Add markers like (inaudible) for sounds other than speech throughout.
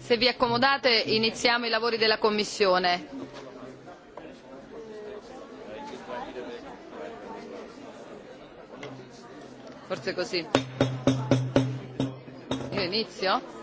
Se vi accomodate iniziamo i lavori della Commissione. Forse così. Io inizio?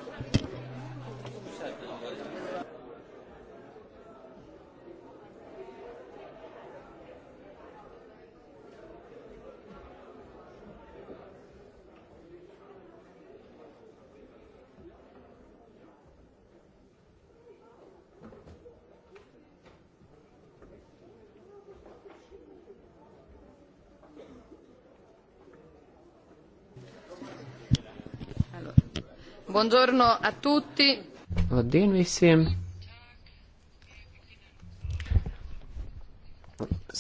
Buongiorno a tutti. Labdien visiem.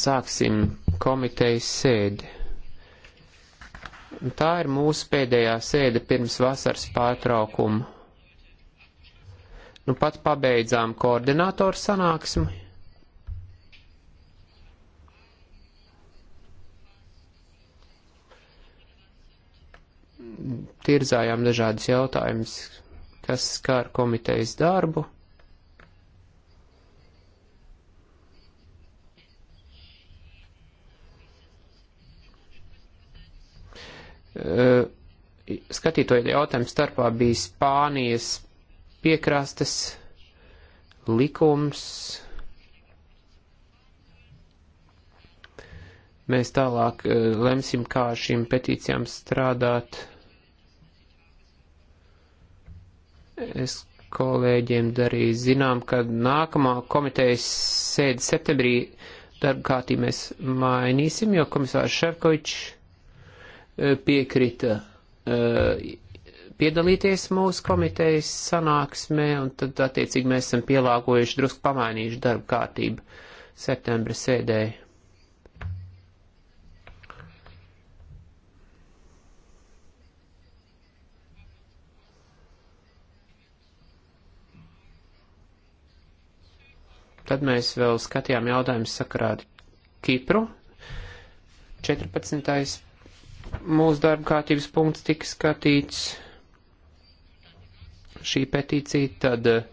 Sāksim komitejas sēdi. Tā ir mūsu pēdējā sēde pirms vasaras pārtraukuma. Nu pat pabeidzām koordinātoru sanāksmi. tirzājām dažādas jautājumas, kas skār komitejas darbu. Skatītoju jautājumu starpā bija Spānijas piekrastes likums. Mēs tālāk lemsim, kā šīm peticijām strādāt. Es kolēģiem darīju zinām, ka nākamā komitejas sēde septembrī darba kārtī mēs mainīsim, jo komisārs Šefkovičs e, piekrita e, piedalīties mūsu komitejas sanāksmē, un tad attiecīgi mēs esam pielāgojuši, drusku pamainījuši darba kārtību septembra sēdēji. Tad mēs vēl skatījām jautājumu sakarā ar Kipru. 14. mūsu darba kārtības punkts tika skatīts. Šī petīcija tad eh,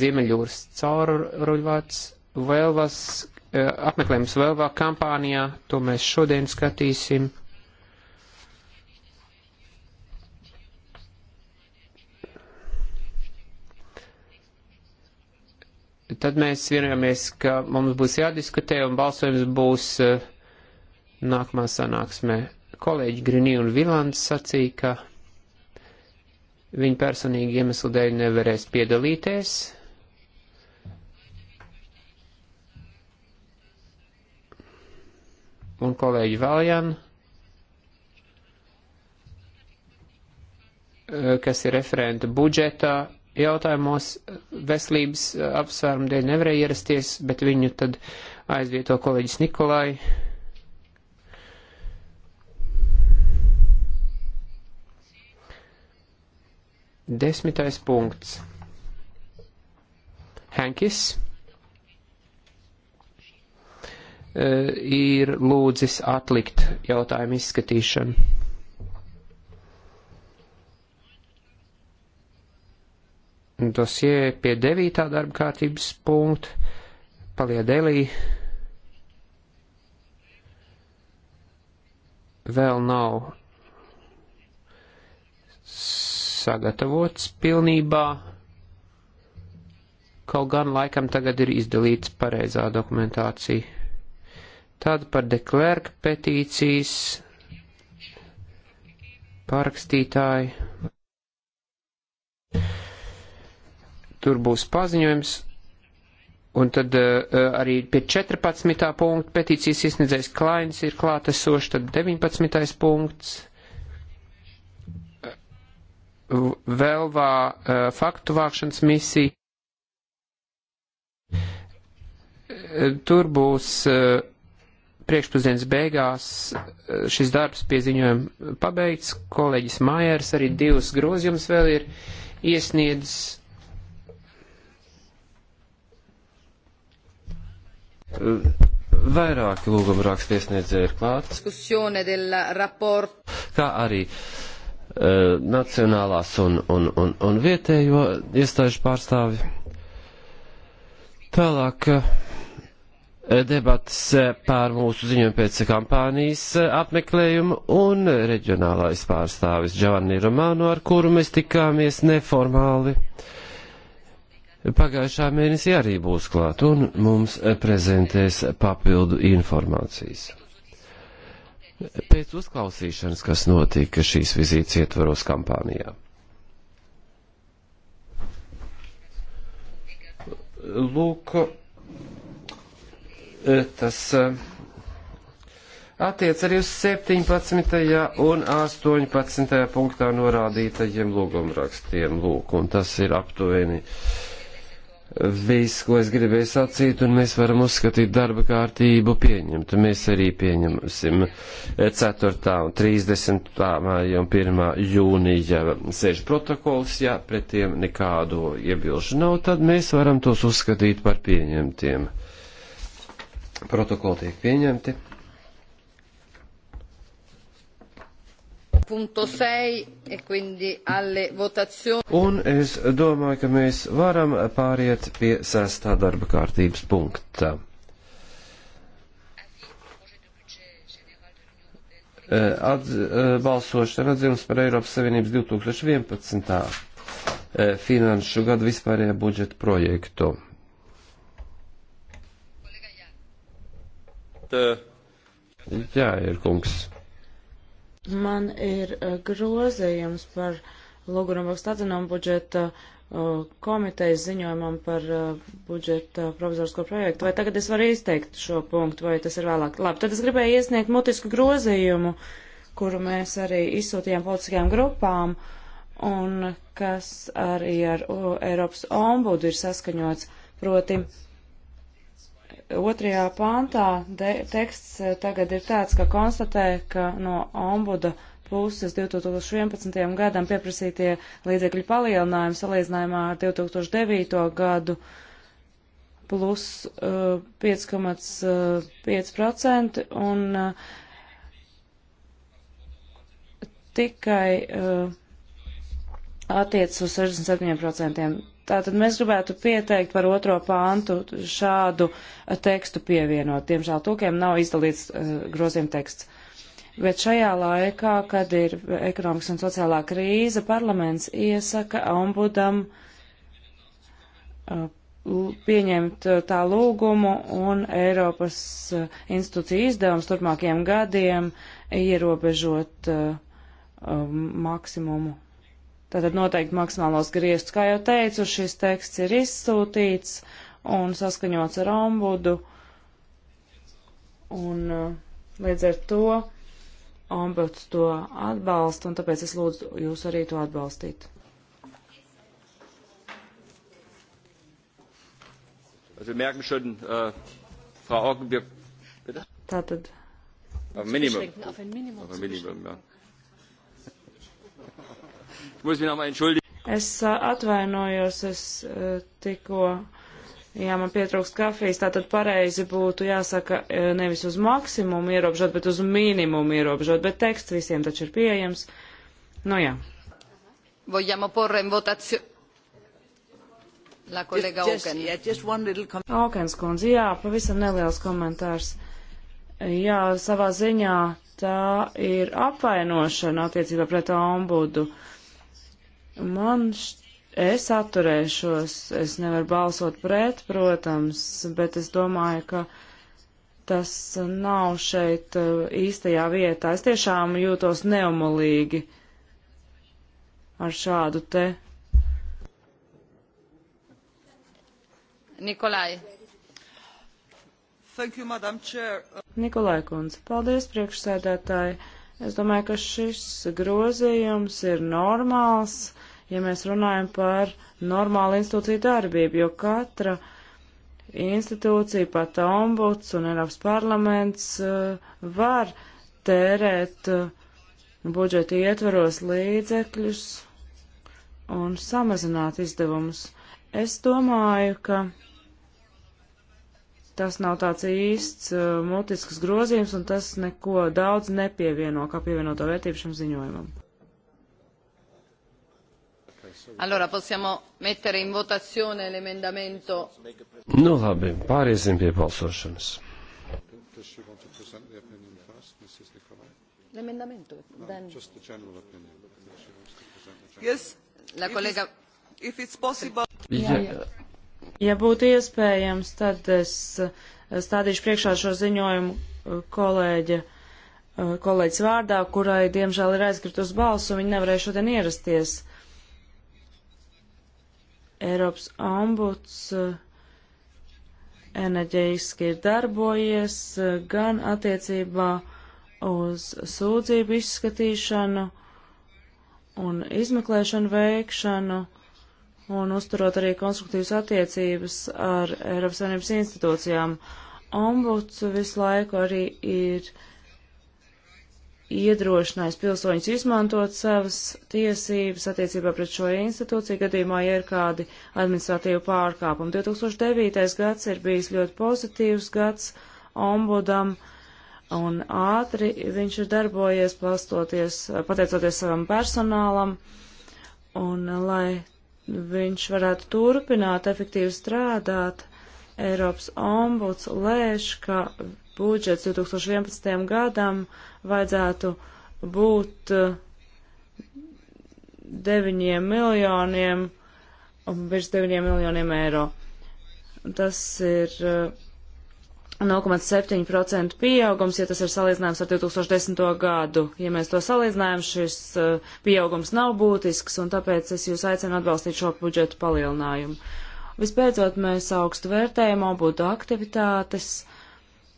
Ziemeļūras cauruļvārds Velvas, eh, apmeklējums Velvā kampānijā, to mēs šodien skatīsim. tad mēs vienojamies, ka mums būs jādiskutē un balsojums būs uh, nākamā sanāksmē. Kolēģi Grinī un Vilants sacīja, ka viņi personīgi iemeslu dēļ nevarēs piedalīties. Un kolēģi Valjan, eh, kas ir referenta budžetā, jautājumos veselības eh, apsvērumu dēļ nevarēja ierasties, bet viņu tad aizvieto kolēģis Nikolai. Desmitais punkts. Henkis eh, ir lūdzis atlikt jautājumu izskatīšanu. dosie pie 9. darba kārtības punkta, paliedelī. Vēl nav sagatavots pilnībā, kaut gan laikam tagad ir izdalīts pareizā dokumentācija. Tad par deklērka petīcijas pārakstītāju. Tur būs paziņojums. Un tad uh, arī pie 14. punkta petīcijas iesniedzējs Klains ir klātesošs, tad 19. punkts. Velvā uh, faktu vākšanas misija. Tur būs uh, priekšpusdienas beigās šis darbs pieziņojumi pabeigts. Kolēģis Mājers arī divus grozījumus vēl ir iesniedzis Vairāki lūguma rakstiesniedzēji ir klāts, kā arī uh, nacionālās un, un, un, un vietējo iestāžu pārstāvi. Tālāk uh, debatas eh, pār mūsu ziņojumu pēc kampānijas apmeklējumu un reģionālais pārstāvis Giovanni Romano, ar kuru mēs tikāmies neformāli. Uh, pagājušā mēnesī arī būs klāt un mums prezentēs papildu informācijas. Pēc uzklausīšanas, kas notika šīs vizītes ietvaros kampānijā. Lūk, tas eh, attiec arī uz 17. un 18. punktā norādītajiem lūgumrakstiem. Lūk, un tas ir aptuveni uh, viss, ko es gribēju sacīt, un mēs varam uzskatīt darba kārtību pieņemt. Mēs arī pieņemsim 4. un 30. māja un 1. jūnija sēžu protokols, ja pret tiem nekādu iebilžu nav, tad mēs varam tos uzskatīt par pieņemtiem. Protokoli tiek pieņemti. E Un es domāju, ka mēs varam pāriet pie sestā darba kārtības punkta. E, atz, e, balsošana atzīmes par Eiropas Savienības 2011. finanšu gadu vispārējā budžeta projektu. Jā, ir kungs. Man ir eh, grozījums par Lūgurambakas stadzenām budžeta eh, komitejas ziņojumam par eh, budžeta provizorisko projektu. Vai tagad es varu izteikt šo punktu, vai tas ir vēlāk? Labi, tad es gribēju iesniegt mutisku grozījumu, kuru mēs arī izsūtījām politiskajām grupām un kas arī ar Eiropas ombudu ir saskaņots. Proti, otrajā pāntā teksts eh, tagad ir tāds, ka konstatē, ka no ombuda puses 2011. gadam pieprasītie līdzekļu palielinājumi salīdzinājumā ar 2009. gadu plus uh, eh, 5,5% un uh, tikai uh, attiec uz 67%. Tātad mēs gribētu pieteikt par otro pāntu šādu tekstu pievienot. Diemžēl tūkiem nav izdalīts uh, grozījuma teksts. Bet šajā laikā, kad ir ekonomikas un sociālā krīze, parlaments iesaka ombudam uh, pieņemt uh, tā lūgumu un Eiropas uh, institūciju izdevums turpmākajiem gadiem ierobežot uh, uh, maksimumu Tātad noteikti maksimālos griestus, kā jau teicu, šis teksts ir izsūtīts un saskaņots ar ombudu. Un uh, līdz ar to ombuds to atbalsta, un tāpēc es lūdzu jūs arī to atbalstīt. Also wir merken schon, äh, Frau Augen, wir bitte. Tātad. Auf Minimum. Auf ein Minimum. Auf ein Minimum ja. Es äh, atvainojos, es äh, tikko, jā, man pietrūkst kafijas, tātad pareizi būtu jāsaka e, nevis uz maksimumu ierobežot, bet uz minimumu ierobežot, bet teksts visiem taču ir pieejams. Nu jā. Vogliamo porre in votazione. La kolēga Auken. Yeah, Aukens kundze, jā, pavisam neliels komentārs. Jā, savā ziņā tā ir apvainošana attiecībā pret ombudu. Uh, Man šķiet, es atturēšos, es nevaru balsot pret, protams, bet es domāju, ka tas nav šeit eh, īstajā vietā. Es tiešām jūtos neumolīgi ar šādu te. Nikolai. Thank you, Madam Chair. Nikolai Kunze, paldies priekšsēdētāji. Es domāju, ka šis grozījums ir normāls. Uh, ja mēs runājam par normālu institūciju darbību, jo katra institūcija, pat ombuds un Eiropas parlaments eh, var tērēt eh, budžeta ietvaros līdzekļus un samazināt izdevumus. Es domāju, ka tas nav tāds īsts eh, mutisks grozījums, un tas neko daudz nepievieno, kā pievienoto vērtību šim ziņojumam. Allora possiamo mettere in votazione l'emendamento. Nu labi, pāriesim pie balsošanas. L'emendamento? No, then... just the general opinion. Yes, la collega... If it's possible... Jā, jā. Ja būtu iespējams, tad es eh, stādīšu priekšā šo ziņojumu eh, kolēģa, eh, kolēģis vārdā, kurai, diemžēl, ir aizkritus balsu, viņa nevarēja šodien ierasties. Uh, Eiropas ombuds eh, enerģiski ir darbojies eh, gan attiecībā uz sūdzību izskatīšanu un izmeklēšanu veikšanu un uzturot arī konstruktīvas attiecības ar Eiropas Savienības institūcijām. Ombuds visu laiku arī ir uh, iedrošinājis pilsoņus izmantot savas tiesības attiecībā pret šo institūciju gadījumā, ja ir kādi administratīvi pārkāpumi. 2009. gads ir bijis ļoti pozitīvs gads ombudam un ātri viņš ir darbojies, pateicoties savam personālam, un lai viņš varētu turpināt efektīvi strādāt, Eiropas ombuds lēš, ka budžets 2011. gadam vajadzētu būt 9 eh, miljoniem, virs 9 miljoniem eiro. Tas ir 0,7% eh, pieaugums, ja tas ir salīdzinājums ar 2010. gadu. Ja mēs to salīdzinājam, šis eh, pieaugums nav būtisks, un tāpēc es jūs aicinu atbalstīt šo budžetu palielinājumu. Vispēcot, mēs augstu vērtējam obudu aktivitātes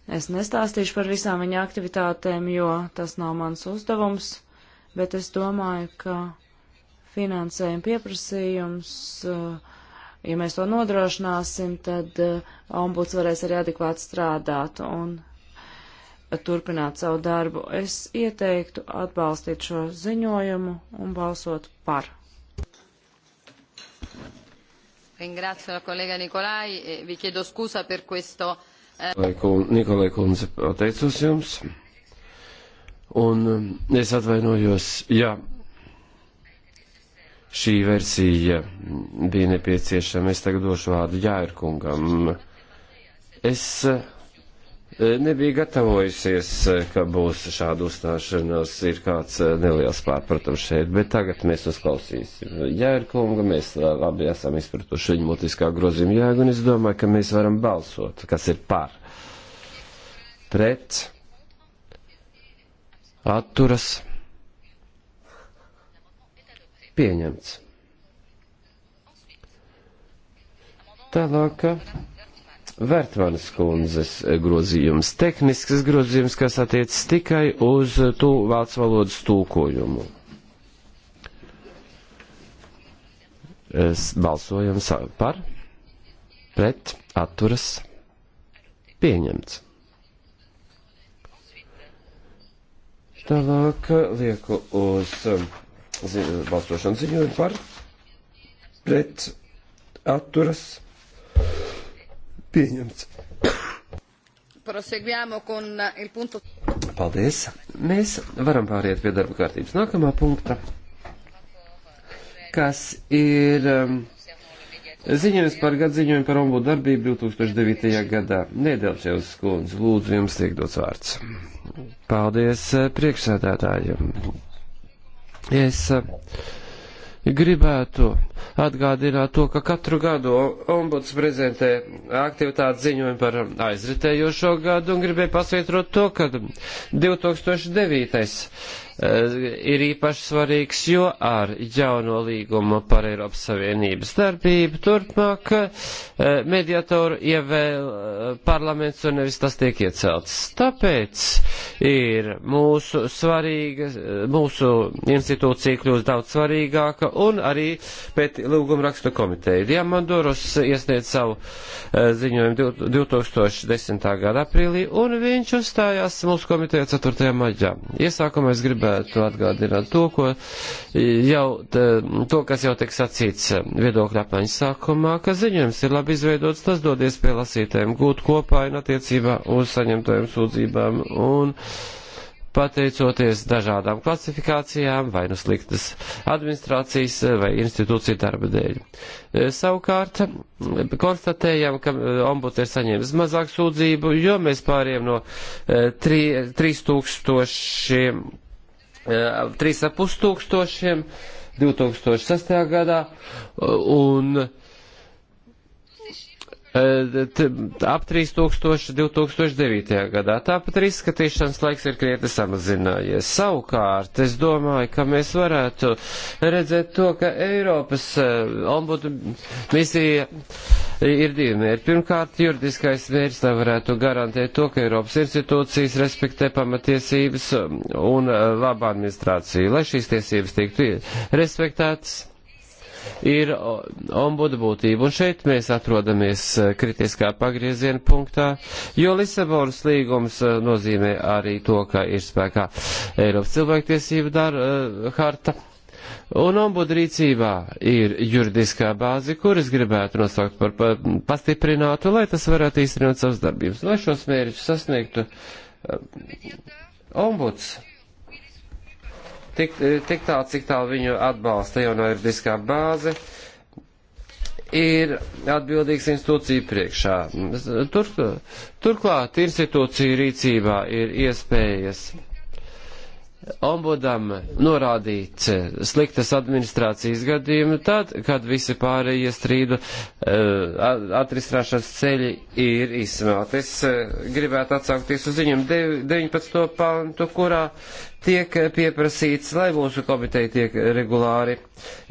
Es nestāstīšu par visām viņa aktivitātēm, jo tas nav mans uzdevums, bet es domāju, ka finansējuma pieprasījums, eh, ja mēs to nodrošināsim, tad eh, ombuds varēs arī adekvāti strādāt un turpināt savu darbu. Es ieteiktu atbalstīt šo ziņojumu un balsot par. Ringrazio la collega Nicolai e vi chiedo scusa per questo Nikolai Kundze, pateicos jums. Un um, es atvainojos, ja šī versija bija nepieciešama. Es tagad došu vārdu Jāirkungam. Es uh, Eh, nebija gatavojusies, eh, ka būs šāda uzstāšanās, ir kāds eh, neliels pārpratums šeit, bet tagad mēs uzklausīsim Jērkungu, mēs labi esam izpratuši viņa mutiskā grozījuma jēgu, un es domāju, ka mēs varam balsot, kas ir par, pret, atturas, pieņemts. Tālāk. Vērtmanas kundzes grozījums, tehnisks grozījums, kas attiecas tikai uz tū, vācu valodas tūkojumu. Es balsojam par, pret, atturas, pieņemts. Tālāk lieku uz um, zi, balsošanu ziņojumu par, pret, atturas, pieņemts pieņemts. Paldies. Mēs varam pāriet pie darba kārtības nākamā punkta, kas ir um, ziņojums par gadziņojumu par ombudu darbību 2009. gadā. Nedelčevs skundze, lūdzu, jums tiek dots vārds. Paldies priekšsēdētājiem. Es. Uh, gribētu atgādināt to, ka katru gadu ombuds prezentē aktivitātes ziņojumu par aizritējošo gadu un gribēju pasvietrot to, ka 2009. Eh, ir īpaši svarīgs, jo ar jauno līgumu par Eiropas Savienības darbību turpmāk eh, mediatoru ievēl eh, parlaments un nevis tas tiek iecelts. Tāpēc ir mūsu svarīga, mūsu institūcija kļūst daudz svarīgāka un arī pēc lūguma rakstu komiteja. Diamandoros iesniedz savu ziņojumu 2010. gada aprīlī un viņš uzstājās mūsu komiteja 4. maļā. Iesākumā es gribēju gribētu atgādināt to, ko jau, to, kas jau tiek sacīts viedokļa apmaiņas sākumā, ka ziņojums ir labi izveidots, tas dodies pie lasītēm gūt kopā un attiecībā uz saņemtajām sūdzībām un pateicoties dažādām klasifikācijām vai nu sliktas administrācijas vai institūcija darba dēļ. Savukārt, konstatējam, ka ombuds ir saņēmis mazāk sūdzību, jo mēs pāriem no 3000 eh, 3,5 tūkstošiem 2006. gadā, un ap 3000 2009. gadā. Tāpat arī izskatīšanas laiks ir krietni samazinājies. Savukārt, es domāju, ka mēs varētu redzēt to, ka Eiropas ombudu misija ir divi mērķi. Pirmkārt, juridiskais mērķis, lai varētu garantēt to, ka Eiropas institūcijas respektē pamatiesības un labu administrāciju, lai šīs tiesības tiktu respektētas ir ombuda būtība. Un šeit mēs atrodamies e, kritiskā pagrieziena punktā, jo Lisabonas līgums e, nozīmē arī to, ka ir spēkā Eiropas cilvēktiesība dar, e, harta. Un ombuda rīcībā ir juridiskā bāze, kuras gribētu nosaukt par pastiprinātu, lai tas varētu īstenot savas darbības. Lai šos mērķus sasniegtu ombuds tik, tik tālu, cik tālu viņu atbalsta jaunajuridiskā bāze, ir atbildīgs institūciju priekšā. Tur, turklāt institūciju rīcībā ir iespējas ombudam norādīt sliktas administrācijas gadījumu tad, kad visi pārējie strīdu eh, atristrāšanas ceļi ir izsmelti. Es eh, gribētu atsaukties uz viņam 19. pantu, kurā tiek pieprasīts, lai mūsu komiteja tiek regulāri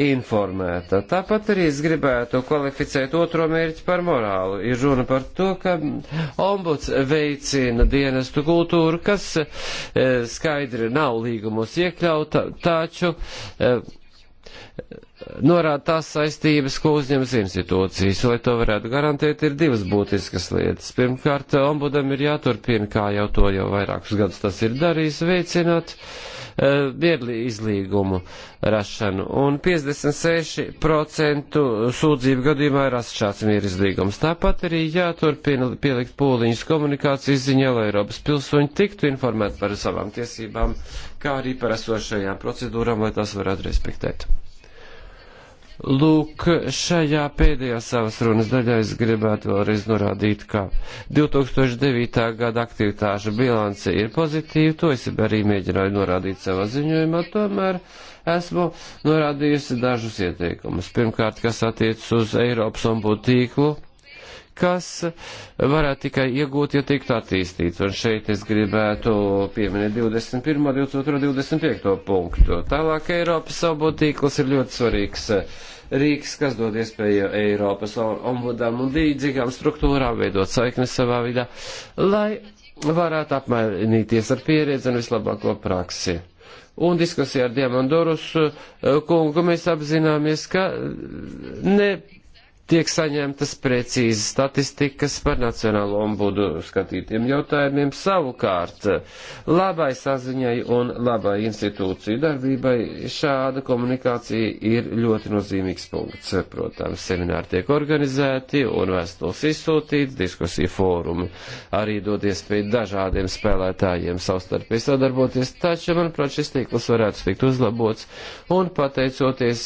informēta. Tāpat arī es gribētu kvalificēt otro mērķi par morālu. Ir runa par to, ka ombuds veicina dienestu kultūru, kas eh, skaidri nav līgumos iekļauta, taču. E, norāda tās saistības, ko uzņemas institūcijas. Lai to varētu garantēt, ir divas būtiskas lietas. Pirmkārt, ombudam ir jāturpina, kā jau to jau vairākus gadus tas ir darījis, veicināt eh, viedli uh, izlīgumu rašanu. Un 56% sūdzību gadījumā ir rasts šāds mieru izlīgums. Tāpat arī jāturpina pielikt pūliņus komunikācijas ziņā, lai Eiropas pilsoņi tiktu informēti par savām tiesībām, kā arī par esošajām procedūrām, lai tās varētu respektēt. Lūk, šajā pēdējā savas runas daļā es gribētu vēlreiz norādīt, ka 2009. gada aktivitāšu bilance ir pozitīva, to es arī mēģināju norādīt savā ziņojumā, tomēr esmu norādījusi dažus ieteikumus. Pirmkārt, kas attiecas uz Eiropas ombudu tīklu, kas varētu tikai iegūt, ja tiktu attīstīts. Un šeit es gribētu pieminēt 21., 22., 25. punktu. Tālāk Eiropas obotīkls ir ļoti svarīgs rīks, kas dod iespēju Eiropas ombudām un līdzīgām struktūrām veidot saiknes savā vidā, lai varētu apmainīties ar pieredzi un vislabāko praksi. Un diskusijā ar Diamandorus eh, kungu mēs apzināmies, ka ne tiek saņemtas precīzas statistikas par nacionālo ombudu skatītiem jautājumiem savukārt labai saziņai un labai institūciju darbībai šāda komunikācija ir ļoti nozīmīgs punkts. Protams, semināri tiek organizēti un vēstules izsūtīts, diskusiju fórumi arī dod iespēju dažādiem spēlētājiem savstarpēji sadarboties, taču, manuprāt, šis tīkls varētu tikt uzlabots un pateicoties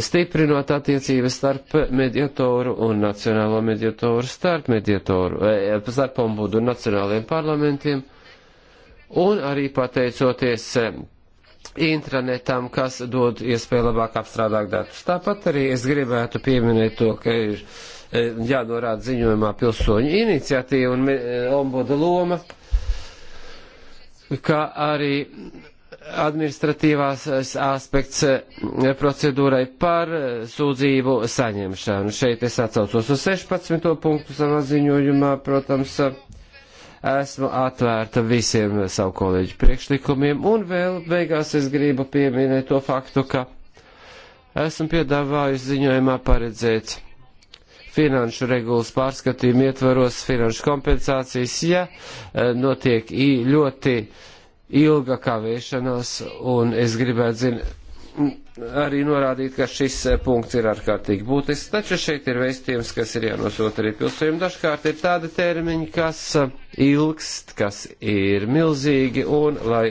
stiprinot attiecības starp mediatoru un nacionālo mediatoru, starp mediatoru, e, starp ombudu un nacionāliem parlamentiem, un arī pateicoties e, intranetam, kas dod iespēju labāk apstrādāt datus. Tāpat arī es gribētu pieminēt to, ka ir e, jānorāda ziņojumā pilsoņu iniciatīva un ombuda loma, kā arī administratīvās aspekts eh, procedūrai par eh, sūdzību saņemšanu. Šeit es atsaucos uz 16. punktu savā ziņojumā, protams, esmu atvērta visiem savu kolēģu priekšlikumiem, un vēl beigās es gribu pieminēt to faktu, ka esmu piedāvājusi ziņojumā paredzēt finanšu regulas pārskatījumu ietvaros finanšu kompensācijas, ja eh, notiek ļoti uh, ilga kavēšanās, un es gribētu zināt, arī norādīt, ka šis eh, punkts ir ārkārtīgi būtisks, taču šeit ir vēstījums, kas ir jānosot arī pilsoņiem. Dažkārt ir tādi termiņi, kas eh, ilgst, kas ir milzīgi, un lai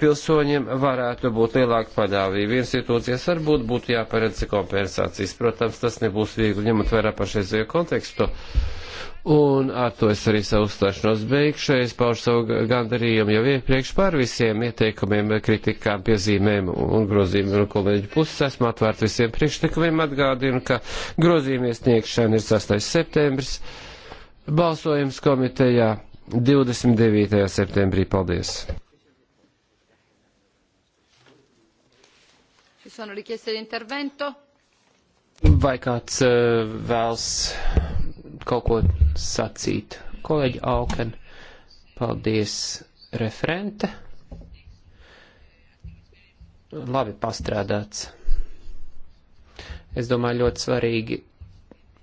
pilsoņiem varētu būt lielāka paļāvība. Institūcijas varbūt būtu jāparedz kompensācijas. Protams, tas nebūs viegli ņemot vērā pašreizējo kontekstu. Un ar to es arī savu uzstāšanos beigšu. Es paušu savu gandarījumu jau iepriekš par visiem ieteikumiem, kritikām, piezīmēm un grozījumiem no kolēģu puses. Esmu atvērt visiem priekšlikumiem. Atgādinu, ka grozījuma iesniegšana ir 8. septembris. Balsojums komitejā 29. septembrī. Paldies! sono richieste di intervento? Vai kāds uh, eh, vēls kaut ko sacīt? Kolēģi Auken, paldies referente. Labi pastrādāts. Es domāju, ļoti svarīgi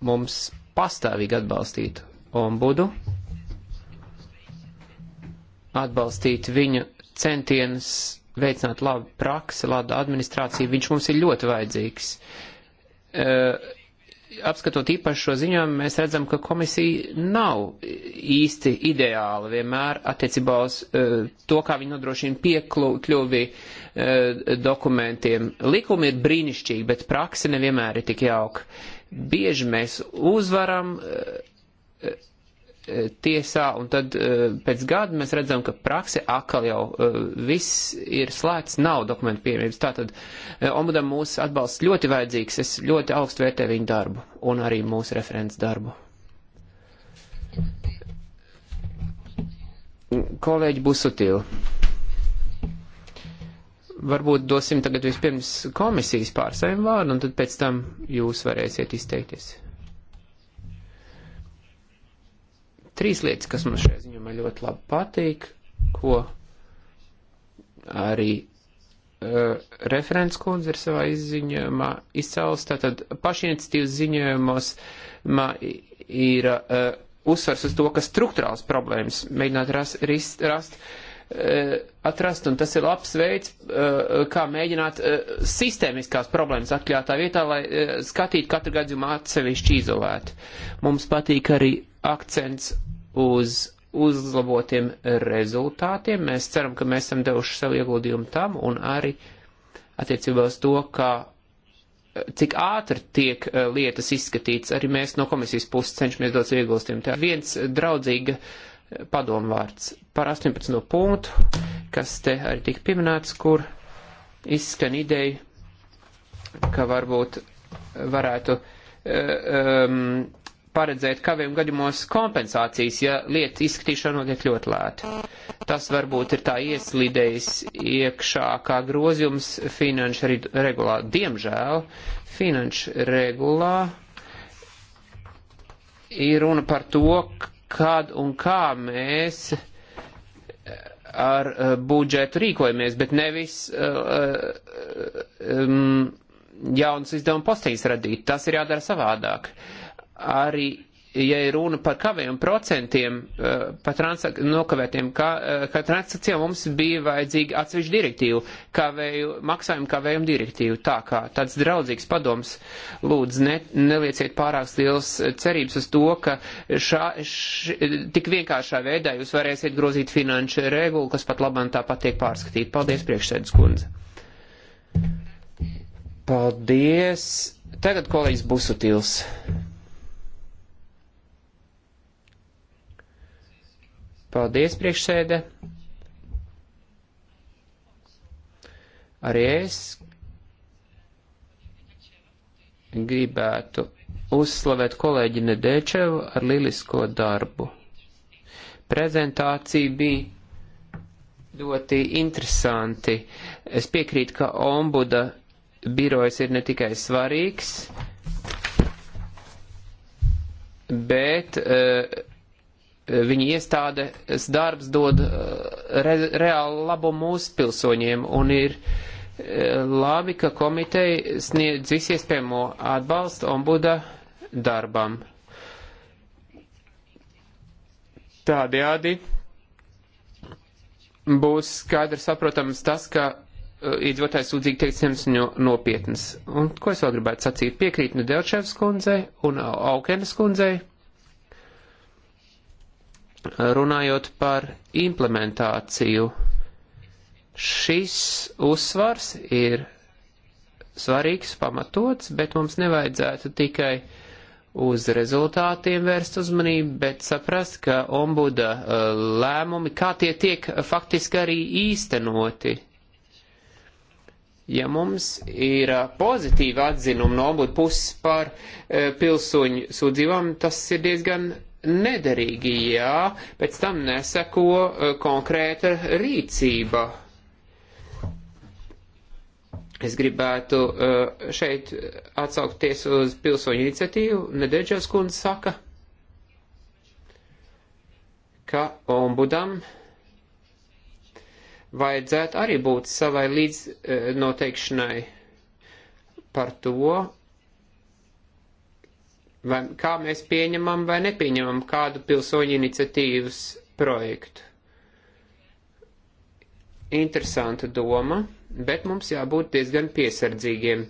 mums pastāvīgi atbalstīt ombudu, atbalstīt viņu centienus veicināt labu praksi, labu administrāciju, viņš mums ir ļoti vajadzīgs. Eh, apskatot īpaši šo ziņojumu, mēs redzam, ka komisija nav īsti ideāla vienmēr attiecībā uz eh, to, kā viņi nodrošina piekļuvi eh, dokumentiem. Likumi ir brīnišķīgi, bet praksa nevienmēr ir tik jauka. Bieži mēs uzvaram tiesā, un tad e, pēc gada mēs redzam, ka prakse akal jau e, viss ir slēgts, nav dokumentu pieejamības. Tātad e, ombudam mūsu atbalsts ļoti vajadzīgs, es ļoti augstu vērtēju viņu darbu un arī mūsu referents darbu. Kolēģi Busutila. Varbūt dosim tagad vispirms komisijas pārsaviem vārdu, un tad pēc tam jūs varēsiet izteikties. Trīs lietas, kas man šajā ziņā ļoti labi patīk, ko arī uh, referents kundze ir savā izziņojumā izcēlus, tātad pašiniciatīvas ziņojumos ir uh, uzsvars uz to, ka struktūrāls problēmas mēģināt rast, rast, rast uh, atrast, un tas ir labs veids, uh, kā mēģināt uh, sistēmiskās problēmas atkļātā vietā, lai uh, skatītu katru gadījumu atsevišķi izolēt. Mums patīk arī akcents uz uzlabotiem rezultātiem. Mēs ceram, ka mēs esam devuši savu ieguldījumu tam un arī attiecībā uz to, kā cik ātri tiek eh, lietas izskatīts, arī mēs no komisijas puses cenšamies dot ieguldījumu. Tā viens draudzīga eh, padomvārds par 18. punktu, kas te arī tika pieminēts, kur izskan ideja, ka varbūt varētu um, paredzēt kaviem gadījumos kompensācijas, ja lieta izskatīšana notiek ļoti lēta. Tas varbūt ir tā ieslidējis iekšā kā grozījums finanšu regulā. Diemžēl finanšu regulā ir runa par to, kad un kā mēs eh, ar uh, budžetu rīkojamies, bet nevis uh, um, jaunas izdevuma posteņas radīt. Tas ir jādara savādāk. Uh, arī, ja ir runa par kavējumu procentiem, eh, par transak nokavētiem, ka, eh, ka transakcijām mums bija vajadzīga atsevišķa direktīva, kavēju, maksājuma kavējumu direktīva. Tā kā tāds draudzīgs padoms, lūdzu, ne, nelieciet pārāk liels eh, cerības uz to, ka šā, š, tik vienkāršā veidā jūs varēsiet grozīt finanšu regulu, kas pat labam tāpat tiek pārskatīt. Paldies, priekšsēdus kundze. Paldies. Tagad kolēģis Busutils. Paldies, priekšsēde. Arī es gribētu uzslavēt kolēģi Nedēčevu ar lielisko darbu. Prezentācija bija ļoti interesanti. Es piekrītu, ka ombuda birojas ir ne tikai svarīgs, bet uh, viņa iestādes darbs dod uh, re, reāli labu mūsu pilsoņiem un ir uh, labi, ka komiteja sniedz visiespējamo atbalstu ombuda darbam. Tādējādi būs skaidrs saprotams tas, ka uh, iedzīvotājs sūdzīgi tiek ņemts nopietnas. Un ko es vēl gribētu sacīt? Piekrīt Nedelčevs nu kundzei un Aukenes kundzei runājot par implementāciju, šis uzsvars ir svarīgs, pamatots, bet mums nevajadzētu tikai uz rezultātiem vērst uzmanību, bet saprast, ka ombuda uh, lēmumi, kā tie tiek faktiski arī īstenoti. Ja mums ir uh, pozitīva atzinuma no ombuda puses par uh, pilsoņu sūdzībām, tas ir diezgan nederīgi, ja pēc tam neseko eh, konkrēta rīcība. Es gribētu eh, šeit atsaukties uz pilsoņu iniciatīvu. Nedeģos kundze saka, ka ombudam vajadzētu arī būt savai līdznoteikšanai par to, vai, kā mēs pieņemam vai nepieņemam kādu pilsoņu iniciatīvas projektu. Interesanta doma, bet mums jābūt diezgan piesardzīgiem.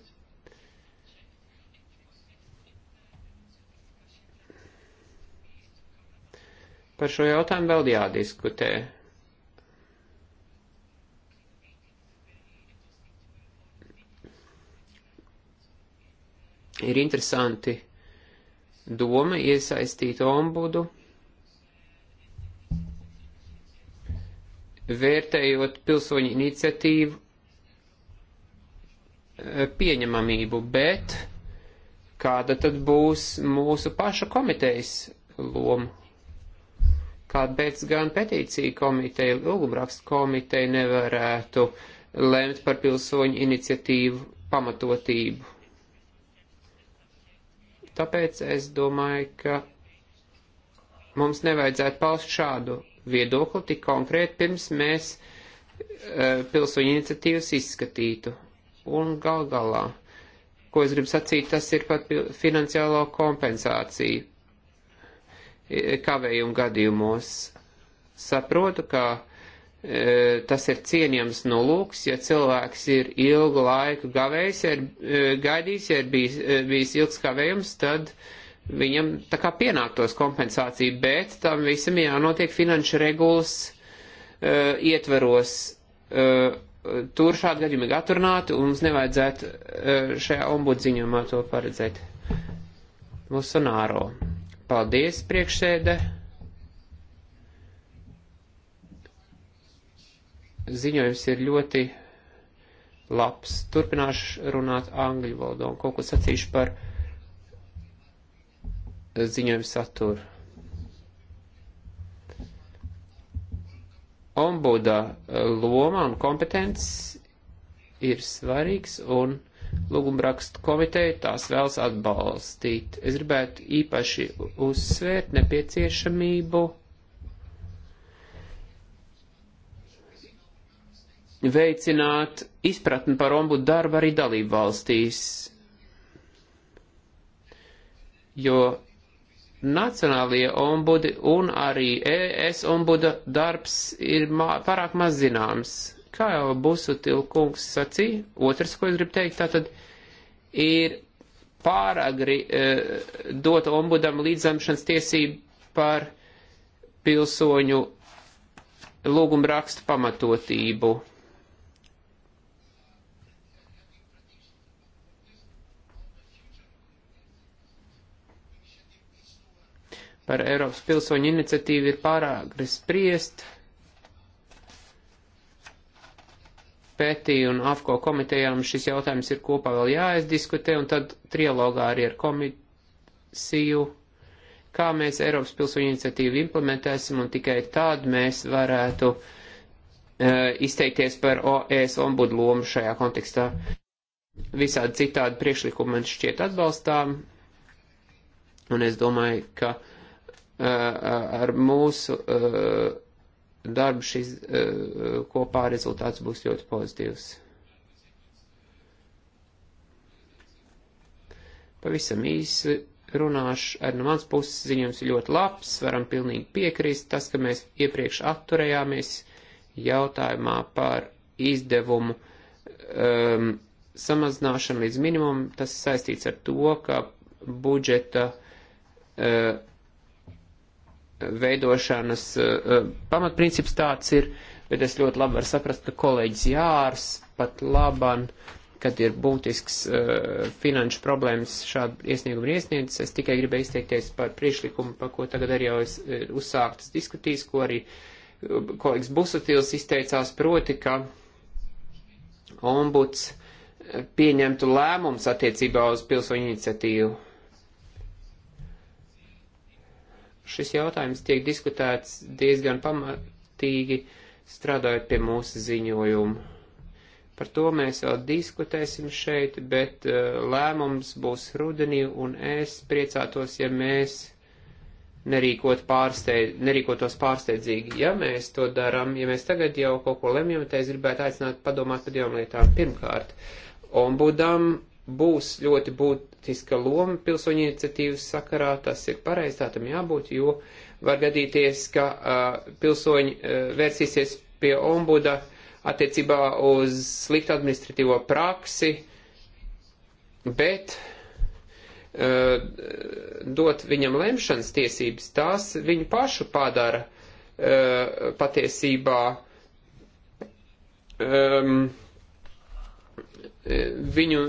Par šo jautājumu vēl jādiskutē. Ir interesanti doma iesaistīt ombudu, vērtējot pilsoņu iniciatīvu eh, pieņemamību, bet kāda tad būs mūsu paša komitejas loma? Kāpēc gan petīcija komiteja, lūgumrakstu komiteja nevarētu lemt par pilsoņu iniciatīvu pamatotību? Tāpēc es domāju, ka mums nevajadzētu paust šādu viedokli tik konkrēti, pirms mēs e, pilsoņu iniciatīvas izskatītu. Un gal galā, ko es gribu sacīt, tas ir pat finansiālo kompensāciju e, kavējumu gadījumos. Saprotu, ka E, tas ir cieņams nolūks, ja cilvēks ir ilgu laiku gavējis, ja ir e, gaidījis, ja ir bijis, e, bijis ilgs kavējums, tad viņam tā kā pienāktos kompensācija, bet tam visam jānotiek finanšu regulas uh, ietveros. Uh, tur šādi gadījumi ir atrunāti, un mums nevajadzētu uh, šajā ombudziņumā to paredzēt. Musunāro. Paldies, priekšsēde. ziņojums ir ļoti labs. Turpināšu runāt angļu valodā un kaut ko sacīšu par ziņojumu saturu. Ombuda loma un kompetences ir svarīgs un lūgumrakstu komiteja tās vēlas atbalstīt. Es gribētu īpaši uzsvērt nepieciešamību veicināt izpratni par ombudu darbu arī dalību valstīs, jo nacionālie ombudi un arī ES ombuda darbs ir mā, pārāk maz zināms. Kā jau Busutilkungs sacīja, otrs, ko es gribu teikt, tātad ir pāragri e, dot ombudam līdzamšanas tiesību par pilsoņu lūgumrakstu pamatotību. par Eiropas pilsoņu iniciatīvu ir pārāk spriest. Pētī un AFCO komitejām šis jautājums ir kopā vēl jāizdiskutē, un tad trialogā arī ar komisiju, kā mēs Eiropas pilsoņu iniciatīvu implementēsim, un tikai tad mēs varētu uh, izteikties par OES ombudu lomu šajā kontekstā. Visādi citādi priekšlikumi man šķiet atbalstām, un es domāju, ka uh, ar mūsu darbu šis kopā rezultāts būs ļoti pozitīvs. Pavisam īsi runāšu, arī no mans puses ziņojums ir ļoti labs, varam pilnīgi piekrist tas, ka mēs iepriekš atturējāmies jautājumā par izdevumu um, samazināšanu līdz minimumam. Tas saistīts ar to, ka budžeta uh, veidošanas eh, pamatprincips tāds ir, bet es ļoti labi varu saprast, ka kolēģis Jārs pat laban, kad ir būtisks eh, finanšu problēmas šādu iesniegumu iesniedzis, es tikai gribēju izteikties par priešlikumu, par ko tagad arī jau es eh, uzsāktas diskutīs, ko arī kolēģis Busutils izteicās proti, ka ombuds pieņemtu lēmums attiecībā uz pilsoņu iniciatīvu Šis jautājums tiek diskutēts diezgan pamatīgi strādājot pie mūsu ziņojuma. Par to mēs vēl diskutēsim šeit, bet uh, lēmums būs rudenī, un es priecātos, ja mēs nerīkot pārsteid, nerīkotos pārsteidzīgi. Ja mēs to darām, ja mēs tagad jau kaut ko lemjam, tad es gribētu aicināt padomāt par divām lietām. Pirmkārt, ombudam būs ļoti būtiska loma pilsoņu iniciatīvas sakarā, tas ir pareizi, tā tam jābūt, jo var gadīties, ka uh, pilsoņi uh, vērsīsies pie ombuda attiecībā uz sliktu administratīvo praksi, bet uh, dot viņam lemšanas tiesības, tās viņu pašu padara uh, patiesībā. Um, E, viņu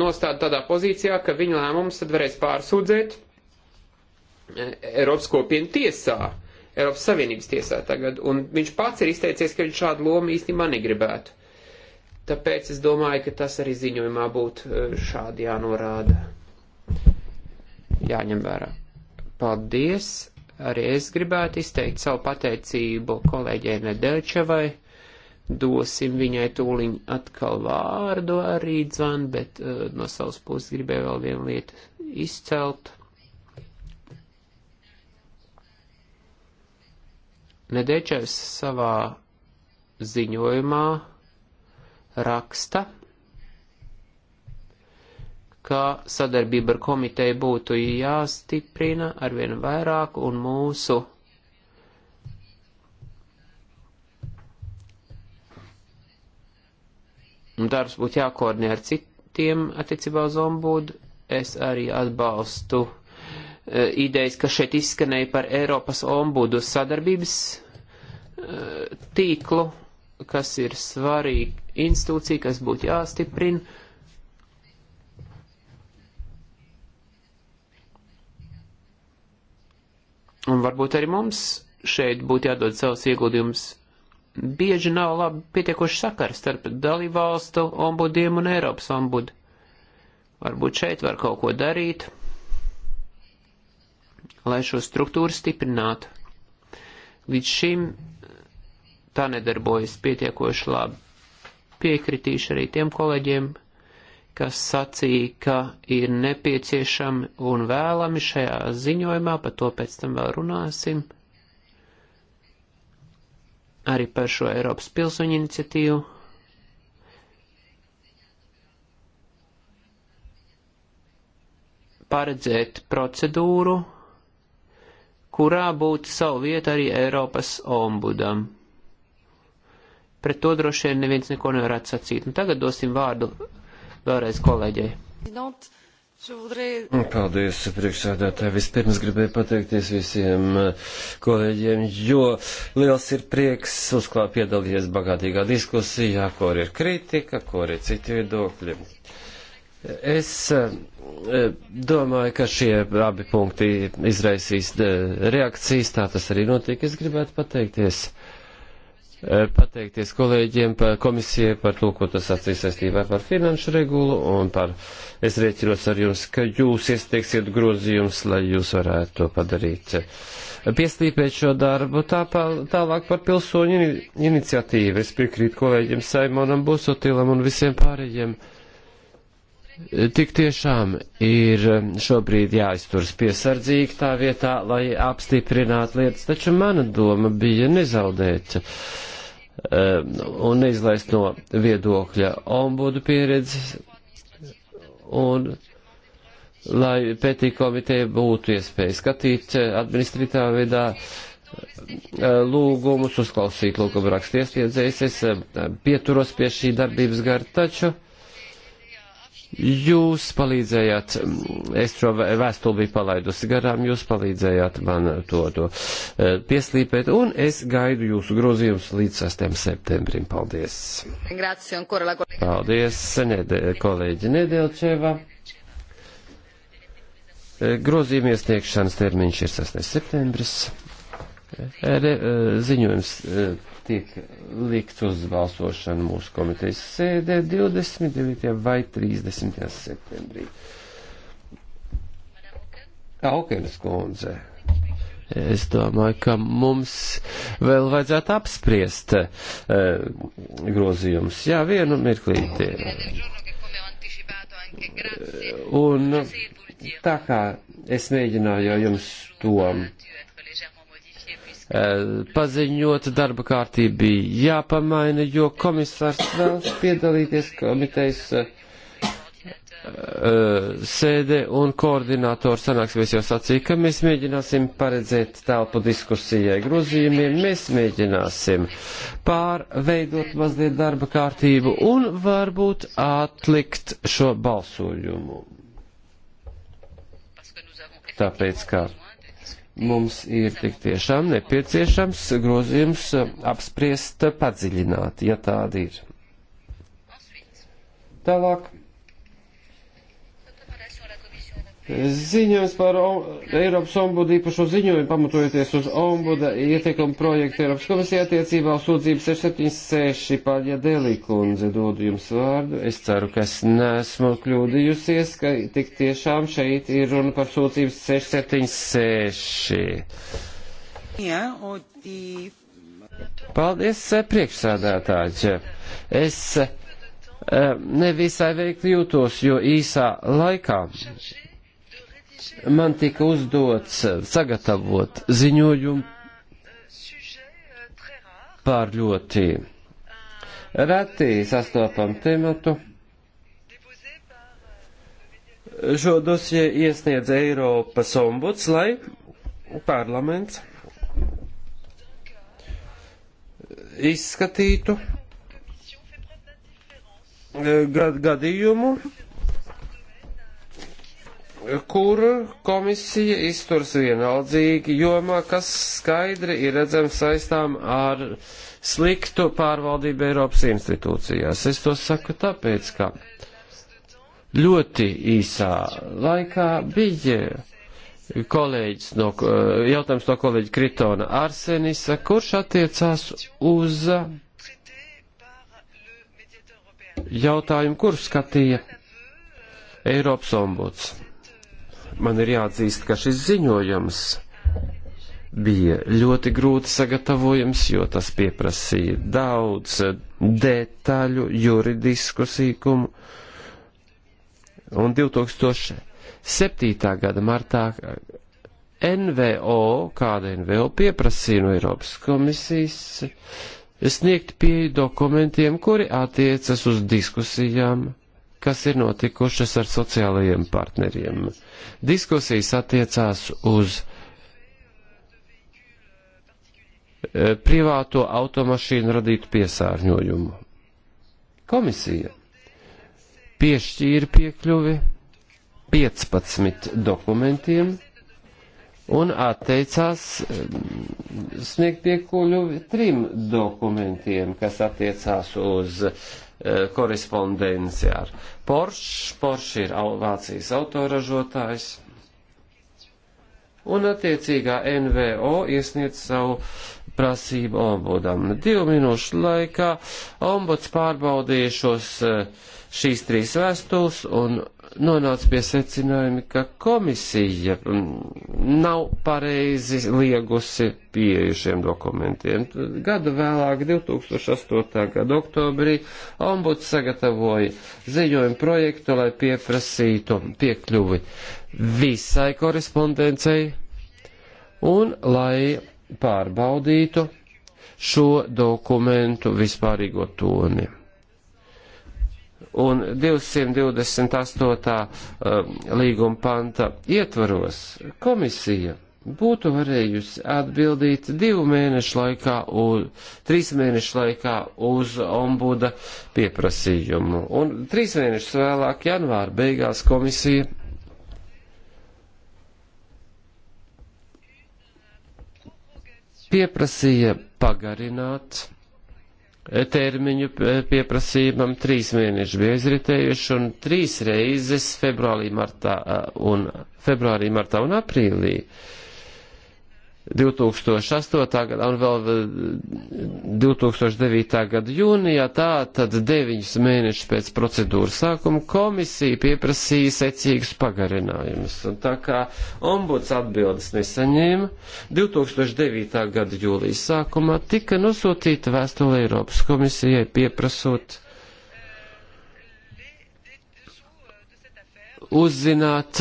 nostāda tādā pozīcijā, ka viņu lēmumus tad varēs pārsūdzēt e, Eiropas kopienu tiesā, Eiropas Savienības tiesā tagad, un viņš pats ir izteicies, ka viņš šādu lomu īstenībā negribētu. Tāpēc es domāju, ka tas arī ziņojumā būtu e, šādi jānorāda. Jāņem vērā. Paldies! Arī es gribētu izteikt savu pateicību kolēģei Nedelčevai dosim viņai tūliņ atkal vārdu arī dzvan, bet uh, no savas puses gribēju vēl vienu lietu izcelt. Nedēčevs savā ziņojumā raksta, ka sadarbība ar komiteju būtu jāstiprina arvien vairāk un mūsu un darbs būtu jākoordinē ar citiem attiecībā uz ombudu. Es arī atbalstu uh, idejas, kas šeit izskanēja par Eiropas ombudu sadarbības uh, tīklu, kas ir svarīga institūcija, kas būtu jāstiprina. Un varbūt arī mums šeit būtu jādod savus ieguldījumus bieži nav labi pietiekoši sakars starp dalībvalstu ombudiem un Eiropas ombudu. Varbūt šeit var kaut ko darīt, lai šo struktūru stiprinātu. Līdz šim tā nedarbojas pietiekoši labi. Piekritīšu arī tiem kolēģiem, kas sacīja, ka ir nepieciešami un vēlami šajā ziņojumā, par to pēc tam vēl runāsim arī par šo Eiropas pilsoņu iniciatīvu. Paredzēt procedūru, kurā būtu savu vietu arī Eiropas ombudam. Pret to droši vien neviens neko nevarētu sacīt. Un tagad dosim vārdu vēlreiz kolēģei. Not. Paldies, priekšsēdētāji. Vispirms gribēju pateikties visiem eh, kolēģiem, jo liels ir prieks uzklāt piedalīties bagātīgā diskusijā, kur ir kritika, kur ir citi viedokļi. Es eh, domāju, ka šie abi punkti izraisīs eh, reakcijas, tā tas arī notiek. Es gribētu pateikties Eh, pateikties kolēģiem, par komisijai par to, ko tas atsīs saistībā par finanšu regulu un par, es rēķinos ar jums, ka jūs iesteiksiet grozījums, lai jūs varētu to padarīt, eh, pieslīpēt šo darbu. Tāpā, tālāk par pilsoņu iniciatīvu. Es piekrītu kolēģiem Saimonam Busotilam un visiem pārējiem. Eh, tik tiešām ir šobrīd jāizturas piesardzīgi tā vietā, lai apstiprinātu lietas, taču mana doma bija nezaudēt uh, Ehm, un neizlaist no viedokļa ombudu pieredzes, un lai pētī komiteja būtu iespēja skatīt eh, administratīvā veidā eh, lūgumus, uzklausīt lūgumu rakstiesniedzējus, es eh, pieturos pie šī darbības gara, taču Jūs palīdzējāt, es šo vēstuli biju palaidusi garām, jūs palīdzējāt man to, to e, pieslīpēt, un es gaidu jūsu grozījumus līdz 6. septembrim. Paldies! Paldies, nede, kolēģi Nedelčeva! E, grozījuma iesniegšanas termiņš ir 6. septembris. E, ziņojums tiek likt uz balsošanu mūsu komitejas sēdē 29. vai 30. septembrī. Aukenes kundze. Es domāju, ka mums vēl vajadzētu apspriest uh, grozījumus. Jā, vienu mirklīti. Un tā kā es mēģināju jums to Eh, paziņot, darba kārtība bija jāpamaina, jo komisārs vēlas piedalīties komitejas eh, eh, sēde un koordinātors sanāksmēs jau sacīja, ka mēs mēģināsim paredzēt telpu diskusijai grozījumiem, mēs mēģināsim pārveidot mazliet darba kārtību un varbūt atlikt šo balsojumu. Tāpēc, kā mums ir tik tiešām nepieciešams grozījums apspriest padziļināt, ja tāda ir. Tālāk. Ziņojums par Eiropas ombudu īpašo ziņojumu pamatojoties uz ombuda ieteikumu projektu Eiropas komisijā attiecībā uz sūdzību 676 paļa Delī kundze. Dodu jums vārdu. Es ceru, ka es nesmu kļūdījusies, ka tik tiešām šeit ir runa par sūdzības 676. Jā, oti... Paldies, eh, priekšsādātāji. Es eh, nevisai veikli jūtos, jo īsā laikā man tika uzdots sagatavot ziņojumu par ļoti reti sastopam tematu. Šo dosie iesniedz Eiropas ombuds, lai parlaments izskatītu gad, gadījumu kur komisija izturs vienaldzīgi jomā, kas skaidri ir redzams saistām ar sliktu pārvaldību Eiropas institūcijās. Es to saku tāpēc, ka ļoti īsā laikā bija kolēģis no, jautājums no kolēģa Kritona Arsenisa, kurš attiecās uz jautājumu, kur skatīja Eiropas ombuds. Man ir jāatzīst, ka šis ziņojums bija ļoti grūti sagatavojams, jo tas pieprasīja daudz detaļu, juridisku sīkumu. Un 2007. gada martā NVO, kāda NVO pieprasīja no Eiropas komisijas, sniegt pieeju dokumentiem, kuri attiecas uz diskusijām kas ir notikušas ar sociālajiem partneriem. Diskusijas attiecās uz e, privāto automašīnu radītu piesārņojumu. Komisija piešķīra piekļuvi 15 dokumentiem un atteicās e, sniegt piekļuvi trim dokumentiem, kas attiecās uz uh, Eh, korespondenci ar Porsche. Porsche ir Vācijas autoražotājs. Un attiecīgā NVO iesniedz savu prasību ombudam. Divu minūšu laikā ombuds pārbaudīja šos, eh, šīs trīs vēstules un nonāca pie secinājuma, ka komisija mm, nav pareizi liegusi pieeju šiem dokumentiem. Gadu vēlāk, 2008. gada oktobrī, ombuds sagatavoja ziņojumu projektu, lai pieprasītu piekļuvi visai korespondencei un lai pārbaudītu šo dokumentu vispārīgo toni un 228. Um, līguma panta ietvaros komisija būtu varējusi atbildīt divu mēnešu laikā, uz, trīs mēnešu laikā uz ombuda pieprasījumu. Un trīs mēnešus vēlāk, janvāra beigās, komisija pieprasīja pagarināt termiņu pieprasījumam trīs mēneši bija aizritējuši un trīs reizes februārī, martā un, februārī, martā un aprīlī uh, 2008. gada un vēl 2009. Eh, gada jūnijā, tā tad deviņus mēnešus pēc procedūras sākuma komisija pieprasīja secīgus pagarinājumus. Un tā kā ombuds atbildes nesaņēma, 2009. gada jūlijas sākumā tika nosūtīta vēstule Eiropas komisijai pieprasot uzzināt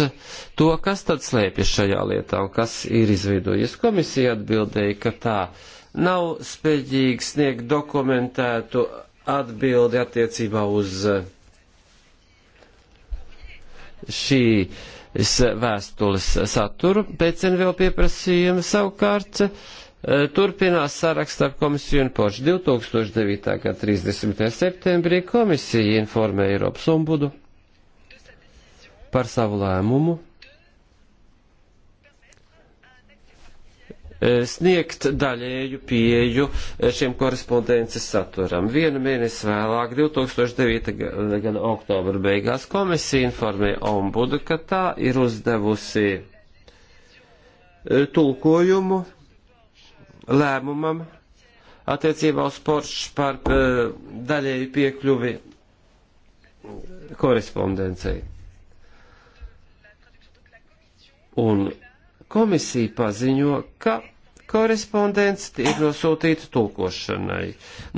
to, kas tad slēpjas šajā lietā un kas ir izveidojies. Komisija atbildēja, ka tā nav spēļīga sniegt dokumentētu atbildi attiecībā uz eh, šīs vēstules saturu. Pēc NVL pieprasījuma savukārt eh, turpinās saraksts ar komisiju un pošu 2009. gada 30. septembrī komisija informēja Eiropas ombudu par savu lēmumu e, sniegt daļēju pieju e, šiem korespondences saturam. Vienu mēnesi vēlāk, 2009. gada oktobra beigās, komisija informēja ombudu, ka tā ir uzdevusi e, tulkojumu lēmumam attiecībā uz poršu par daļēju piekļuvi korespondencei un komisija paziņo, ka korespondence tiek nosūtīta tulkošanai.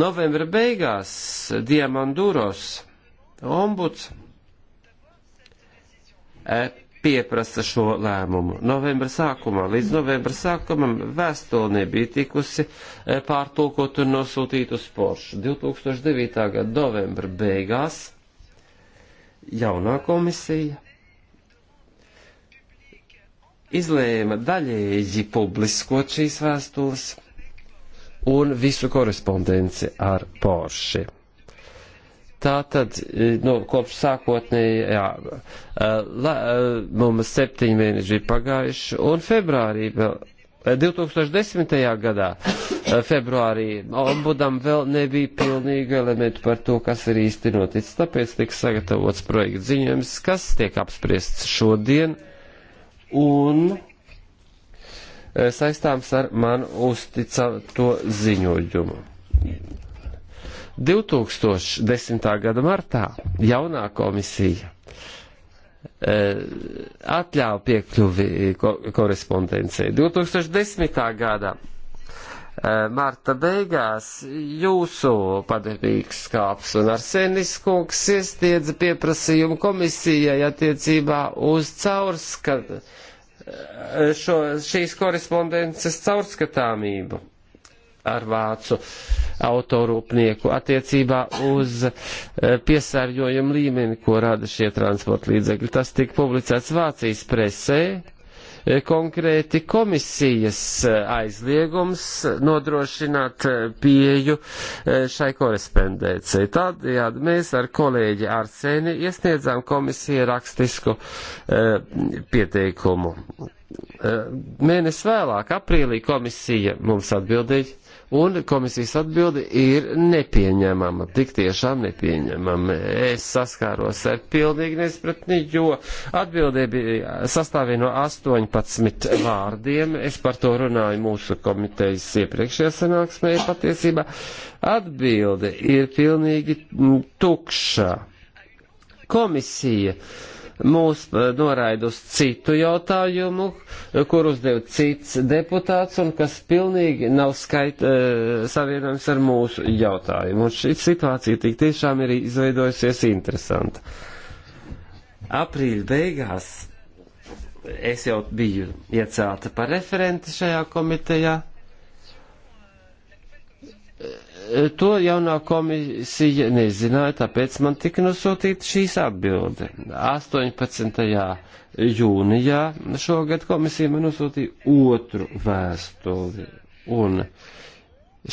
Novembra beigās Diamanduros ombuds e, pieprasa šo lēmumu. Novembra sākumā, līdz novembra sākumam vēstule nebija tikusi e, pārtulkot un nosūtīt uz Poršu. 2009. gada novembra beigās jaunā komisija izlēma daļēji publiskot šīs vēstules un visu korespondenci ar Porši. Tātad e, no nu, kopš sākotnējā e, lēmuma e, septiņi mēneši ir pagājuši, un februārī vēl 2010. gadā februārī ombudam vēl nebija pilnīgu elementu par to, kas ir īsti noticis. Tāpēc tika sagatavots projekts ziņojums, kas tiek apspriests šodien un eh, saistāms ar man uzticēto ziņojumu. 2010. gada martā jaunā komisija eh, atļāva piekļuvi korespondencei. 2010. gadā Eh, marta beigās jūsu padarīgs kāps un Arsenis kungs iestiedza pieprasījumu komisijai attiecībā uz caurskat, eh, šo, šīs korespondences caurskatāmību ar vācu autorūpnieku attiecībā uz eh, piesārņojumu līmeni, ko rada šie transporta līdzekļi. Tas tika publicēts Vācijas presē, Eh, konkrēti komisijas eh, aizliegums nodrošināt eh, pieju šai korespondencei. Tādējādi mēs ar kolēģi Arsēni iesniedzām komisiju rakstisku pieteikumu. Mēnesis vēlāk, aprīlī, komisija mums atbildēja un komisijas atbildi ir nepieņemama, tik tiešām nepieņemama. Es saskāros ar pilnīgi nespratni, jo atbildē bija sastāvīja no 18 vārdiem. Es par to runāju mūsu komitejas iepriekšējā sanāksmē patiesībā. Atbilde ir pilnīgi tukša. Komisija. Uh, mūs eh, noraida uz citu jautājumu, kur uzdev cits deputāts un kas pilnīgi nav skait, eh, savienojams ar mūsu jautājumu. Un šī situācija tik tiešām ir izveidojusies interesanta. Aprīļa beigās es jau biju iecelta par referenti šajā komitejā To jaunā komisija nezināja, tāpēc man tika nosūtīta šīs atbilde. 18. jūnijā šogad komisija man nosūtīja otru vēstuli, un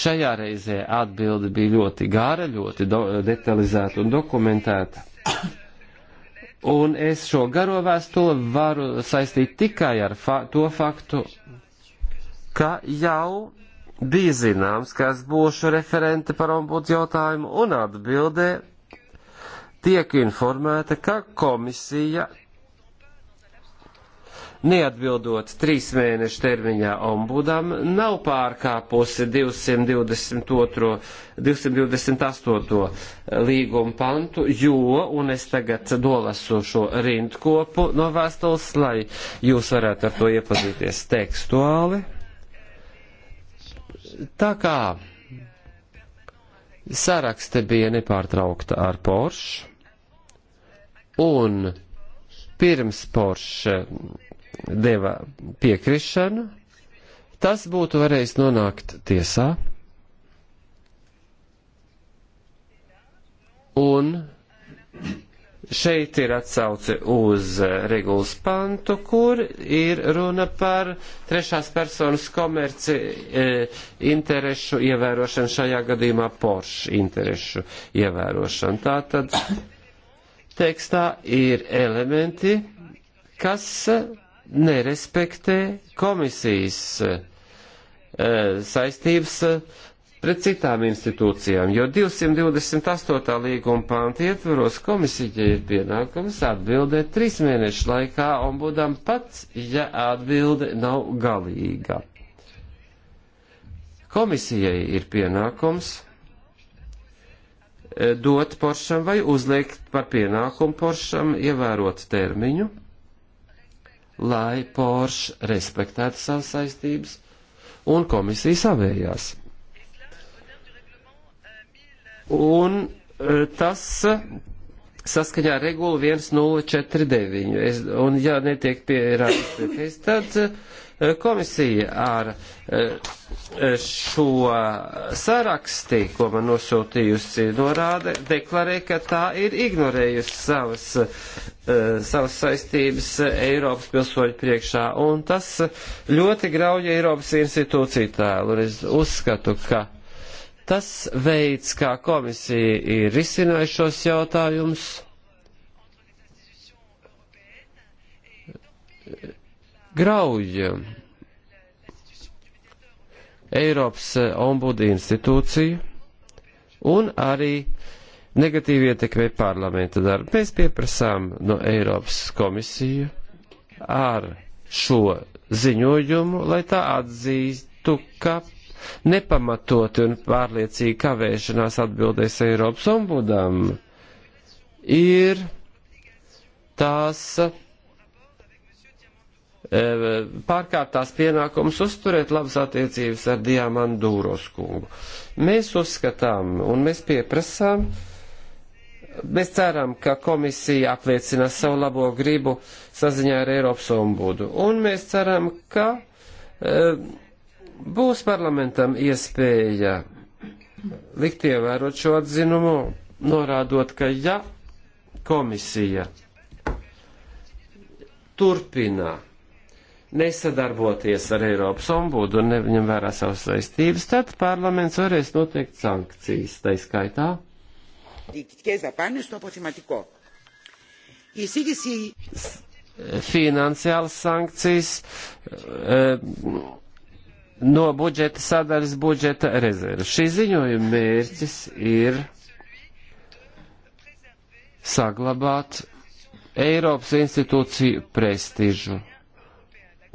šajā reizē atbilde bija ļoti gara, ļoti detalizēta un dokumentēta. Un es šo garo vēstuli varu saistīt tikai ar fa to faktu, ka jau bija zināms, ka es būšu referente par ombudu jautājumu un atbildē tiek informēta, ka komisija neatbildot trīs mēnešu termiņā ombudam, nav pārkāpusi 222, 228. līguma pantu, jo, un es tagad dolasu šo rindkopu no vēstules, lai jūs varētu ar to iepazīties tekstuāli. Tā kā sarakste bija nepārtraukta ar Porsche, un pirms Porsche deva piekrišanu, tas būtu varējis nonākt tiesā. Un Šeit ir atsauce uz regulas pantu, kur ir runa par trešās personas komerci e, interešu ievērošanu, šajā gadījumā Porsche interešu ievērošanu. Tātad tekstā ir elementi, kas nerespektē komisijas e, saistības. E, pret citām institūcijām, jo 228. līguma pānta ietvaros komisijai ir pienākums atbildēt trīs mēnešu laikā ombudam pats, ja atbilde nav galīga. Komisijai ir pienākums eh, dot poršam vai uzliekt par pienākumu poršam ievērot termiņu, lai porš respektētu savas saistības un komisija savējās un e, tas e, saskaņā ar regulu 1049. Es, un ja netiek pierādīts pretējs, tad e, komisija ar šo saraksti, ko man nosūtījusi, norāda, deklarē, ka tā ir ignorējusi savas, savas saistības Eiropas pilsoņu priekšā. Un tas ļoti grauja Eiropas institūciju tēlu. Un es uzskatu, ka Tas veids, kā komisija ir risinājušos jautājumus, grauj Eiropas ombudu institūciju un arī negatīvi ietekmē parlamenta darbu. Mēs pieprasām no Eiropas komisiju ar šo ziņojumu, lai tā atzītu, ka nepamatoti un pārliecīgi kavēšanās atbildēs Eiropas ombudam ir tās e, pārkārtās pienākums uzturēt labas attiecības ar Diamandūros kungu. Mēs uzskatām un mēs pieprasām, mēs ceram, ka komisija apliecinās savu labo gribu saziņā ar Eiropas ombudu. Un mēs ceram, ka uh, Būs parlamentam iespēja likt ievērot šo atzinumu, norādot, ka ja komisija turpina nesadarboties ar Eiropas ombudu un neņem vērā savas saistības, tad parlaments varēs noteikt sankcijas, tai skaitā. Finansiālas sankcijas. E, no budžeta sadaļas budžeta rezerves. Šī ziņojuma mērķis ir saglabāt Eiropas institūciju prestižu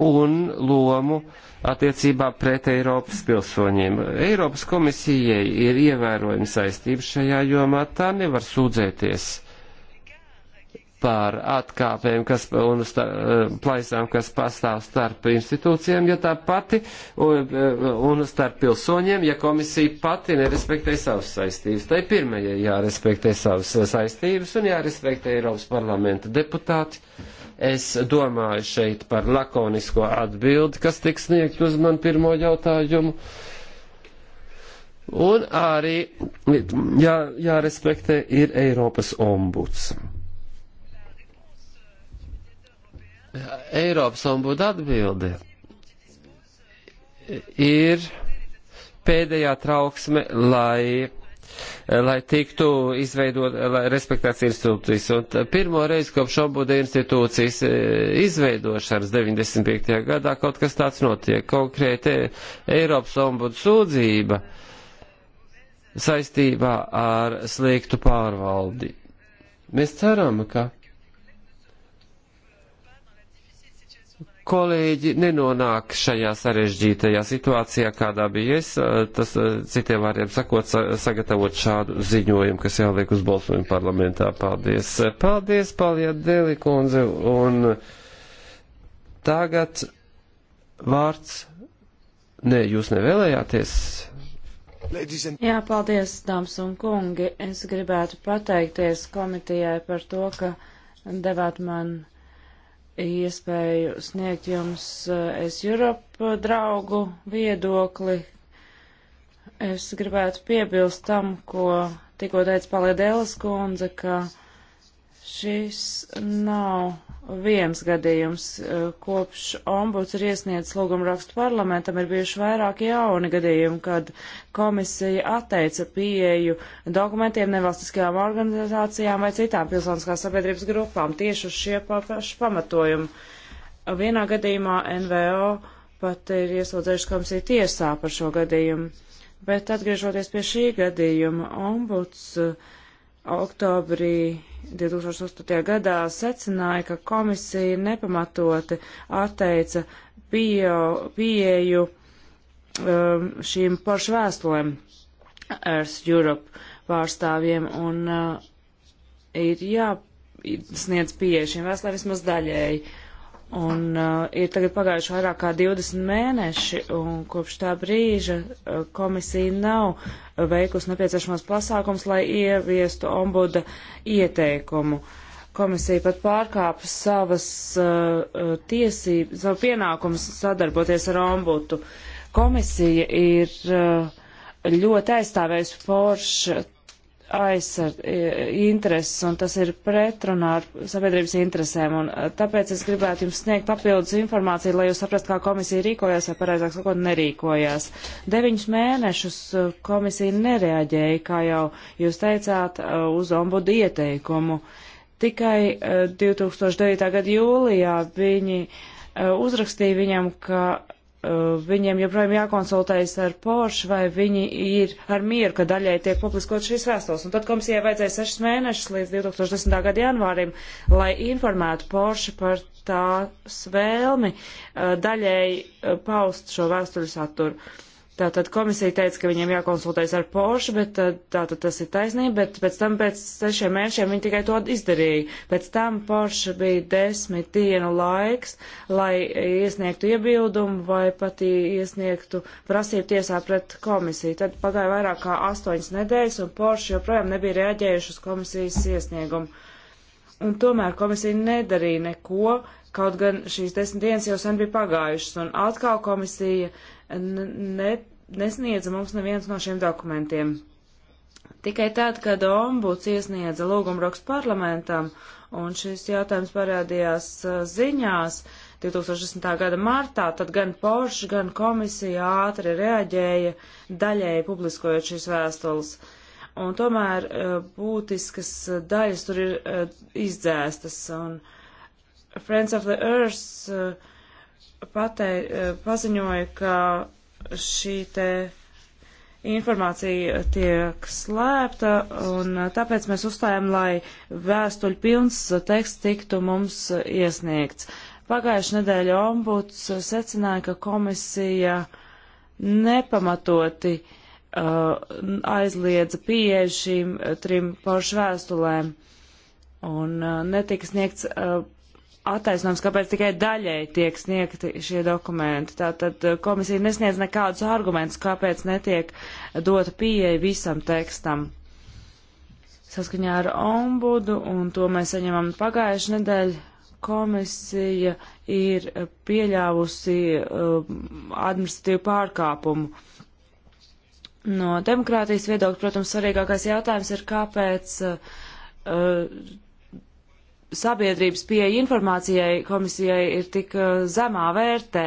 un lomu attiecībā pret Eiropas pilsoņiem. Eiropas komisijai ir ievērojama saistība šajā jomā, tā nevar sūdzēties par atkāpēm kas, un star, eh, plaisām, kas pastāv starp institūcijām, ja tā pati, un, eh, un starp pilsoņiem, ja komisija pati nerespektē savas saistības. Tai pirmajai jārespektē savas saistības un jārespektē Eiropas parlamenta deputāti. Es domāju šeit par lakonisko atbildi, kas tiks sniegt uz man pirmo jautājumu. Un arī jā, jārespektē ir Eiropas ombuds. Eiropas ombuda atbildi ir pēdējā trauksme, lai lai tiktu izveidot, lai respektēts institūcijas. Un pirmo reizi kopš ombuda institūcijas e, izveidošanas 95. gadā kaut kas tāds notiek. Konkrēti e, Eiropas ombuda sūdzība saistībā ar sliktu pārvaldi. Mēs ceram, ka kolēģi nenonāk šajā sarežģītajā situācijā, kādā bija es, tas citiem vārdiem sakot, sagatavot šādu ziņojumu, kas jāliek uz balsojumu parlamentā. Paldies! Paldies, Paljāt Deli kundze, un tagad vārds. Nē, jūs nevēlējāties. Jā, paldies, dāmas un kungi. Es gribētu pateikties komitijai par to, ka devāt man iespēju sniegt jums eh, es Europa draugu viedokli. Es gribētu piebilst tam, ko tikko teica Palēdēlas kundze, ka šis nav viens gadījums. Eh, Kopš ombuds ir iesniedzis lūgumu rakstu parlamentam, ir bijuši vairāki jauni gadījumi, kad komisija atteica pieeju dokumentiem nevalstiskajām organizācijām vai citām pilsoniskās sabiedrības grupām tieši uz šie pašu pamatojumu. Vienā gadījumā NVO pat ir iesūdzējuši komisiju tiesā par šo gadījumu. Bet atgriežoties pie šī gadījuma, ombuds uh, oktobrī 2008. gadā secināja, ka komisija nepamatoti atteica pieeju pie, um, šīm poršu vēstulēm Earth Europe pārstāvjiem un uh, ir jāsniedz pieeja šīm vēstulēm vismaz daļēji. Un uh, ir tagad pagājuši vairāk kā 20 mēneši, un kopš tā brīža uh, komisija nav uh, veikusi nepieciešamos pasākums, lai ieviestu ombuda ieteikumu. Komisija pat pārkāpa savas uh, uh tiesības, savu pienākumu sadarboties ar ombudu. Komisija ir uh, ļoti aizstāvējusi foršu aizsard intereses, un tas ir pretrunā ar sabiedrības interesēm, un tāpēc es gribētu jums sniegt papildus informāciju, lai jūs saprastu, kā komisija rīkojās, vai pareizāk sakot, nerīkojās. Deviņus mēnešus komisija nereaģēja, kā jau jūs teicāt, uz ombudu ieteikumu. Tikai 2009. gada jūlijā viņi uzrakstīja viņam, ka Eh, viņiem joprojām jākonsultējas ar Porsche, vai viņi ir ar mieru, ka daļai tiek publiskot šīs vēstules. Un tad komisijai vajadzēja 6 mēnešus līdz 2010. gada janvārim, lai informētu Porsche par tās vēlmi eh, daļai eh, paust šo vēstuļu saturu. Tātad komisija teica, ka viņiem jākonsultējas ar Porsche, bet eh, tātad tas ir taisnība, bet pēc tam pēc sešiem mēnešiem viņi tikai to izdarīja. Pēc tam Porsche bija desmit dienu laiks, lai iesniegtu iebildumu vai pat iesniegtu prasību tiesā pret komisiju. Tad pagāja vairāk kā astoņas nedēļas un Porsche joprojām nebija reaģējuši uz komisijas iesniegumu. Un tomēr komisija nedarīja neko, kaut gan šīs desmit dienas jau sen bija pagājušas un atkal komisija uh, ne, nesniedza mums neviens no šiem dokumentiem. Tikai tad, kad ombuds iesniedza lūgumrakstu parlamentam, un šis jautājums parādījās uh, ziņās 2010. gada martā, tad gan Porsche, gan komisija ātri reaģēja, daļēji publiskojot šīs vēstules. Un tomēr uh, būtiskas daļas tur ir uh, izdzēstas, un Friends of the Earth patei, eh, paziņoja, ka šī te informācija tiek slēpta, un eh, tāpēc mēs uzstājam, lai vēstuļu pilns teksts tiktu mums iesniegts. Pagājušajā nedēļā ombuds secināja, ka komisija nepamatoti uh, aizliedza pieeju šīm trim poršu vēstulēm, un uh, netika sniegts uh, attaisnojums, kāpēc tikai daļai tiek sniegti šie dokumenti. Tātad eh, komisija nesniedz nekādus argumentus, kāpēc netiek dota pieeja visam tekstam. Saskaņā ar ombudu, un to mēs saņemam pagājuši nedēļ, komisija ir pieļāvusi uh, administratīvu pārkāpumu. No demokrātijas viedokļa, protams, svarīgākais jautājums ir, kāpēc uh, sabiedrības pieeja informācijai komisijai ir tik eh, zemā vērtē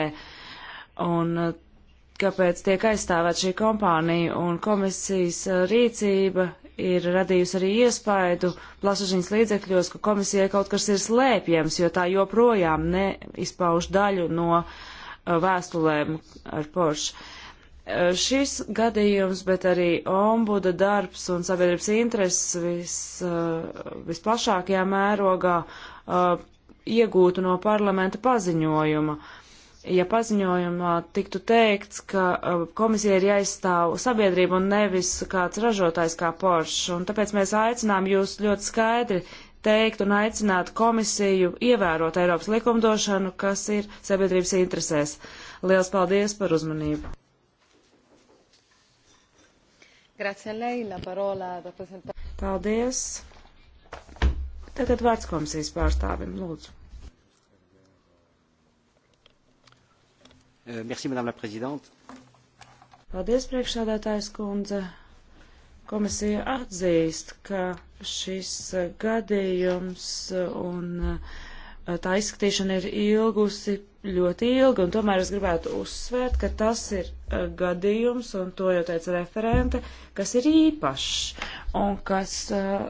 un eh, kāpēc tiek aizstāvēt šī kompānija un komisijas eh, rīcība ir radījusi arī iespaidu plašsaziņas līdzekļos, ka komisijai kaut kas ir slēpjams, jo tā joprojām neizpauž daļu no vēstulēm ar Porsche šis gadījums, bet arī ombuda darbs un sabiedrības intereses vis, uh, visplašākajā mērogā uh, iegūtu no parlamenta paziņojuma. Ja paziņojumā tiktu teikts, ka uh, komisija ir jāizstāv sabiedrība un nevis kāds ražotājs kā Porsche, un tāpēc mēs aicinām jūs ļoti skaidri teikt un aicināt komisiju ievērot Eiropas likumdošanu, kas ir sabiedrības interesēs. Liels paldies par uzmanību! Paldies. Tagad vārds komisijas pārstāvim, lūdzu. Euh, merci, madame la présidente. Paldies, priekšsādātājs kundze. Komisija atzīst, ka šis gadījums un uh, tā izskatīšana ir ilgusi ļoti ilgi, un tomēr es gribētu uzsvērt, ka tas ir uh, gadījums, un to jau teica referente, kas ir īpašs un kas uh,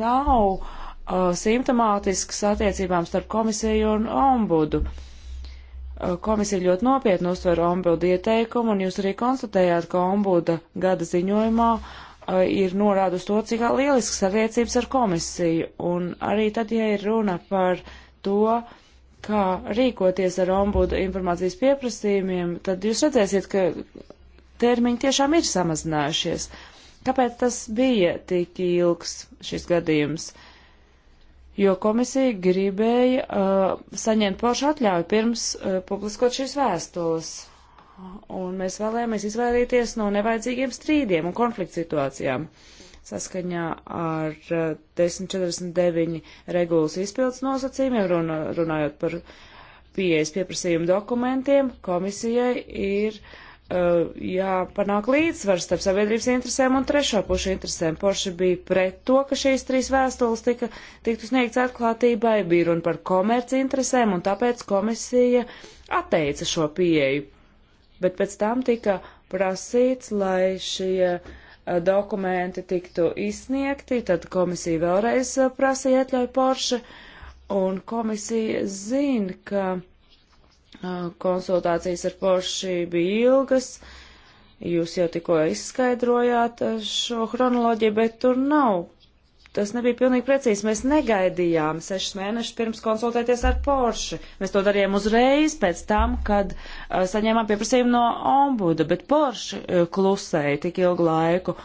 nav uh, simptomātisks attiecībām starp komisiju un ombudu. Komisija ļoti nopietni uztver ombudu ieteikumu, un jūs arī konstatējāt, ka ombuda gada ziņojumā ir norādus to, cik lielisks attiecības ar komisiju, un arī tad, ja ir runa par to, uh, kā rīkoties ar ombudu informācijas pieprasījumiem, tad jūs redzēsiet, ka termiņi tiešām ir samazinājušies. Kāpēc tas bija tik ilgs šis gadījums? Jo komisija gribēja uh, saņemt poršu atļauju pirms uh, publiskot šīs vēstules. Un mēs vēlējāmies izvairīties no nevajadzīgiem strīdiem un konflikts situācijām. Uh, saskaņā ar 1049 eh, regulas izpildes nosacījumiem, runa, runājot par pieejas pieprasījumu dokumentiem, komisijai ir uh, jāpanāk līdzsvars starp sabiedrības interesēm un trešo pušu interesēm. Porši bija pret to, ka šīs trīs vēstules tika tiktu sniegts atklātībai, bija runa par komerci interesēm, un tāpēc komisija atteica šo pieeju. Bet pēc tam tika prasīts, lai šie uh, dokumenti tiktu izsniegti, tad komisija vēlreiz eh, prasīja atļauju Porsche, un komisija zina, ka eh, konsultācijas ar Porsche bija ilgas, jūs jau tikko izskaidrojāt eh, šo chronoloģiju, bet tur nav tas nebija pilnīgi precīzi. Mēs negaidījām sešus mēnešus pirms konsultēties ar Porsche. Mēs to darījām uzreiz pēc tam, kad uh, saņēmām pieprasījumu no ombuda, bet Porsche uh, klusēja tik ilgu laiku.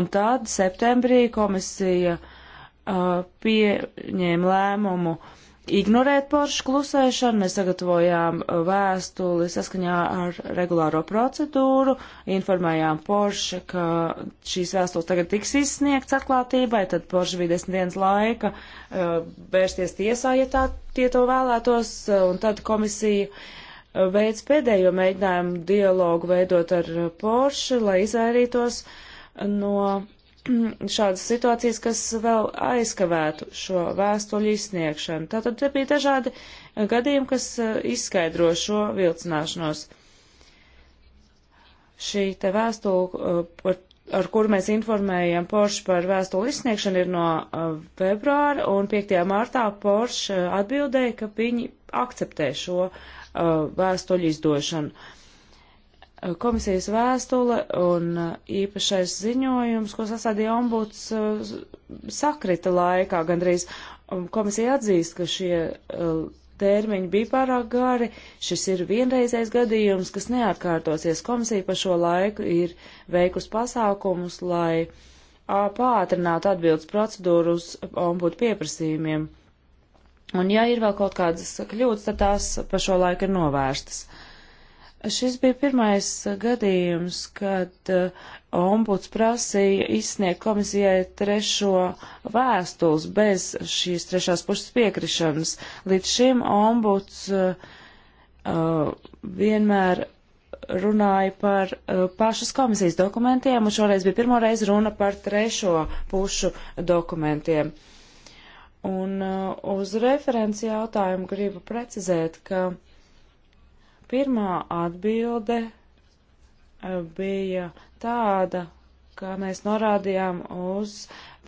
Un tad septembrī komisija uh, pieņēma lēmumu uh, ignorēt poršu klusēšanu. Mēs sagatavojām uh, vēstuli saskaņā ar regulāro procedūru, informējām poršu, ka šīs vēstules tagad tiks izsniegts atklātībai, tad poršu bija desmit dienas laika uh, vērsties tiesā, ja tā tie to vēlētos, uh, un tad komisija veids pēdējo mēģinājumu dialogu veidot ar poršu, lai izvairītos no (clears throat) šādas situācijas, kas vēl aizkavētu šo vēstuļu izsniegšanu. Tātad te bija dažādi gadījumi, kas eh, izskaidro šo vilcināšanos. Šī te vēstule, eh, ar kuru mēs informējam Porsche par vēstuli izsniegšanu, ir no eh, februāra, un 5. martā Porsche atbildēja, ka viņi akceptē šo vēstuļu izdošanu komisijas vēstule un uh, īpašais ziņojums, ko sasādīja ombuds, uh, sakrita laikā gandrīz. Um, komisija atzīst, ka šie uh, termiņi bija pārāk gari, šis ir vienreizējs gadījums, kas neatkārtosies. Komisija pa šo laiku ir veikus pasākumus, lai pātrinātu atbildes procedūru uz ombudu pieprasījumiem. Un ja ir vēl kaut kādas kļūdas, tad tās pa šo laiku ir novērstas. Šis bija pirmais uh, gadījums, kad uh, ombuds prasīja izsniegt komisijai trešo vēstules bez šīs trešās puses piekrišanas. Līdz šim ombuds uh, uh, vienmēr runāja par uh, pašas komisijas dokumentiem, un šoreiz bija pirmo reizi runa par trešo pušu dokumentiem. Un uh, uz referenci jautājumu gribu precizēt, ka uh, Pirmā atbilde eh, bija tāda, ka mēs norādījām uz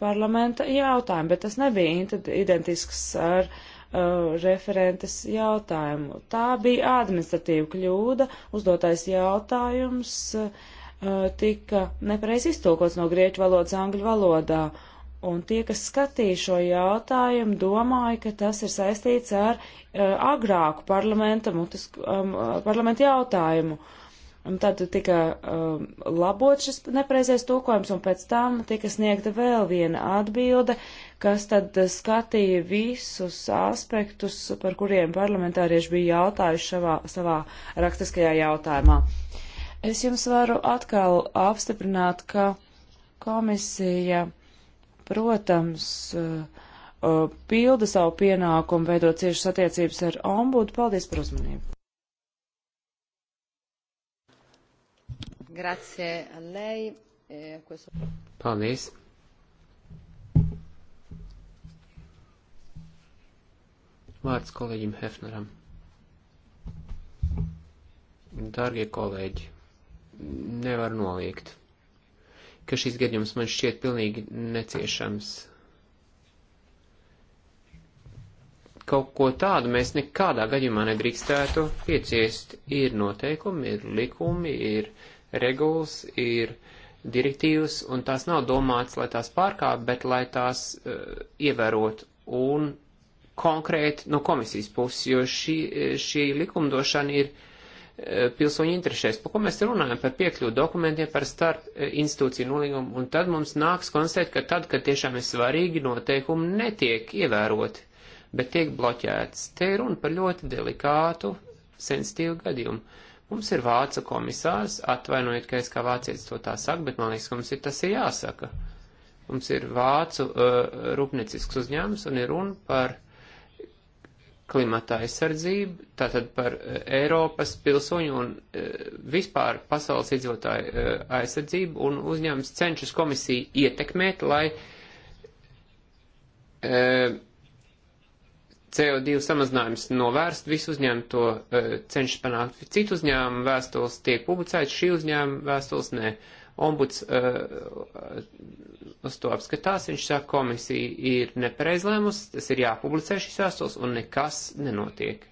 parlamenta jautājumu, bet tas nebija identisks ar uh, referentes jautājumu. Tā bija administratīva kļūda, uzdotais jautājums uh, tika nepareiz iztulkots no grieķu valodas angļu valodā. Uh, Un tie, kas skatīja šo jautājumu, domāja, ka tas ir saistīts ar uh, agrāku parlamenta, mutisku, um, eh, parlamenta jautājumu. Un tad tika um, labot šis nepreizais tūkojums, un pēc tam tika sniegta vēl viena atbilde, kas tad eh, skatīja visus aspektus, par kuriem parlamentārieši bija jautājuši šavā, savā rakstiskajā jautājumā. Es jums varu atkal apstiprināt, ka komisija protams, eh, eh, pilda savu pienākumu, veidot ciešas attiecības ar ombudu. Paldies par uzmanību! Grazie a lei. Eh, Paldies! Vārds kolēģim Hefneram. Dārgie kolēģi, nevar noliegt ka šis gadījums man šķiet pilnīgi neciešams. Kaut ko tādu mēs nekādā gadījumā nedrīkstētu pieciest. Ir noteikumi, ir likumi, ir regulas, ir direktīvas, un tās nav domāts, lai tās pārkāp, bet lai tās uh, ievērot un konkrēti no komisijas puses, jo šī, eh, šī likumdošana ir uh, pilsoņu interesēs. Par ko mēs runājam? Par piekļuvu dokumentiem, par starp e, institūciju nolīgumu, un tad mums nāks konstatēt, ka tad, kad tiešām ir svarīgi, noteikumi netiek ievēroti, bet tiek bloķēts. Te ir runa par ļoti delikātu, sensitīvu gadījumu. Mums ir vācu komisārs, atvainojiet, ka es kā vācietis to tā saku, bet man liekas, ka mums ir tas ir jāsaka. Mums ir vācu uh, rūpniecisks uzņēmums un ir runa par uh, klimata aizsardzību, tātad par e, Eiropas pilsoņu un e, vispār pasaules iedzīvotāju e, aizsardzību, un uzņēmums cenšas komisiju ietekmēt, lai CO2 samazinājums novērst, visu uzņēmumu to cenšas panākt. Citu uzņēmumu vēstules tiek publicētas, šī uzņēmuma vēstules nē. Ne ombuds uh, uz to apskatās, viņš saka, komisija ir nepareizlēmus, tas ir jāpublicē šis vēstules un nekas nenotiek.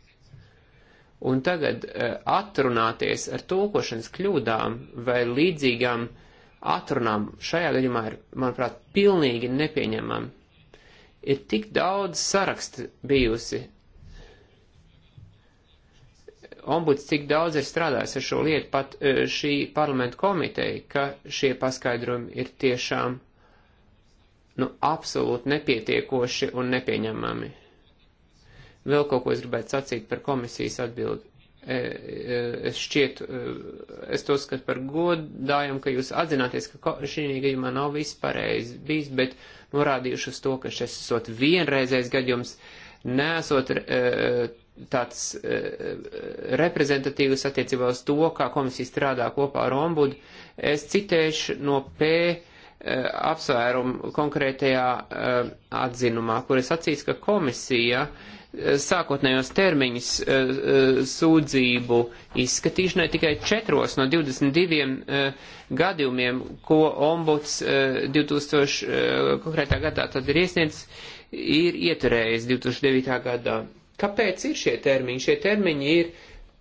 Un tagad uh, atrunāties ar tulkošanas kļūdām vai līdzīgām atrunām šajā gadījumā ir, manuprāt, pilnīgi nepieņemami. Ir tik daudz sarakstu bijusi ombuds cik daudz ir strādājis ar šo lietu, pat e, šī parlamenta komiteja, ka šie paskaidrojumi ir tiešām, nu, absolūti nepietiekoši un nepieņemami. Vēl kaut ko es gribētu sacīt par komisijas atbildi. E, e, es šķiet, es to skatu par godājumu, ka jūs atzināties, ka šī gadījumā nav viss pareizi bijis, bet norādījuši uz to, ka šis esot vienreizējs gadījums, nesot. Uh, tāds e, e, reprezentatīvs attiecībā uz to, kā komisija strādā kopā ar ombudu. Es citēšu no P e, apsvērumu konkrētajā atzinumā, kur ir sacīts, ka komisija sākotnējos termiņus sūdzību izskatīšanai tikai 4 no 22 gadījumiem, ko ombuds 2000 konkrētā gadā tad ir iesniedzis, ir ieturējis 2009. gadā. Kāpēc ir šie termiņi? Šie termiņi ir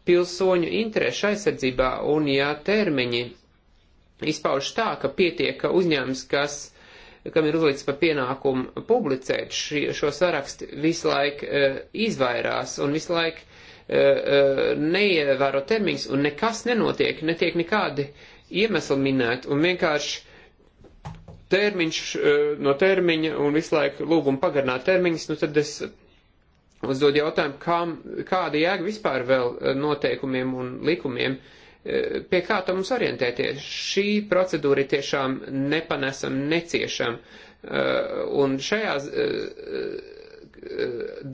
pilsoņu interešu aizsardzībā, un ja termiņi izpauž tā, ka pietiek ka uzņēmums, kas, kam ir uzlikts par pienākumu publicēt ši, šo sarakstu, visu laiku uh, izvairās un visu laiku uh, neievēro termiņus, un nekas nenotiek, netiek nekādi iemesli minēt, un vienkārši termiņš uh, no termiņa un visu laiku lūgumu pagarināt termiņus, nu tad es uzdod jautājumu, kā, kāda jēga vispār vēl eh, noteikumiem un likumiem, eh, pie kā tam mums orientēties. Šī procedūra ir tiešām nepanesam, neciešam. Eh, un šajā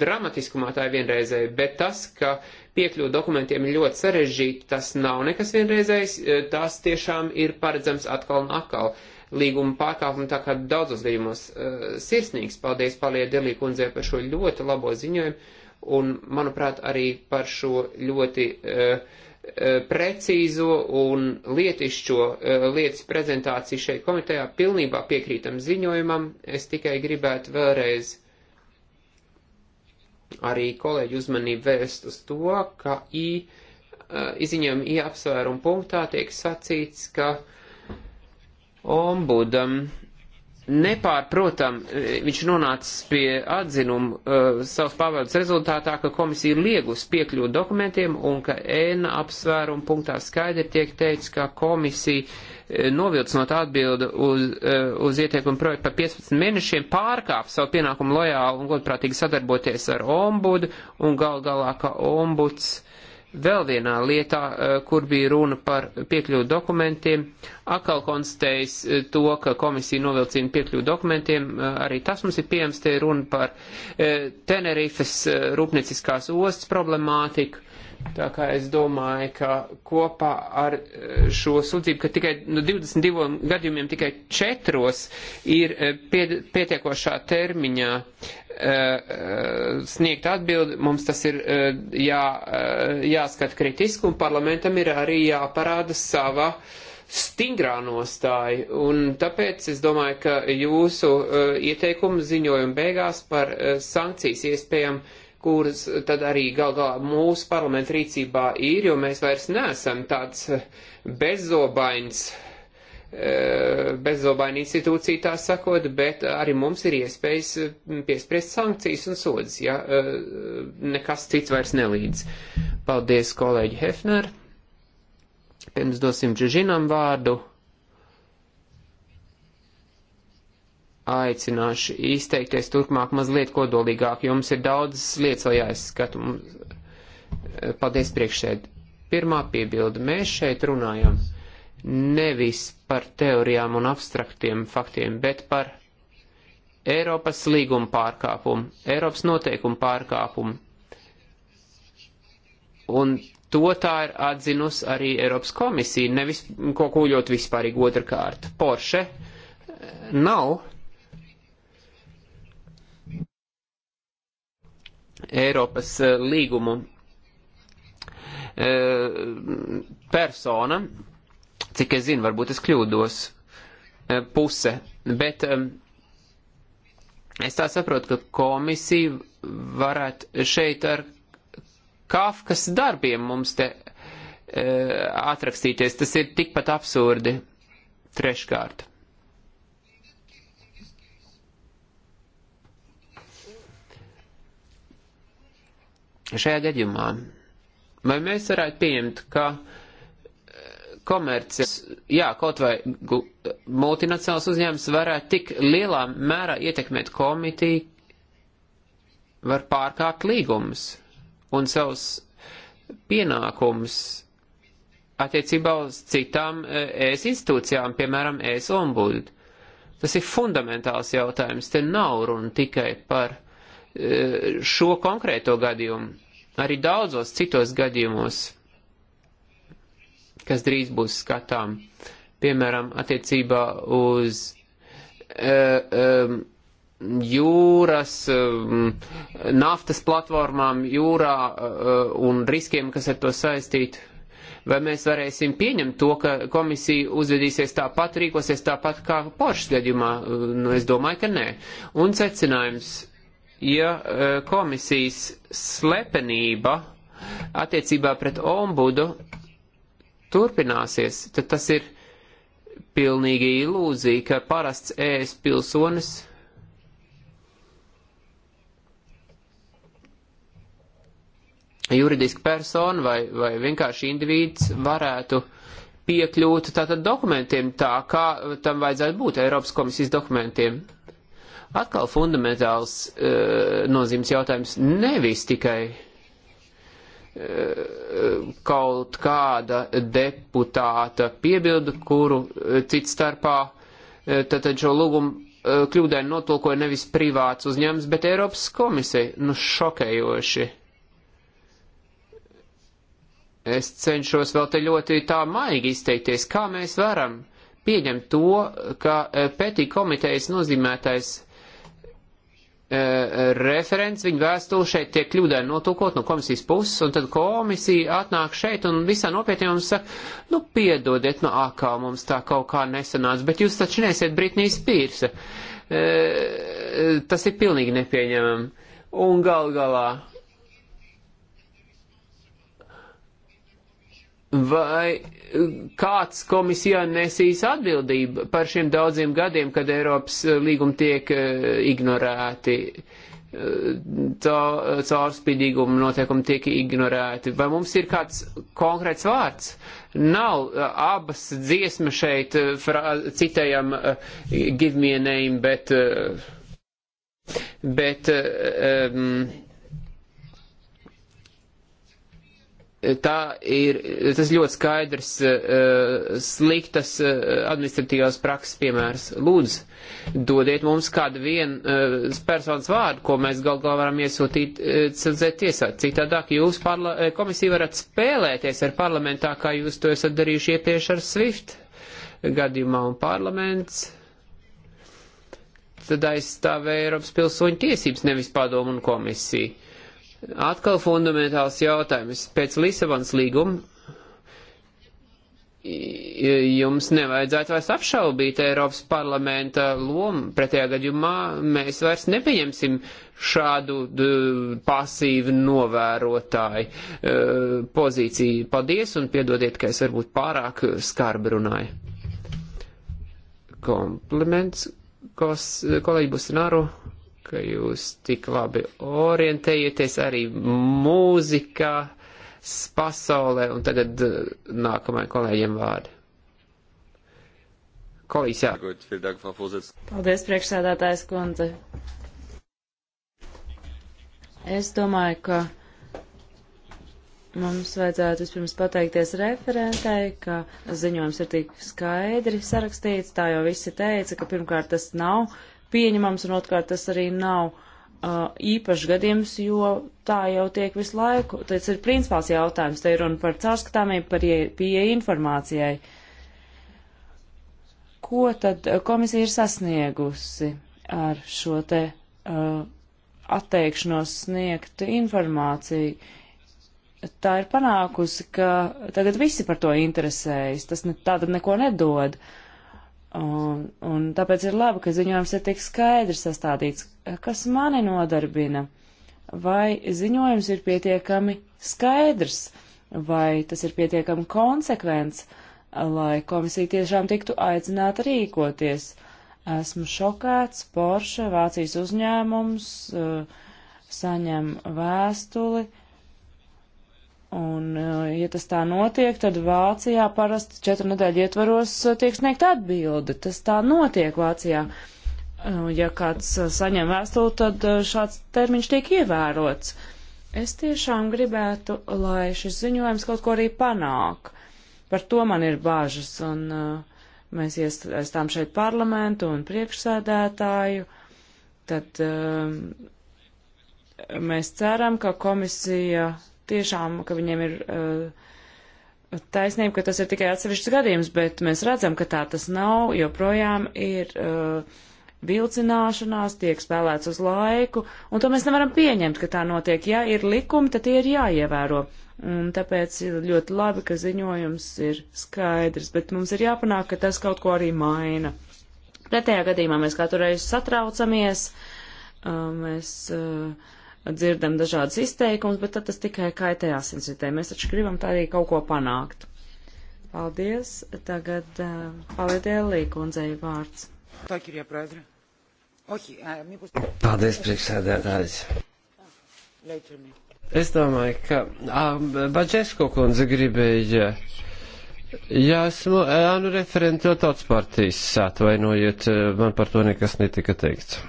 dramatiskumā tā ir vienreizēja, bet tas, ka piekļuvu dokumentiem ir ļoti sarežģīti, tas nav nekas vienreizējs, tas tiešām ir paredzams atkal un atkal. Uh, līguma pārkāpumu, tā kā daudzos gadījumos uh, sirsnīgs paldies Palie Delī kundzei par šo ļoti labo ziņojumu un, manuprāt, arī par šo ļoti uh, precīzo un lietišķo uh, lietas prezentāciju šeit komitejā pilnībā piekrītam ziņojumam. Es tikai gribētu vēlreiz arī kolēģi uzmanību vērst uz to, ka i, uh, izziņojuma i apsvērumu punktā tiek sacīts, ka uh, ombudam nepārprotam, e, viņš nonācis pie atzinuma uh, savas pārvaldes rezultātā, ka komisija liegus piekļūt dokumentiem un ka ēna apsvērumu punktā skaidri tiek teicis, ka komisija uh, novilcinot atbildi uz, uh, uz ieteikumu projektu par 15 mēnešiem pārkāp savu pienākumu lojāli un godprātīgi sadarboties ar ombudu un gal galā, ka ombuds uh, Vēl vienā lietā, eh, kur bija runa par piekļuvu dokumentiem, atkal konstatējis eh, to, ka komisija novilcina piekļuvu dokumentiem, eh, arī tas mums ir pieejams, te runa par Tenerifes rūpnieciskās ostas problemātiku. Tā kā es domāju, ka kopā ar šo sūdzību, ka tikai no nu, 22 gadījumiem tikai četros ir pietiekošā termiņā Eh, eh, sniegt atbildi, mums tas ir eh, jā, jāskat kritiski, un parlamentam ir arī jāparāda sava stingrā nostāja. Un tāpēc es domāju, ka jūsu ieteikumu ziņojumu beigās par sankcijas iespējām, kuras tad arī gal galā mūsu parlamenta rīcībā ir, jo mēs vairs neesam tāds bezobains uh, E, bezobaina institūcija tā sakot, bet arī mums ir iespējas piespriest sankcijas un sodas, ja e, nekas cits vairs nelīdz. Paldies, kolēģi Hefner. Pirms dosim Džužinam vārdu. Aicināšu izteikties turpmāk mazliet kodolīgāk, jo mums ir daudz lietas vēl jāizskata. E, paldies priekšsēd. Pirmā piebilda. Mēs šeit runājam nevis par teorijām un abstraktiem faktiem, bet par Eiropas līguma pārkāpumu, Eiropas noteikumu pārkāpumu. Un to tā ir atzinusi arī Eiropas komisija, nevis ko kūļot vispārīgi otrkārt. Porsche eh, nav Eiropas eh, līgumu eh, persona, Cik es zinu, varbūt es kļūdos eh, puse, bet es tā saprotu, ka komisija varētu šeit ar Kafkas darbiem mums te eh, atrakstīties. Tas ir tikpat absurdi. Treškārt. Šajā gadījumā vai mēs varētu pieņemt, ka uh, komercijas, jā, kaut vai multinacionāls uzņēmums varētu tik lielā mērā ietekmēt komitiju, var pārkāpt līgumus un savus pienākumus attiecībā uz citām ES e institūcijām, piemēram, ES ombudu. Tas ir fundamentāls jautājums, te nav runa tikai par e, šo konkrēto gadījumu, arī daudzos citos gadījumos kas drīz būs skatām, piemēram, attiecībā uz uh, um, jūras, um, naftas platformām, jūrā uh, un riskiem, kas ar to saistīti. Vai mēs varēsim pieņemt to, ka komisija uzvedīsies tāpat, rīkosies tāpat kā Porsche gadījumā? Nu, es domāju, ka nē. Un secinājums, ja uh, komisijas slepenība attiecībā pret ombudu turpināsies, tad tas ir pilnīgi ilūzija, ka parasts ēs pilsonis juridiski persona vai, vai vienkārši individs varētu piekļūt tātad dokumentiem tā, kā tam vajadzētu būt Eiropas komisijas dokumentiem. Atkal fundamentāls uh, nozīmes jautājums nevis tikai uh, kaut kāda deputāta piebildu, kuru eh, cits starpā tātad eh, šo lūgumu eh, kļūdēni notolkoja nevis privāts uzņēmums, bet Eiropas komisija. Nu, šokējoši. Es cenšos vēl te ļoti tā maigi izteikties, kā mēs varam pieņemt to, ka pētī komitejas nozīmētais uh, Eh, referents, viņa vēstuli šeit tiek kļūdēni notūkot no komisijas puses, un tad komisija atnāk šeit un visā nopietni mums saka, nu piedodiet, nu akā mums tā kaut kā nesanāca, bet jūs taču nesiet Britnijas pīrsa. Eh, tas ir pilnīgi nepieņemami. Un gal galā Vai eh, kāds komisijā nesīs atbildību par šiem daudziem gadiem, kad Eiropas eh, līgumi tiek eh, ignorēti, caurspīdīguma noteikumi tiek ignorēti? Vai mums ir kāds konkrēts vārds? Nav abas dziesmas šeit, citējam, give me a name, bet. bet um, tā ir, tas ļoti skaidrs uh, sliktas uh, administratīvās prakses piemērs. Lūdzu, dodiet mums kādu vienu uh, personas vārdu, ko mēs gal galā varam iesūtīt uh, cilvēt tiesā. Citādāk jūs parla, komisija varat spēlēties ar parlamentā, kā jūs to esat darījuši iepriekš ar SWIFT gadījumā un parlaments. Tad aizstāvē Eiropas pilsoņu tiesības, nevis padomu un komisiju Atkal fundamentāls jautājums. Pēc Lisabonas līguma jums nevajadzētu vairs apšaubīt Eiropas parlamenta lomu. Pretējā gadījumā mēs vairs nepieņemsim šādu pasīvu novērotāju e, pozīciju. Paldies un piedodiet, ka es varbūt pārāk skarbi runāju. Kompliments kolēģi Bustināru ka jūs tik labi orientējaties arī mūzikā, pasaulē, un tagad eh, nākamajam kolēģiem vārdi. Kolīgs, jā. Paldies, priekšsēdētājs kundze. Es domāju, ka mums vajadzētu vispirms pateikties referentei, ka ziņojums ir tik skaidri sarakstīts, tā jau visi teica, ka pirmkārt tas nav pieņemams, un otrkārt tas arī nav uh, īpašs gadījums, jo tā jau tiek visu laiku. Tas ir principāls jautājums, te ir runa par caurskatāmību, par pieeja informācijai. Ko tad uh, komisija ir sasniegusi ar šo te uh, atteikšanos sniegt informāciju? Tā ir panākusi, ka tagad visi par to interesējas, tas ne, tātad neko nedod. Uh, Un, un tāpēc ir labi, ka ziņojums ir tik skaidri sastādīts, kas mani nodarbina, vai ziņojums ir pietiekami skaidrs, vai tas ir pietiekami konsekvents, lai komisija tiešām tiktu aicināta rīkoties. Esmu šokēts, Porsche, Vācijas uzņēmums, eh, saņem vēstuli, Un, eh, ja tas tā notiek, tad Vācijā parasti četru nedēļu ietvaros eh, tiek sniegt atbildi. Tas tā notiek Vācijā. Eh, ja kāds saņem vēstuli, tad šāds termiņš tiek ievērots. Es tiešām gribētu, lai šis ziņojums kaut ko arī panāk. Par to man ir bāžas, un mēs iestājām šeit parlamentu un priekšsēdētāju. Tad mēs ceram, ka komisija tiešām, ka viņiem ir uh, taisnība, ka tas ir tikai atsevišķs gadījums, bet mēs redzam, ka tā tas nav, joprojām ir uh, vilcināšanās, tiek spēlēts uz laiku, un to mēs nevaram pieņemt, ka tā notiek. Ja ir likumi, tad tie ir jāievēro. Un tāpēc ir ļoti labi, ka ziņojums ir skaidrs, bet mums ir jāpanāk, ka tas kaut ko arī maina. Pretējā gadījumā mēs katru reizi satraucamies, uh, mēs uh, dzirdam dažādas izteikumus, bet tad tas tikai kaitē asinsritē. Mēs taču gribam tā arī kaut ko panākt. Paldies. Tagad uh, eh, palidēlī kundzei vārds. Tā, kirjā prēdra. Paldies, priekšsēdētājs. Es domāju, ka Baģesko kundze gribēja. Jā, esmu ēnu referenti no tautas partijas. Atvainojiet, man par to nekas netika teikts.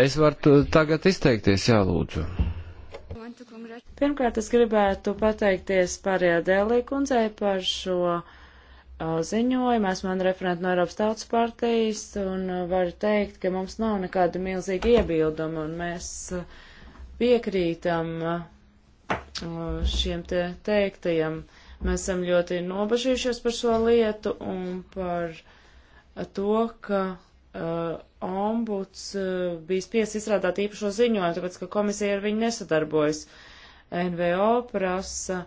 Es varu tagad izteikties, jā, lūdzu. Pirmkārt, es gribētu pateikties Pārjādēlī kundzei par šo ziņojumu. Esmu man referenta no Eiropas Tautas partijas un varu teikt, ka mums nav nekāda milzīga iebilduma un mēs piekrītam šiem te teiktajiem. Mēs esam ļoti nobažījušies par šo lietu un par to, ka uh, ombuds uh, bija spiests izstrādāt īpašo ziņojumu, tāpēc, ka komisija ar viņu nesadarbojas. NVO prasa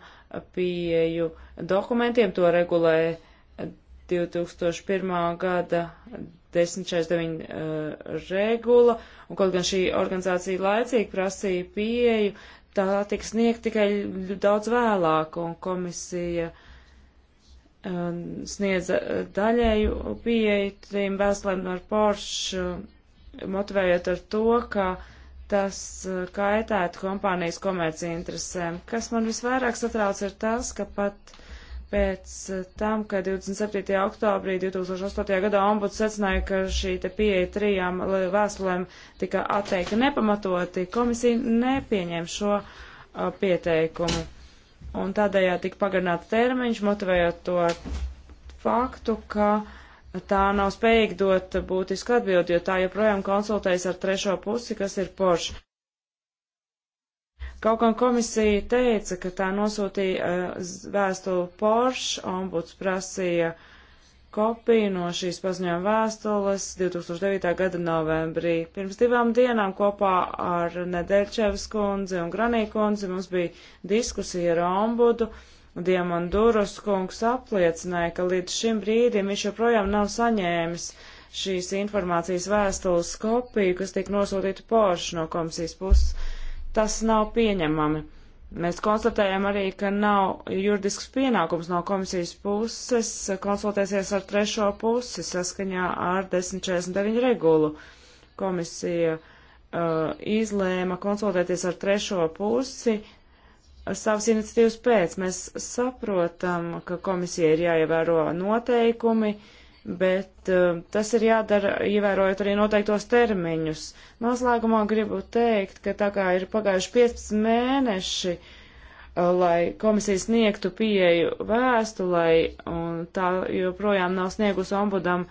pieju dokumentiem, to regulē 2001. gada 1069 uh, regula, un kaut gan šī organizācija laicīgi prasīja pieju, tā tiks sniegt tikai daudz vēlāk, un komisija uh, Um, sniedza uh, daļēju pieeju trim vēstulēm ar Porsche, um, motivējot ar to, ka tas uh, kaitētu kompānijas komercija interesēm. Kas man visvairāk satrauc ir tas, ka pat pēc uh, tam, ka 27. oktobrī 2008. gadā ombuds secināja, ka šī te pieeja trijām vēstulēm tika atteikta nepamatoti, komisija nepieņem šo uh, pieteikumu un tādējā tika pagarināts termiņš, motivējot to ar faktu, ka tā nav spējīga dot būtisku atbildi, jo tā joprojām konsultējas ar trešo pusi, kas ir Porsche. Kaut kā komisija teica, ka tā nosūtīja uh, vēstuli Porsche, ombuds prasīja uh, kopiju no šīs paziņojuma vēstules 2009. gada novembrī. Pirms divām dienām kopā ar Nedeļčevas kundzi un Granī kundzi mums bija diskusija ar ombudu. Diemandurus kungs apliecināja, ka līdz šim brīdim viņš joprojām nav saņēmis šīs informācijas vēstules kopiju, kas tika nosūtīta Porsche no komisijas puses. Tas nav pieņemami. Uh, Mēs konstatējam arī, ka nav juridisks pienākums no komisijas puses konsultēties ar trešo pusi saskaņā ar 1049 regulu. Komisija uh, izlēma konsultēties ar trešo pusi uh, savas iniciatīvas pēc. Mēs saprotam, ka komisija ir jāievēro noteikumi, uh, bet uh, tas ir jādara, ievērojot arī noteiktos termiņus. Noslēgumā gribu teikt, ka tā kā ir pagājuši 15 mēneši, uh, lai komisija sniegtu pieeju vēstulei, un tā joprojām nav sniegus ombudam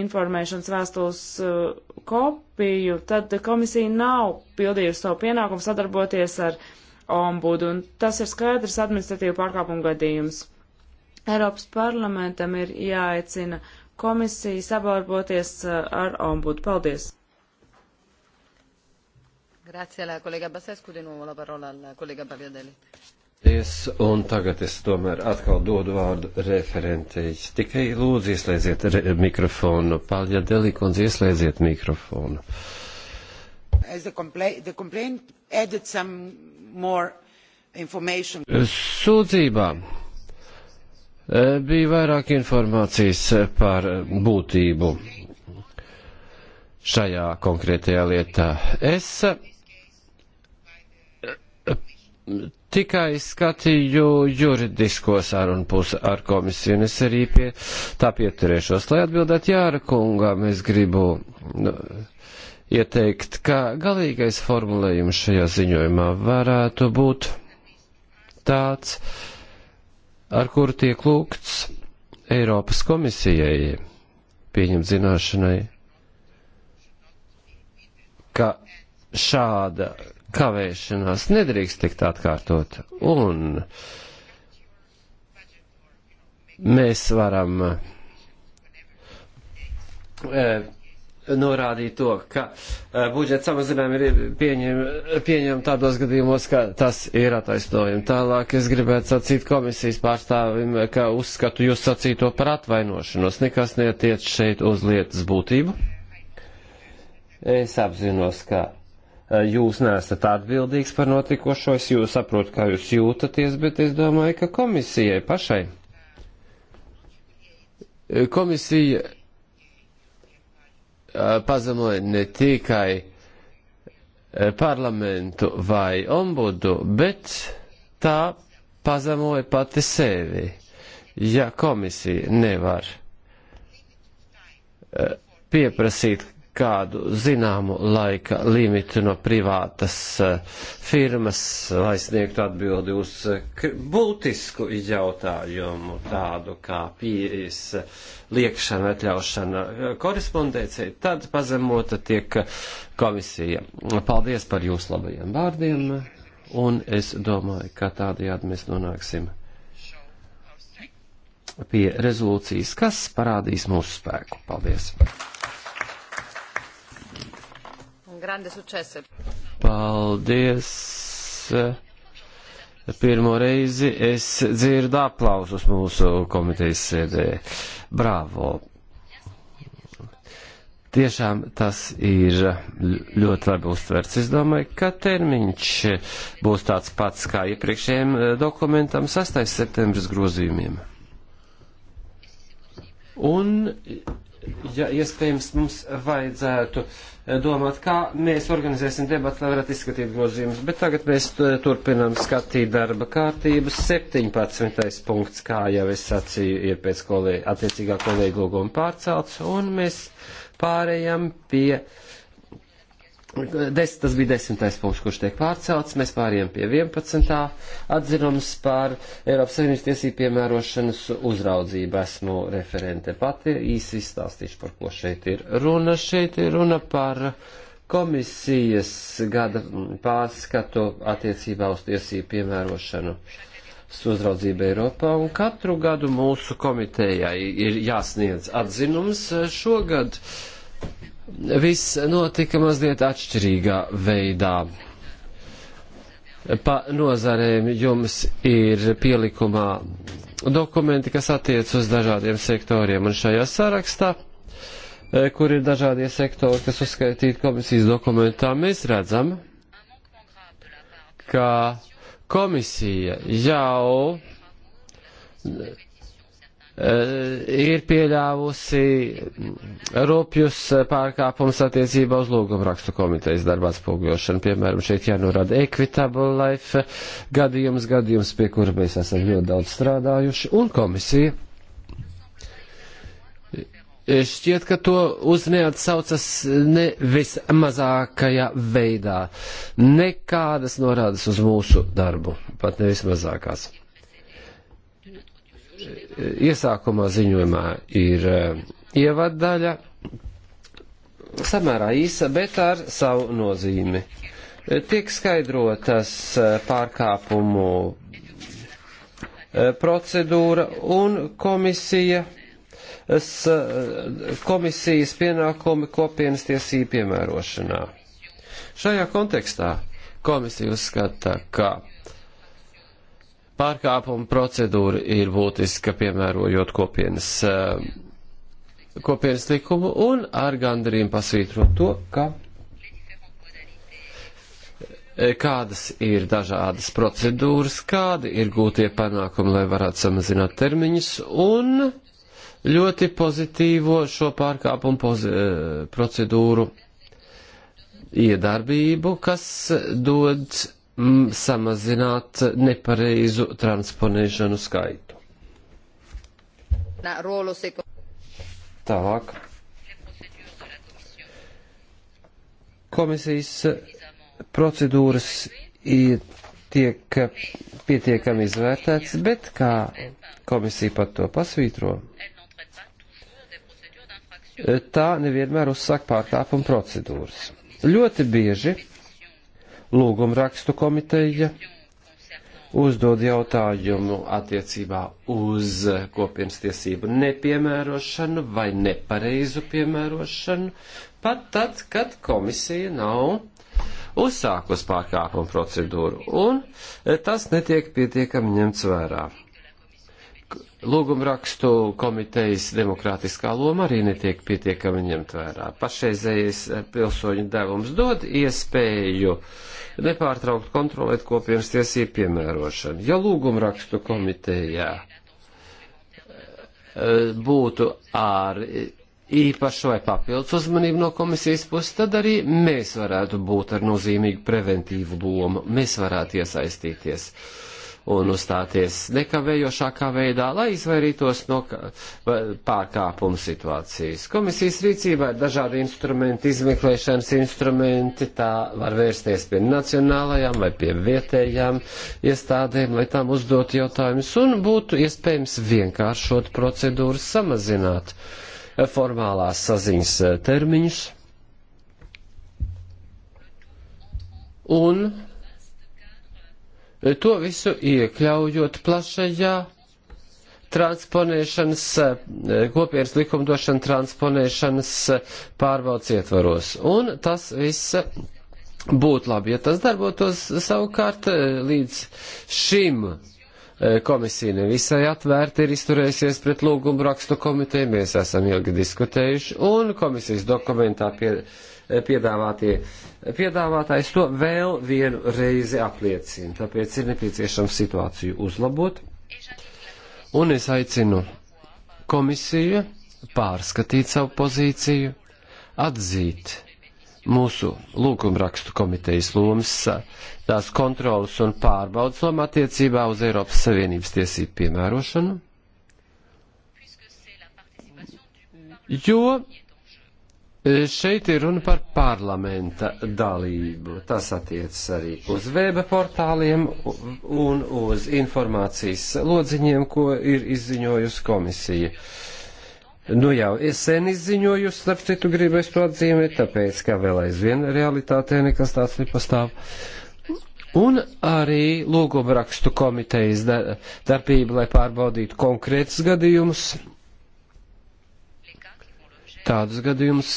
informēšanas vēstules uh, kopiju, tad komisija nav pildījusi savu pienākumu sadarboties ar ombudu, un tas ir skaidrs administratīvu pārkāpumu gadījums. Eiropas parlamentam ir jāaicina komisiju sabarboties uh, ar ombudu. Paldies! Grazie, la kolega Basescu, de nuovo la parola al kolega Pagliadelli. Es, un tagad es tomēr atkal dodu vārdu referentei. Tikai lūdzu ieslēdziet mikrofonu. Palja Delikons, ieslēdziet mikrofonu. The complaint, the complaint Sūdzībā E, bija vairāk informācijas par būtību šajā konkrētajā lietā. Es e, tikai skatīju juridisko sarunu pusi ar komisiju, un es arī pie tā pieturēšos. Lai atbildētu Jāra kungam, es gribu nu, ieteikt, ka galīgais formulējums šajā ziņojumā varētu būt tāds, uh, ar kuru tiek lūgts Eiropas komisijai pieņemt zināšanai, ka šāda kavēšanās nedrīkst tikt atkārtot. Un mēs varam eh, norādīja to, ka e, budžeta samazinājumi ir pieņem, pieņem tādos gadījumos, ka tas ir attaisnojumi. Tālāk es gribētu sacīt komisijas pārstāvim, ka uzskatu jūs sacīto par atvainošanos. Nekas netiec šeit uz lietas būtību. Es apzinos, ka e, jūs neesat atbildīgs par notikošo, es jūs saprotu, kā jūs jūtaties, bet es domāju, ka komisijai pašai. Komisija pazemoja ne tikai parlamentu vai ombudu, bet tā pazemoja pati sevi. Ja komisija nevar pieprasīt kādu zināmu laika limitu no privātas eh, firmas, lai sniegtu atbildi uz eh, būtisku jautājumu, tādu kā pieejas eh, liekšana, atļaušana korespondencija, tad pazemota tiek komisija. Paldies par jūsu labajiem vārdiem, un es domāju, ka tādajādi mēs nonāksim pie rezolūcijas, kas parādīs mūsu spēku. Paldies! grande successo. Paldies! Pirmo reizi es dzirdu aplausus mūsu komitejas sēdē. Bravo! Tiešām tas ir ļoti labi uztverts. Es domāju, ka termiņš būs tāds pats kā iepriekšējiem dokumentam 6. septembris grozījumiem. Un ja iespējams mums vajadzētu eh, domāt, kā mēs organizēsim debatu, lai varētu izskatīt grozījumus. Bet tagad mēs eh, turpinām skatīt darba kārtības 17. punkts, kā jau es sacīju, ir pēc kolē, attiecīgā kolēģa lūguma pārcelts, un mēs pārējām pie Des, tas bija desmitais punkts, kurš tiek pārcelts. Mēs pāriem pie 11. atzinums par Eiropas Savienības tiesību piemērošanas uzraudzību. Esmu referente pati, īsi izstāstīšu, par ko šeit ir runa. Šeit ir runa par komisijas gada pārskatu attiecībā uz tiesību piemērošanu uzraudzību Eiropā, un katru gadu mūsu komitejai ir jāsniedz atzinums šogad viss notika mazliet atšķirīgā veidā. Pa nozarēm jums ir pielikumā dokumenti, kas attiec uz dažādiem sektoriem, un šajā sarakstā, e, kur ir dažādie sektori, kas uzskaitīti komisijas dokumentā, mēs redzam, ka komisija jau Eh, ir pieļāvusi rupjus pārkāpums attiecībā uz lūgumrakstu komitejas darbā atspoguļošanu. Piemēram, šeit jānorāda Equitable Life gadījums, gadījums, pie kura mēs esam ļoti daudz strādājuši, un komisija. Eh, šķiet, ka to uz neatsaucas ne vismazākajā veidā. Nekādas norādes uz mūsu darbu, pat nevis mazākās iesākumā ziņojumā ir e, ievaddaļa samērā īsa, bet ar savu nozīmi. E, tiek skaidrotas e, pārkāpumu procedūra un komisija komisijas pienākumi kopienas tiesību piemērošanā. Šajā kontekstā komisija uzskata, ka Pārkāpuma procedūra ir būtiska, piemērojot kopienas, eh, kopienas likumu un ar gandarījumu pasvītrot to, ka eh, kādas ir dažādas procedūras, kādi ir gūtie panākumi, lai varētu samazināt termiņus, un ļoti pozitīvo šo pārkāpumu pozi eh, procedūru iedarbību, kas dod mm, samazināt nepareizu transponēšanu skaitu. Tālāk. Komisijas procedūras ir tiek pietiekami izvērtēts, bet kā komisija pat to pasvītro, tā nevienmēr uzsāk pārkāpuma procedūras. Ļoti bieži lūguma rakstu komiteja uzdod jautājumu attiecībā uz kopienas tiesību nepiemērošanu vai nepareizu piemērošanu, pat tad, kad komisija nav uzsākus pārkāpumu procedūru, un tas netiek pietiekami ņemts vērā. Lūgumrakstu komitejas demokrātiskā loma arī netiek pietiekami ņemt vērā. Pašreizējais eh, pilsoņu devums dod iespēju nepārtraukt kontrolēt kopienas tiesību piemērošanu. Ja lūgumrakstu komitejā eh, būtu ar īpašu vai papildus uzmanību no komisijas puses, tad arī mēs varētu būt ar nozīmīgu preventīvu lomu. Mēs varētu iesaistīties. Uh, un uzstāties nekavējošākā veidā, lai izvairītos no pārkāpuma situācijas. Komisijas rīcībā ir dažādi instrumenti, izmeklēšanas instrumenti, tā var vērsties pie nacionālajām vai pie vietējām iestādēm, lai tām uzdot jautājumus un būtu iespējams vienkāršot procedūras, samazināt eh, formālās saziņas eh, termiņus. Un E, to visu iekļaujot plašajā transponēšanas, e, kopienas likumdošana transponēšanas e, pārbaudas ietvaros. Un tas viss būtu labi, ja tas darbotos savukārt līdz šim komisija nevisai atvērti ir izturējusies pret lūgumu rakstu komiteju, mēs esam ilgi diskutējuši, un komisijas dokumentā pie, piedāvātie piedāvātājs to vēl vienu reizi apliecina. Tāpēc ir nepieciešams situāciju uzlabot. Un es aicinu komisiju pārskatīt savu pozīciju, atzīt mūsu lūgumrakstu komitejas lomas, tās kontrolas un pārbaudas loma attiecībā uz Eiropas Savienības tiesību piemērošanu. Jo E, šeit ir runa par parlamenta dalību. Tas attiecas arī uz weba portāliem un uz informācijas lodziņiem, ko ir izziņojusi komisija. Nu jau es sen izziņojusi, starp citu gribu es to atzīmēt, tāpēc, ka vēl aizvien realitātē nekas tāds nepastāv. Un arī lūgumrakstu komitejas darbība, lai pārbaudītu konkrētus gadījumus tādus gadījumus,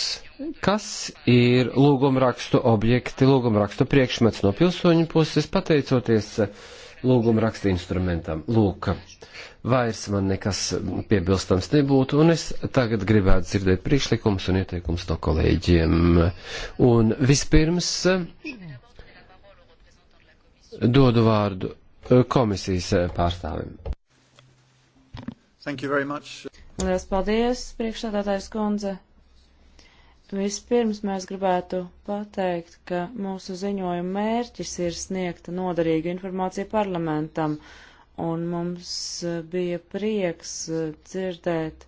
kas ir lūgumrakstu objekti, lūgumrakstu priekšmets no pilsoņu puses, pateicoties lūgumrakstu instrumentam. Lūk, vairs man nekas piebilstams nebūtu, un es tagad gribētu dzirdēt priekšlikumus un ieteikumus no kolēģiem. Un vispirms dodu vārdu komisijas pārstāvim. Thank you very much. Lielas paldies, priekšsādātājs kundze. Vispirms mēs gribētu pateikt, ka mūsu ziņojuma mērķis ir sniegt noderīgu informāciju parlamentam, un mums uh, bija prieks uh, dzirdēt,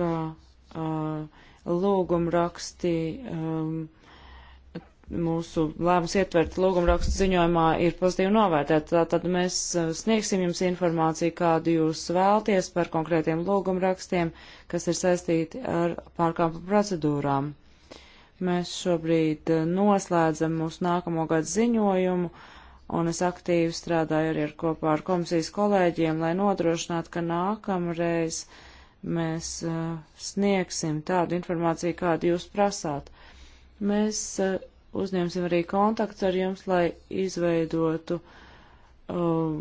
ka uh, lūgumraksti um, mūsu lēmums ietvert lūgumrakstu ziņojumā ir pozitīvi novērtēt. Tātad mēs uh, sniegsim jums informāciju, kādu jūs vēlties par konkrētiem lūgumrakstiem, kas ir saistīti ar pārkāpumu procedūrām. Mēs šobrīd uh, noslēdzam mūsu nākamo gadu ziņojumu, un es aktīvi strādāju arī ar kopā ar komisijas kolēģiem, lai nodrošinātu, ka nākamreiz mēs uh, sniegsim tādu informāciju, kādu jūs prasāt. Mēs uh, uzņemsim arī kontakts ar jums, lai izveidotu um,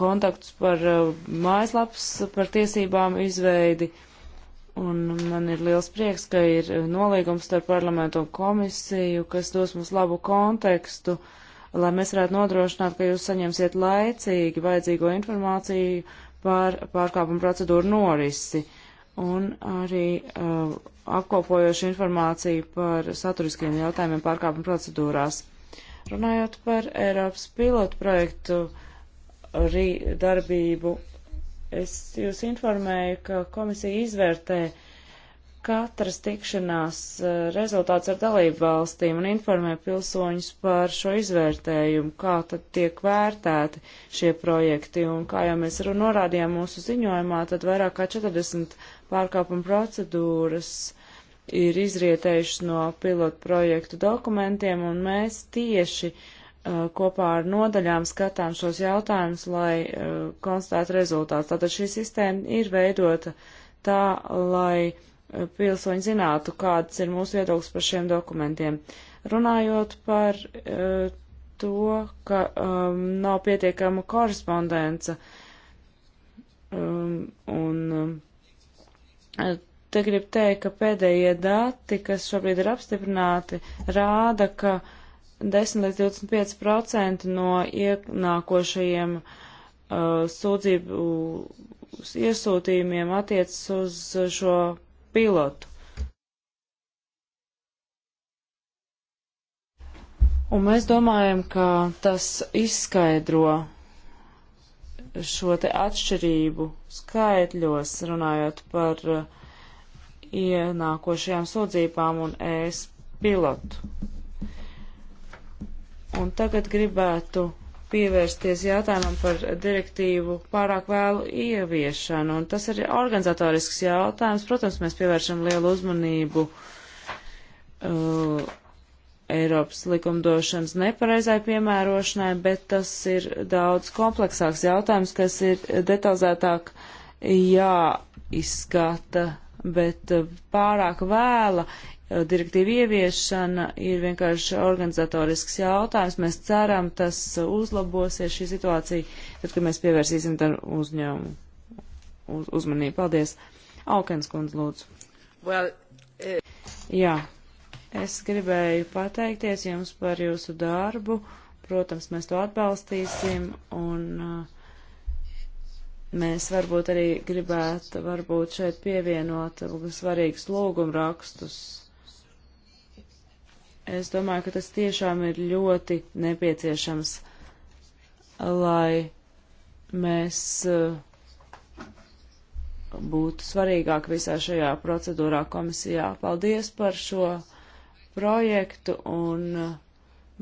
kontaktus par uh, mājaslaps, par tiesībām izveidi. Un man ir liels prieks, ka ir uh, nolīgums starp parlamentu un komisiju, kas dos mums labu kontekstu, lai mēs varētu nodrošināt, ka jūs saņemsiet laicīgi vajadzīgo informāciju par pārkāpumu procedūru norisi. Uh, un arī uh, apkopojošu informāciju par saturiskiem jautājumiem pārkāpuma procedūrās. Runājot par Eiropas pilotu projektu rī, darbību, es jūs informēju, ka komisija izvērtē katras tikšanās uh, rezultāts ar dalību valstīm un informē pilsoņus par šo izvērtējumu, kā tad tiek vērtēti šie projekti. Un kā jau mēs norādījām mūsu ziņojumā, tad vairāk kā 40 pārkāpuma procedūras ir izrietējušas no pilotu projektu dokumentiem, un mēs tieši uh, kopā ar nodaļām skatām šos jautājumus, lai uh, konstatētu rezultātus. Tātad šī sistēma ir veidota tā, lai uh, pilsoņi zinātu, kāds ir mūsu viedoklis par šiem dokumentiem. Runājot par uh, to, ka um, nav pietiekama korespondence um, un um, Te gribu teikt, ka pēdējie dati, kas šobrīd ir apstiprināti, rāda, ka 10 līdz 25% no ienākošajiem uh, sūdzību iesūtījumiem attiecas uz šo pilotu. Un mēs domājam, ka tas izskaidro šo te atšķirību skaitļos, runājot par uh, ienākošajām sūdzībām un ES pilotu. Un tagad gribētu pievērsties jautājumam par direktīvu pārāk vēlu ieviešanu, un tas ir organizatorisks jautājums. Protams, mēs pievēršam lielu uzmanību uh, Eiropas likumdošanas nepareizai piemērošanai, bet tas ir daudz kompleksāks jautājums, kas ir detalizētāk jāizskata, bet eh, pārāk vēla eh, direktīva ieviešana ir vienkārši organizatorisks jautājums. Mēs ceram, tas uzlabosies šī situācija, tad, kad mēs pievērsīsim tam uzņēmumu uz, uzmanību. Paldies! Aukens kundze, lūdzu. Well, uh... Jā, Es gribēju pateikties jums par jūsu darbu. Protams, mēs to atbalstīsim un uh, mēs varbūt arī gribētu varbūt šeit pievienot svarīgus lūgumrakstus. Es domāju, ka tas tiešām ir ļoti nepieciešams, lai mēs uh, būtu svarīgāk visā šajā procedūrā komisijā. Paldies par šo projektu, un uh,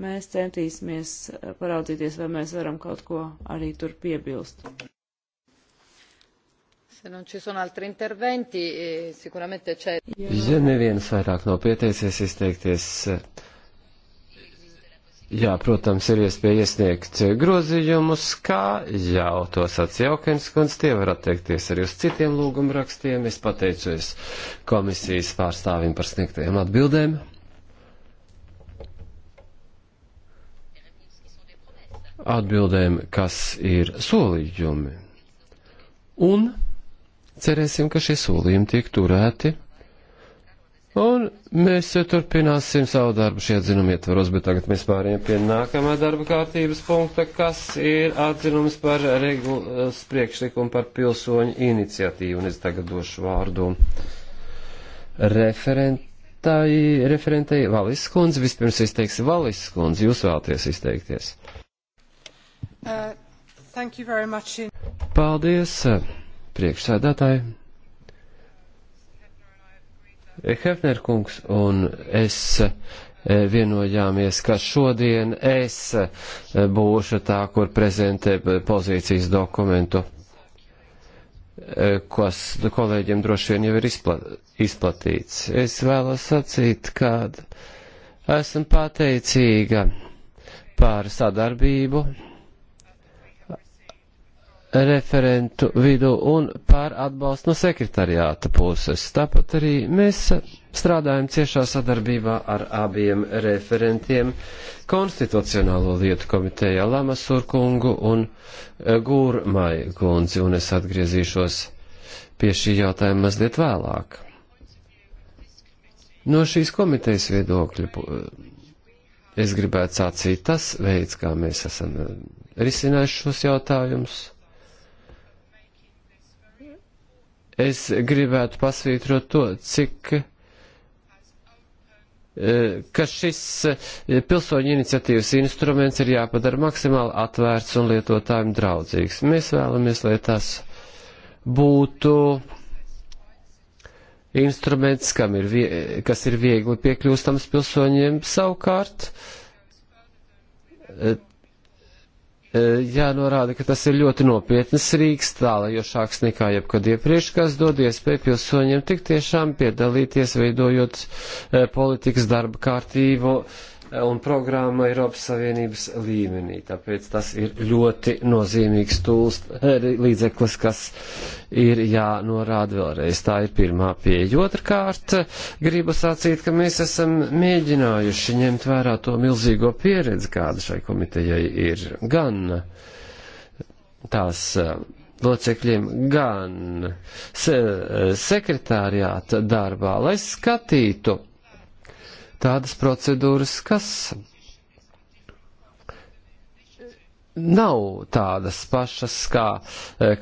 mēs centīsimies uh, paraudzīties, vai mēs varam kaut ko arī tur piebilst. Eh, ja neviens vairāk nav pieteicies izteikties, jā, protams, ir iespēja iesniegt grozījumus, kā jau to sacīja Jaukens kundze, tie var attiekties arī uz citiem lūgumrakstiem. Es pateicos komisijas pārstāvim par sniegtajām atbildēm. atbildēm, kas ir solījumi. Un cerēsim, ka šie solījumi tiek turēti. Un mēs turpināsim savu darbu šie atzinumi ietvaros, bet tagad mēs pārējām pie nākamā darba kārtības punkta, kas ir atzinums par regulas priekšlikumu par pilsoņu iniciatīvu. Un es tagad došu vārdu referentai, referentai Valis Skundze. Vispirms izteiksi Valis Skundze, jūs vēlaties izteikties. Uh, thank you very much. In... Paldies, eh, priekšsēdētāji. Eh, Hefner kungs un es eh, vienojāmies, ka šodien es būšu tā, kur prezentē pozīcijas dokumentu, kas kolēģiem droši vien jau ir izplatīts. Es vēlos sacīt, ka esmu pateicīga par sadarbību referentu vidu un par atbalstu no sekretariāta puses. Tāpat arī mēs strādājam ciešā sadarbībā ar abiem referentiem Konstitucionālo lietu komitejā Lamasurkungu un eh, Gūrmai kundzi, un es atgriezīšos pie šī jautājuma mazliet vēlāk. No šīs komitejas viedokļa eh, es gribētu sacīt tas veids, kā mēs esam eh, risinājuši šos jautājumus Es gribētu pasvītrot to, cik eh, ka šis eh, pilsoņu iniciatīvas instruments ir jāpadara maksimāli atvērts un lietotājiem draudzīgs. Mēs vēlamies, lai tas būtu instruments, ir vie, kas ir viegli piekļūstams pilsoņiem savukārt. Eh, Eh, jānorāda, ka tas ir ļoti nopietnas rīks, tālajošāks nekā jebkad iepriekš, kas dod iespēju pilsoņiem tik tiešām piedalīties, veidojot eh, politikas darba kārtību un programmu Eiropas Savienības līmenī. Tāpēc tas ir ļoti nozīmīgs tūls, eh, līdzeklis, kas ir jānorāda vēlreiz. Tā ir pirmā pieeja. Otrkārt, gribu sacīt, ka mēs esam mēģinājuši ņemt vērā to milzīgo pieredzi, kāda šai komitejai ir gan tās eh, locekļiem, gan se sekretārijāta darbā, lai skatītu, tādas procedūras, kas nav tādas pašas kā,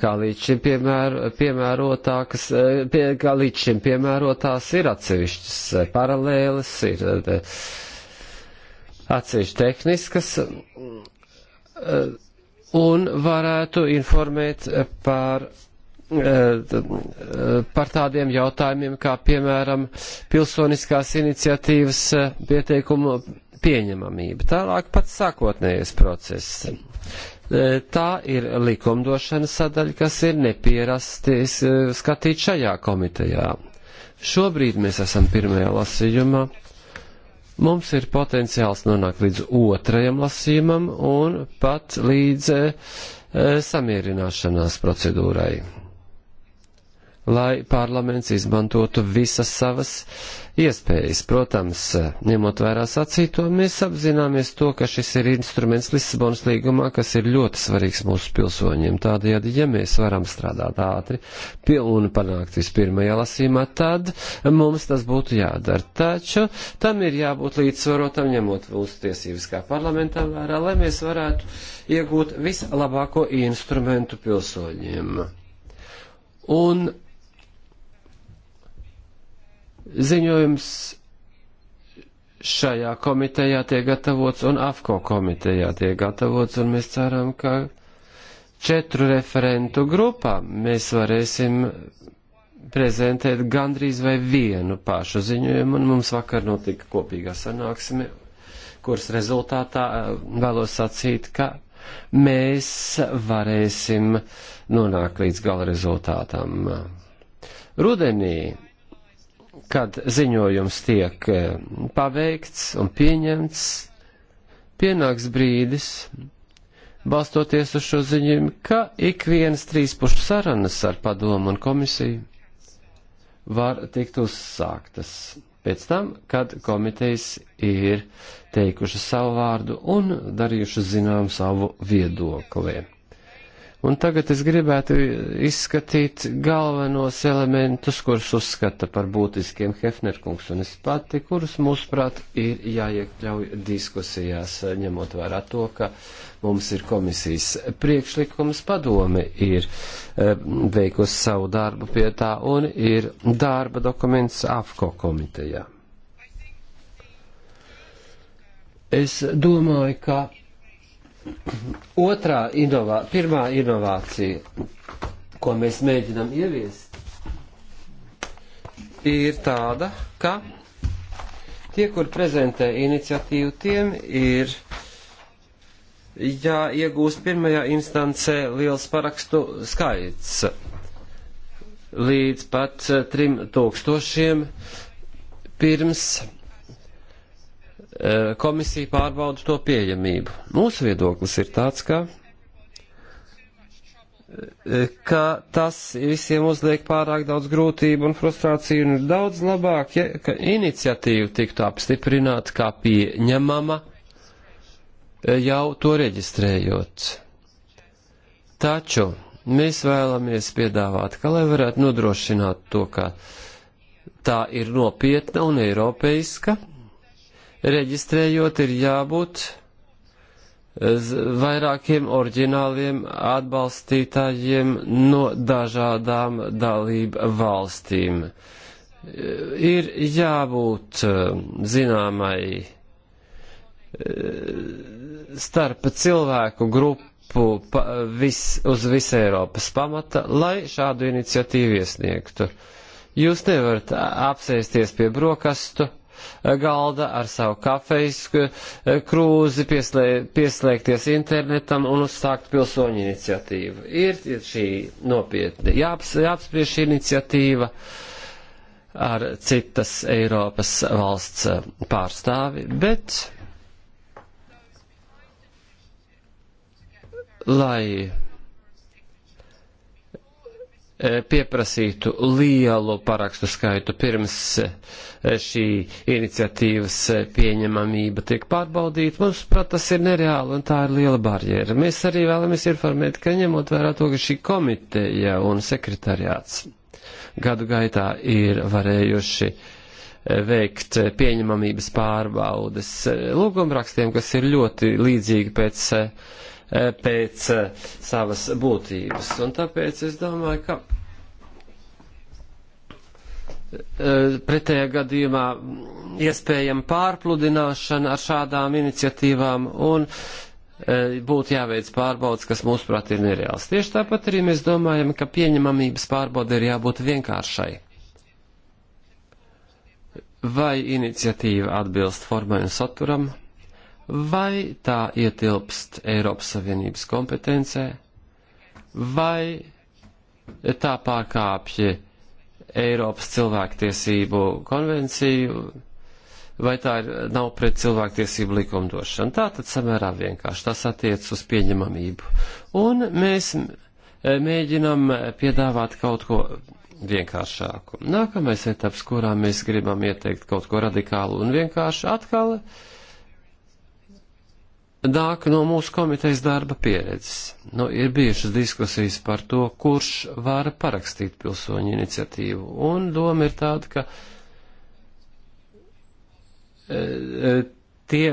kā līdz šim piemēr, piemērotākas, pie, kā līdz šim piemērotās ir atsevišķas paralēles, ir eh, atsevišķi tehniskas eh, un varētu informēt par Eh, par tādiem jautājumiem, kā piemēram pilsoniskās iniciatīvas eh, pieteikumu pieņemamība. Tālāk pats sākotnējais process. Eh, tā ir likumdošanas sadaļa, kas ir nepierasti skatīt šajā komitejā. Šobrīd mēs esam pirmajā lasījumā. Mums ir potenciāls nonākt līdz otrajam lasījumam un pat līdz samierināšanās procedūrai lai parlaments izmantotu visas savas iespējas. Protams, ņemot vērā sacīto, mēs apzināmies to, ka šis ir instruments Lisabonas līgumā, kas ir ļoti svarīgs mūsu pilsoņiem. Tādējādi, ja mēs varam strādāt ātri un panākt vispirmajā lasīmā, tad mums tas būtu jādara. Taču tam ir jābūt līdzsvarotam, ņemot mūsu tiesības kā parlamentam vērā, lai mēs varētu iegūt vislabāko instrumentu pilsoņiem. Un Ziņojums šajā komitejā tiek gatavots un AFCO komitejā tiek gatavots, un mēs ceram, ka četru referentu grupā mēs varēsim prezentēt gandrīz vai vienu pašu ziņojumu, un mums vakar notika kopīgā sanāksme, kuras rezultātā eh, vēlos sacīt, ka mēs varēsim nonākt līdz gala rezultātam. Rudenī kad ziņojums tiek eh, paveikts un pieņemts, pienāks brīdis, balstoties uz šo ziņojumu, ka ik vienas trīspušu sarunas ar padomu un komisiju var tikt uzsāktas pēc tam, kad komitejas ir teikuši savu vārdu un darījuši zinām savu viedokli. Un tagad es gribētu izskatīt galvenos elementus, kurus uzskata par būtiskiem Hefnerkungs un es pati, kurus mūsuprāt ir jāiekļauj diskusijās, ņemot vērā to, ka mums ir komisijas priekšlikums, padome ir eh, veikusi savu darbu pie tā un ir darba dokuments AFCO komitejā. Es domāju, ka Otrā inovā, pirmā inovācija, ko mēs mēģinam ieviest, ir tāda, ka tie, kur prezentē iniciatīvu, tiem ir jāiegūst pirmajā instancē liels parakstu skaits līdz pat trim tūkstošiem pirms Eh, komisija pārbauda to pieejamību. Mūsu viedoklis ir tāds, ka, eh, ka tas visiem uzliek pārāk daudz grūtību un frustrāciju un ir daudz labāk, ja, ka iniciatīva tiktu apstiprināta kā pieņemama eh, jau to reģistrējot. Taču mēs vēlamies piedāvāt, ka lai varētu nodrošināt to, ka tā ir nopietna un eiropeiska, reģistrējot ir jābūt eh, vairākiem orģināliem atbalstītājiem no dažādām dalību valstīm. Eh, ir jābūt eh, zināmai starp cilvēku grupu vis, uz visu Eiropas pamata, lai šādu iniciatīvu iesniegtu. Jūs nevarat apsēsties pie brokastu galda ar savu kafejas eh, krūzi, pieslē, pieslēgties internetam un uzsākt pilsoņu iniciatīvu. Ir, ir šī nopietni jāaps, jāapspriež šī iniciatīva ar citas Eiropas valsts eh, pārstāvi, bet lai E, pieprasītu lielu parakstu skaitu pirms e, šī iniciatīvas e, pieņemamība tiek pārbaudīta. Mums, prāt, tas ir nereāli un tā ir liela barjera. Mēs arī vēlamies informēt, ka ņemot vērā to, ka šī komiteja un sekretariāts gadu gaitā ir varējuši veikt pieņemamības pārbaudes lūgumrakstiem, kas ir ļoti līdzīgi pēc E, pēc e, savas būtības. Un tāpēc es domāju, ka e, pretējā gadījumā iespējama pārpludināšana ar šādām iniciatīvām un būtu jāveic pārbaudas, kas mūsuprāt ir nereāls. Tieši tāpat arī mēs domājam, ka pieņemamības pārbauda ir jābūt vienkāršai. Vai iniciatīva atbilst formai un saturam? vai tā ietilpst Eiropas Savienības kompetencē, vai tā pārkāpja Eiropas cilvēktiesību konvenciju, vai tā ir, nav pret cilvēktiesību likumdošanu. Tā tad samērā vienkārši tas attiec uz pieņemamību. Un mēs eh, mēģinam piedāvāt kaut ko vienkāršāku. Nākamais etaps, kurā mēs gribam ieteikt kaut ko radikālu un vienkāršu, atkal uh, nāk no mūsu komitejas darba pieredzes. Nu, ir bijušas diskusijas par to, kurš var parakstīt pilsoņu iniciatīvu. Un doma ir tāda, ka e, tie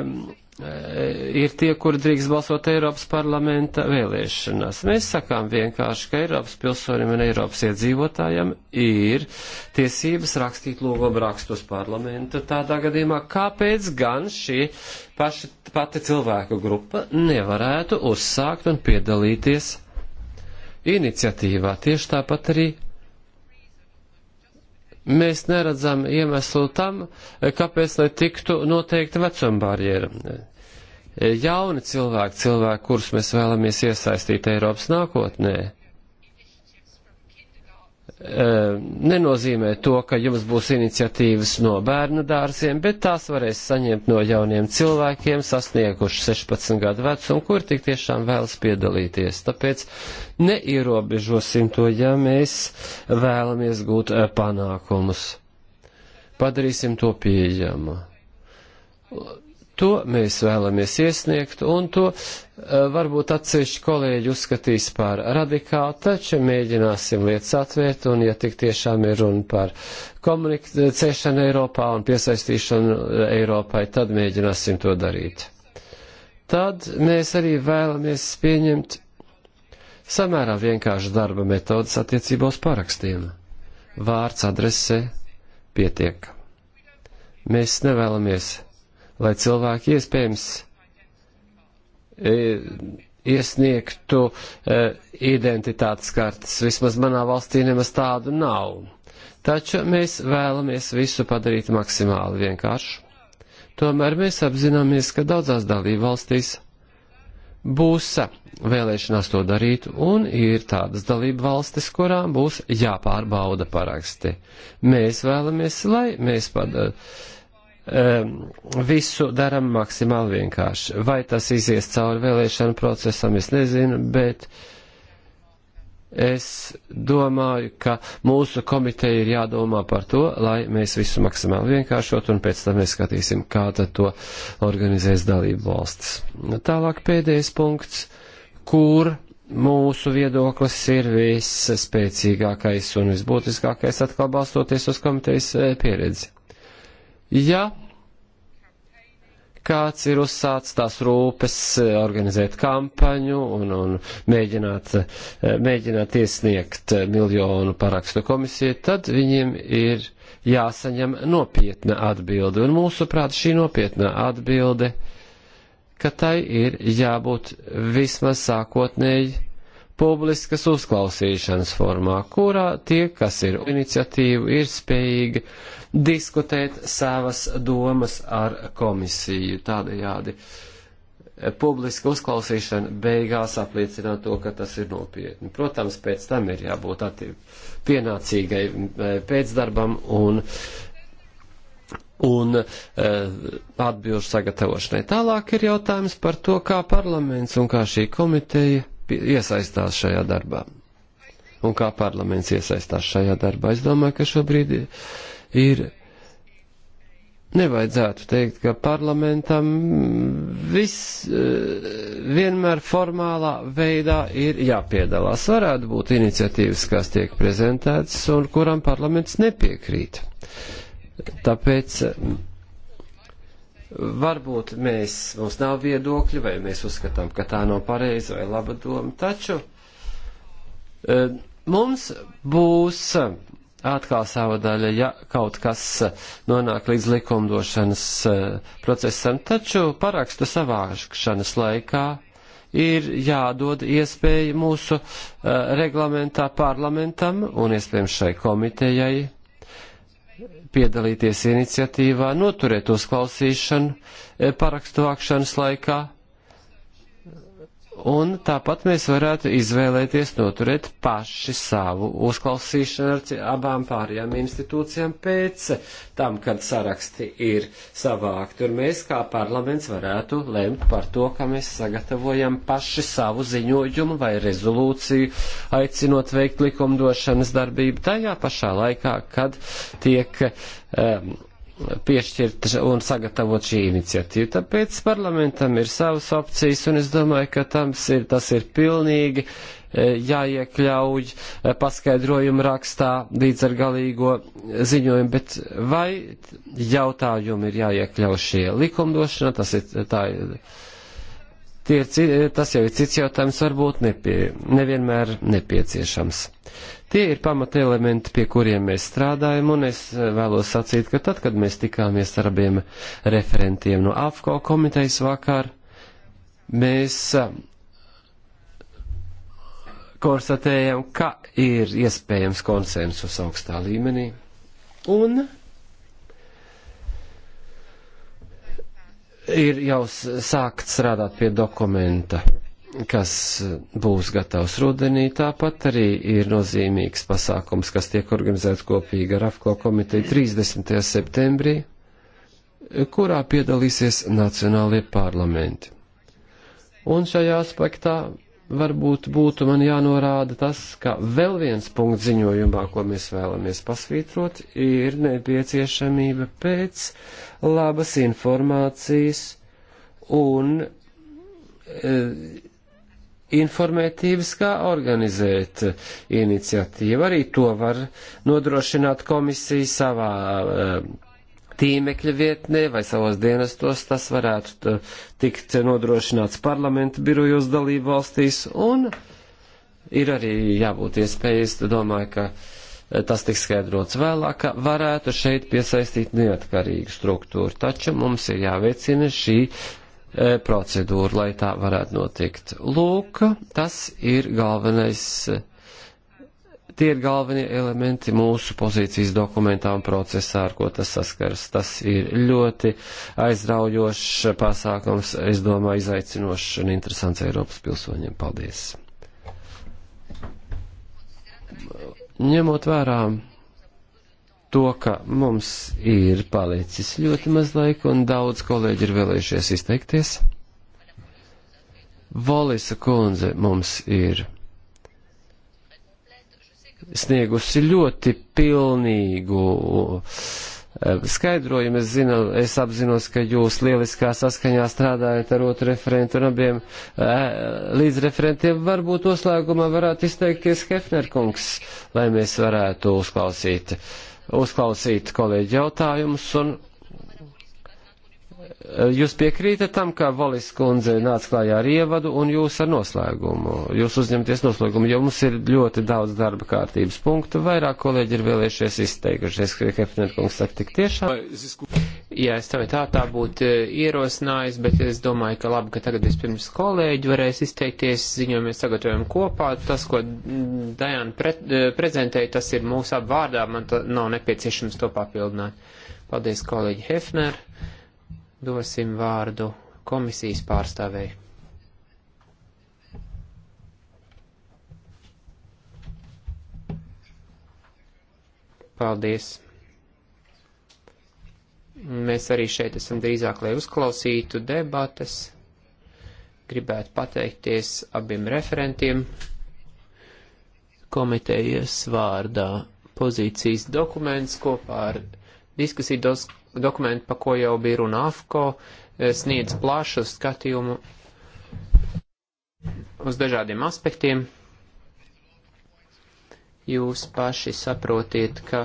Eh, ir tie, kur drīkst balsot Eiropas parlamenta vēlēšanās. Mēs sakām vienkārši, ka Eiropas pilsonim un Eiropas iedzīvotājiem ir tiesības rakstīt lūgumu rakstus parlamenta. Tādā gadījumā kāpēc gan šī paši, pati cilvēku grupa nevarētu uzsākt un piedalīties iniciatīvā? Tieši tāpat arī mēs neredzam iemeslu tam, kāpēc lai tiktu noteikta vecumbarjera. Jauni cilvēki, cilvēki, kurus mēs vēlamies iesaistīt Eiropas nākotnē, Eh, nenozīmē to, ka jums būs iniciatīvas no bērnu dārziem, bet tās varēs saņemt no jauniem cilvēkiem, sasnieguši 16 gadu vecumu, kur tik tiešām vēlas piedalīties. Tāpēc neierobežosim to, ja mēs vēlamies gūt eh, panākumus. Padarīsim to pieejamu. To mēs vēlamies iesniegt, un to eh, varbūt atsevišķi kolēģi uzskatīs par radikālu, taču mēģināsim lietas atvērt, un ja tik tiešām ir runa par komunikēšanu Eiropā un piesaistīšanu Eiropai, tad mēģināsim to darīt. Tad mēs arī vēlamies pieņemt samērā vienkāršu darba metodas attiecībā uz parakstiem. Vārds adrese pietiek. Mēs nevēlamies lai cilvēki iespējams e, iesniegtu e, identitātes kartes. Vismaz manā valstī nemaz tādu nav. Taču mēs vēlamies visu padarīt maksimāli vienkāršu. Tomēr mēs apzināmies, ka daudzās dalībvalstīs būs vēlēšanās to darīt, un ir tādas dalība valstis, kurām būs jāpārbauda paraksti. Mēs vēlamies, lai mēs padarītu Ehm, visu daram maksimāli vienkārši. Vai tas izies cauri vēlēšanu procesam, es nezinu, bet es domāju, ka mūsu komiteja ir jādomā par to, lai mēs visu maksimāli vienkāršot un pēc tam mēs skatīsim, kā tad to organizēs dalību valstis. Tālāk pēdējais punkts, kur mūsu viedoklis ir visspēcīgākais un visbūtiskākais atkal balstoties uz komitejas eh, pieredzi Ja kāds ir uzsācis tās rūpes eh, organizēt kampaņu un, un mēģināt, eh, mēģināt iesniegt eh, miljonu parakstu komisiju, tad viņiem ir jāsaņem nopietna atbilde. Un mūsuprāt, šī nopietna atbilde, ka tai ir jābūt vismaz sākotnēji publiskas uzklausīšanas formā, kurā tie, kas ir iniciatīvu, ir spējīgi diskutēt savas domas ar komisiju. Tādējādi e, publiska uzklausīšana beigās apliecina to, ka tas ir nopietni. Protams, pēc tam ir jābūt pienācīgai e, pēcdarbam un un e, atbilžu sagatavošanai. Tālāk ir jautājums par to, kā parlaments un kā šī komiteja iesaistās šajā darbā un kā parlaments iesaistās šajā darbā. Es domāju, ka šobrīd ir. Nevajadzētu teikt, ka parlamentam viss eh, vienmēr formālā veidā ir jāpiedalās. Varētu būt iniciatīvas, kas tiek prezentētas un kuram parlaments nepiekrīt. Tāpēc Varbūt mēs, mums nav viedokļi, vai mēs uzskatām, ka tā nav pareiza vai laba doma, taču e, mums būs atkal sava daļa, ja kaut kas nonāk līdz likumdošanas e, procesam, taču parakstu savākšanas laikā ir jādod iespēja mūsu e, reglamentā parlamentam un iespējams šai komitejai piedalīties iniciatīvā, noturēt uzklausīšanu eh, parakstu vākšanas laikā Un tāpat mēs varētu izvēlēties noturēt paši savu uzklausīšanu ar abām pārējām institūcijām pēc tam, kad saraksti ir savākti. Un mēs kā parlaments varētu lemt par to, ka mēs sagatavojam paši savu ziņojumu vai rezolūciju, aicinot veikt likumdošanas darbību tajā pašā laikā, kad tiek um, piešķirt un sagatavot šī iniciatīva. Tāpēc parlamentam ir savas opcijas, un es domāju, ka tams ir, tas ir pilnīgi e, jāiekļauj e, paskaidrojumu rakstā līdz ar galīgo ziņojumu, bet vai jautājumi ir jāiekļauj šie likumdošanā, tas ir tā. Tie ir, tas jau ir cits jautājums, varbūt nepie, nevienmēr nepieciešams. Tie ir pamata elementi, pie kuriem mēs strādājam, un es eh, vēlos sacīt, ka tad, kad mēs tikāmies ar abiem referentiem no AFCO komitejas vakar, mēs eh, konstatējam, ka ir iespējams konsensus augstā līmenī. Un ir jau sākt strādāt pie dokumenta kas būs gatavs rudenī. Tāpat arī ir nozīmīgs pasākums, kas tiek organizēts kopīgi ar AFCO komiteju 30. septembrī, kurā piedalīsies nacionālie parlamenti. Un šajā aspektā varbūt būtu man jānorāda tas, ka vēl viens punkts ziņojumā, ko mēs vēlamies pasvītrot, ir nepieciešamība pēc labas informācijas un e, informētības, kā organizēt iniciatīvu. Arī to var nodrošināt komisija savā eh, tīmekļa vietnē vai savos dienestos. Tas varētu tikt nodrošināts parlamentu birojos dalību valstīs un ir arī jābūt iespējas, domāju, ka eh, tas tiks skaidrots vēlāk, ka varētu šeit piesaistīt neatkarīgu struktūru. Taču mums ir jāveicina šī E, procedūru, lai tā varētu notikt. Lūk, tas ir galvenais, e, tie ir galvenie elementi mūsu pozīcijas dokumentā un procesā, ar ko tas saskars. Tas ir ļoti aizraujošs pasākums, es domāju, izaicinošs un interesants Eiropas pilsoņiem. Paldies! Ņemot vērā to, ka mums ir palicis ļoti maz laika un daudz kolēģi ir vēlējušies izteikties. Volisa kundze mums ir sniegusi ļoti pilnīgu eh, skaidrojumu. Es, zinu, es apzinos, ka jūs lieliskā saskaņā strādājat ar otru referentu un abiem eh, līdzreferentiem. Varbūt noslēgumā varētu izteikties Hefner kungs, lai mēs varētu uzklausīt uh, uzklausīt kolēģi jautājumus un Jūs piekrītat tam, kā Valis kundze nāca klājā ar ievadu un jūs ar noslēgumu. Jūs uzņemties noslēgumu, jo mums ir ļoti daudz darba kārtības punktu. Vairāk kolēģi ir vēlējušies izteikušies, ka Hefner kungs saka tik tiešām. Jā, es tam tā tā būtu eh, ierosinājis, bet es domāju, ka labi, ka tagad vispirms kolēģi varēs izteikties, ziņojamies sagatavojam kopā. Tas, ko Dajana pre eh, prezentēja, tas ir mūsu apvārdā, man nav nepieciešams to papildināt. Paldies, kolēģi Hefner dosim vārdu komisijas pārstāvēju. Paldies! Mēs arī šeit esam drīzāk, lai uzklausītu debates. Gribētu pateikties abiem referentiem komitejas vārdā. Pozīcijas dokuments kopā ar diskusiju dokumentu dokumenti, pa ko jau bija runa AFCO, eh, sniedz plašu skatījumu uz dažādiem aspektiem. Jūs paši saprotiet, ka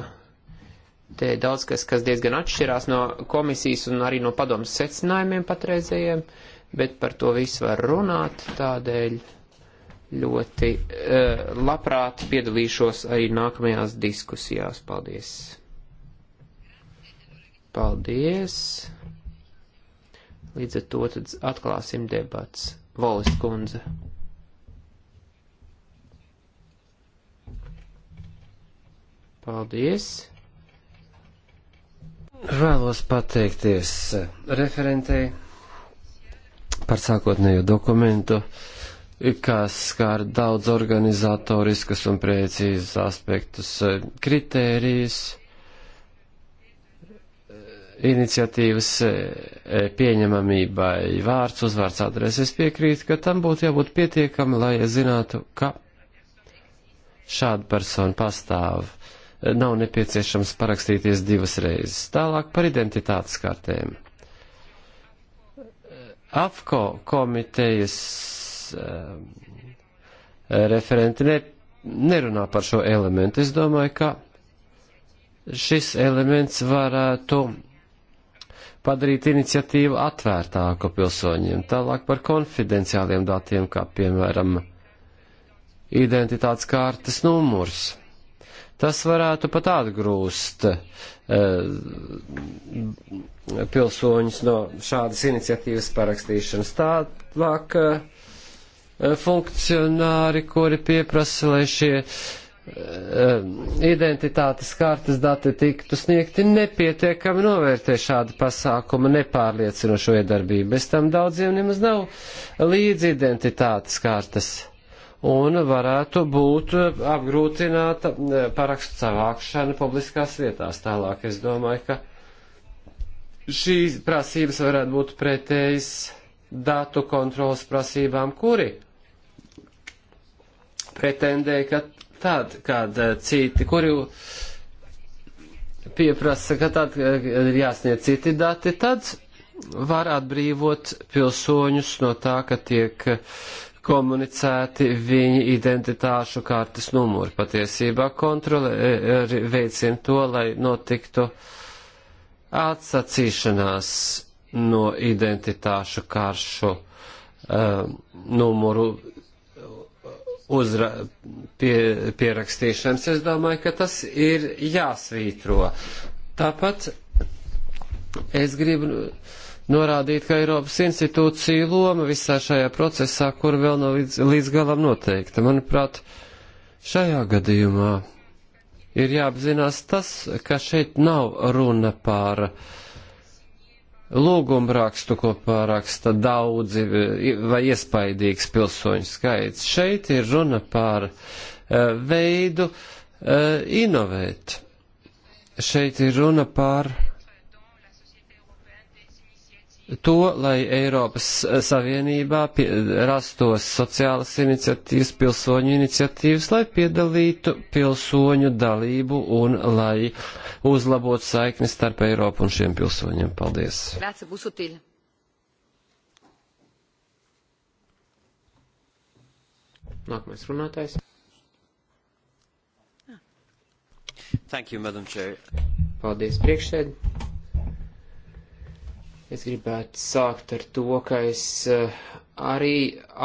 te ir daudz kas, kas diezgan atšķirās no komisijas un arī no padomas secinājumiem patreizējiem, bet par to visu var runāt, tādēļ ļoti uh, labprāt piedalīšos arī nākamajās diskusijās. Paldies! Paldies! Līdz ar to tad atklāsim debats. Volis kundze. Paldies! Vēlos pateikties referentei par sākotnējo dokumentu, kas skār daudz organizatoriskas un precīzas aspektus kritērijas iniciatīvas e, e, pieņemamībai vārds, uzvārds, adrese. Es piekrītu, ka tam būtu jābūt pietiekami, lai zinātu, ka šāda persona pastāv. E, nav nepieciešams parakstīties divas reizes. Tālāk par identitātes kartēm. AFCO komitejas referenti ne, nerunā par šo elementu. Es domāju, ka šis elements varētu padarīt iniciatīvu atvērtāku pilsoņiem, tālāk par konfidenciāliem datiem, kā piemēram identitātes kārtas numurs. Tas varētu pat atgrūst e, pilsoņus no šādas iniciatīvas parakstīšanas. Tālāk e, funkcionāri, kuri pieprasa, lai šie Eh, identitātes kartes dati tiktu sniegti, nepietiekami novērtē šādu pasākumu nepārliecinošo iedarbību. Bez tam daudziem nemaz nav līdz identitātes kartes. Un varētu būt eh, apgrūtināta eh, parakstu savākšana publiskās vietās. Tālāk es domāju, ka šīs prasības varētu būt pretējas datu kontrolas prasībām, kuri pretendēja, ka tad, kad eh, citi, kuri pieprasa, ka tad eh, ir jāsniedz citi dati, tad var atbrīvot pilsoņus no tā, ka tiek komunicēti viņa identitāšu kartes numuri. Patiesībā kontrole eh, veicina to, lai notiktu atsacīšanās no identitāšu karšu um, numuru uzra, pie, pierakstīšanas. Es domāju, ka tas ir jāsvītro. Tāpat es gribu norādīt, ka Eiropas institūcija loma visā šajā procesā, kur vēl nav no līdz, līdz galam noteikta. Manuprāt, šajā gadījumā ir jāapzinās tas, ka šeit nav runa par uh, lūgumu rakstu, ko pāraksta daudzi vai iespaidīgs pilsoņu skaits. Šeit ir runa par e, veidu e, inovēt. Šeit ir runa par to, lai Eiropas Savienībā pie, rastos sociālas iniciatīvas, pilsoņu iniciatīvas, lai piedalītu pilsoņu dalību un lai uzlabotu saikni starp Eiropu un šiem pilsoņiem. Paldies! Nākamais runātājs. Thank you, Madam Chair. Paldies, priekšsēdētāji. Es gribētu sākt ar to, ka es eh, arī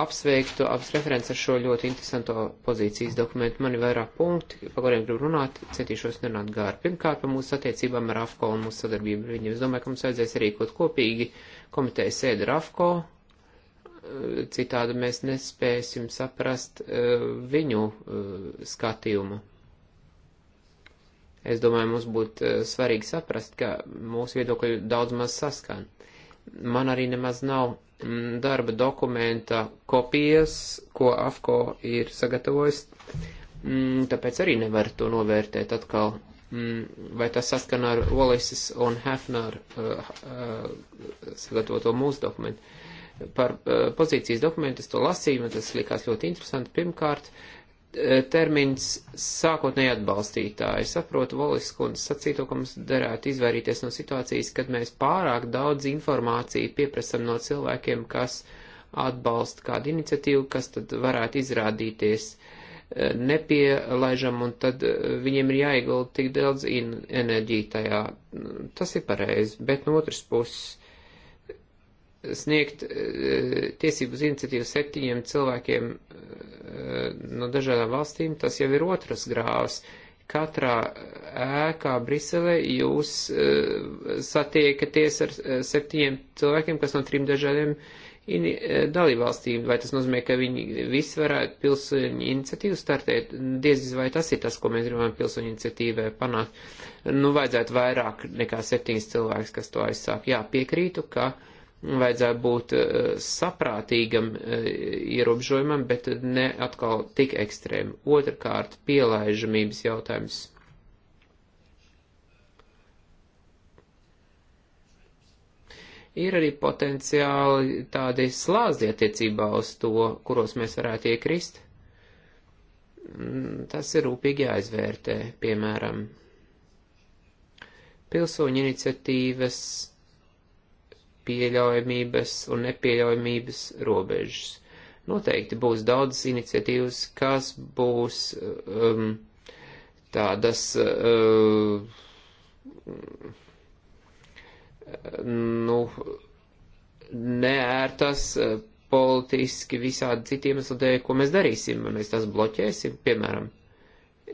apsveiktu abas referents ar šo ļoti interesanto pozīcijas dokumentu. Man ir vairāk punkti, par kuriem gribu runāt, centīšos nerunāt gāri. Pirmkārt, par mūsu attiecībām ar AFCO un mūsu sadarbību ar viņiem. Es domāju, ka mums vajadzēs arī kaut kopīgi komiteja sēda ar AFCO. Eh, citādi mēs nespēsim saprast uh, viņu uh, skatījumu. Es domāju, mums būtu uh, svarīgi saprast, ka mūsu viedokļi daudz maz saskan man arī nemaz nav mm, darba dokumenta kopijas, ko AFCO ir sagatavojis, mm, tāpēc arī nevar to novērtēt atkal, mm, vai tas saskan ar Wallises un Hefner uh, uh, sagatavoto mūsu dokumentu. Par uh, pozīcijas dokumentu es to lasīju, man tas likās ļoti interesanti. Pirmkārt, uh, Eh, termins sākotnēji atbalstītāji. Saprotu Volis kundze sacīto, ka mums derētu izvairīties no situācijas, kad mēs pārāk daudz informāciju pieprasam no cilvēkiem, kas atbalsta kādu iniciatīvu, kas tad varētu izrādīties eh, nepielaižam, un tad eh, viņiem ir jāiegulda tik daudz enerģija tajā. Tas ir pareizi, bet no otras puses sniegt e, tiesības iniciatīvu septiņiem cilvēkiem e, no dažādām valstīm, tas jau ir otras grāvas. Katrā ēkā Briselē jūs e, satiekaties ar septiņiem cilvēkiem, kas no trim dažādiem dalībvalstīm. Vai tas nozīmē, ka viņi visi varētu pilsoņu iniciatīvu startēt? Diezis vai tas ir tas, ko mēs gribam pilsoņu iniciatīvē panākt. Nu, vajadzētu vairāk nekā septiņas cilvēks, kas to aizsāk. Jā, piekrītu, ka uh, vajadzētu būt eh, saprātīgam eh, ierobežojumam, bet ne atkal tik ekstrēm. Otrakārt, pielaižamības jautājums. Ir arī potenciāli tādi slāzdi attiecībā uz to, kuros mēs varētu iekrist. Mm, tas ir rūpīgi jāizvērtē, piemēram, pilsoņu iniciatīvas pieļaujamības un nepieļaujamības robežas. Noteikti būs daudz iniciatīvas, kas būs um, tādas um, nu, neērtas uh, politiski visādi citi iemesli dēļ, ko mēs darīsim, vai mēs tās bloķēsim, piemēram,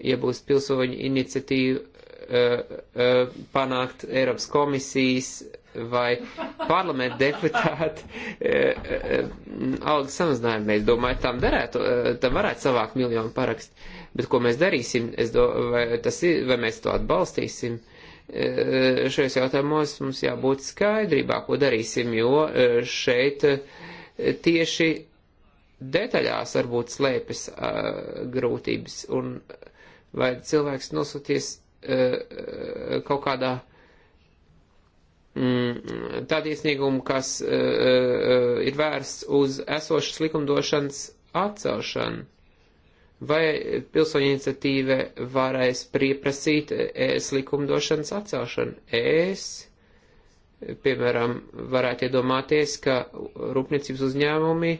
ja būs pilsoņu iniciatīva uh, uh, panākt Eiropas komisijas vai parlamenta deputāti (laughs) e, e, e, algas samazinājumu. Mēs domājam, tam derētu, tam varētu savākt miljonu parakstu. Bet ko mēs darīsim, do, vai, tas ir, vai mēs to atbalstīsim? Šajos jautājumos mums jābūt skaidrībā, ko darīsim, jo šeit tieši detaļās varbūt slēpjas grūtības un vai cilvēks nosūties kaut kādā Mm, tādi iesniegumi, kas e, e, e, ir vērsts uz esošas likumdošanas atcelšanu. Vai pilsoņu iniciatīva varēs pieprasīt ES likumdošanas atcelšanu? ES, piemēram, varētu iedomāties, ka rūpniecības uzņēmumi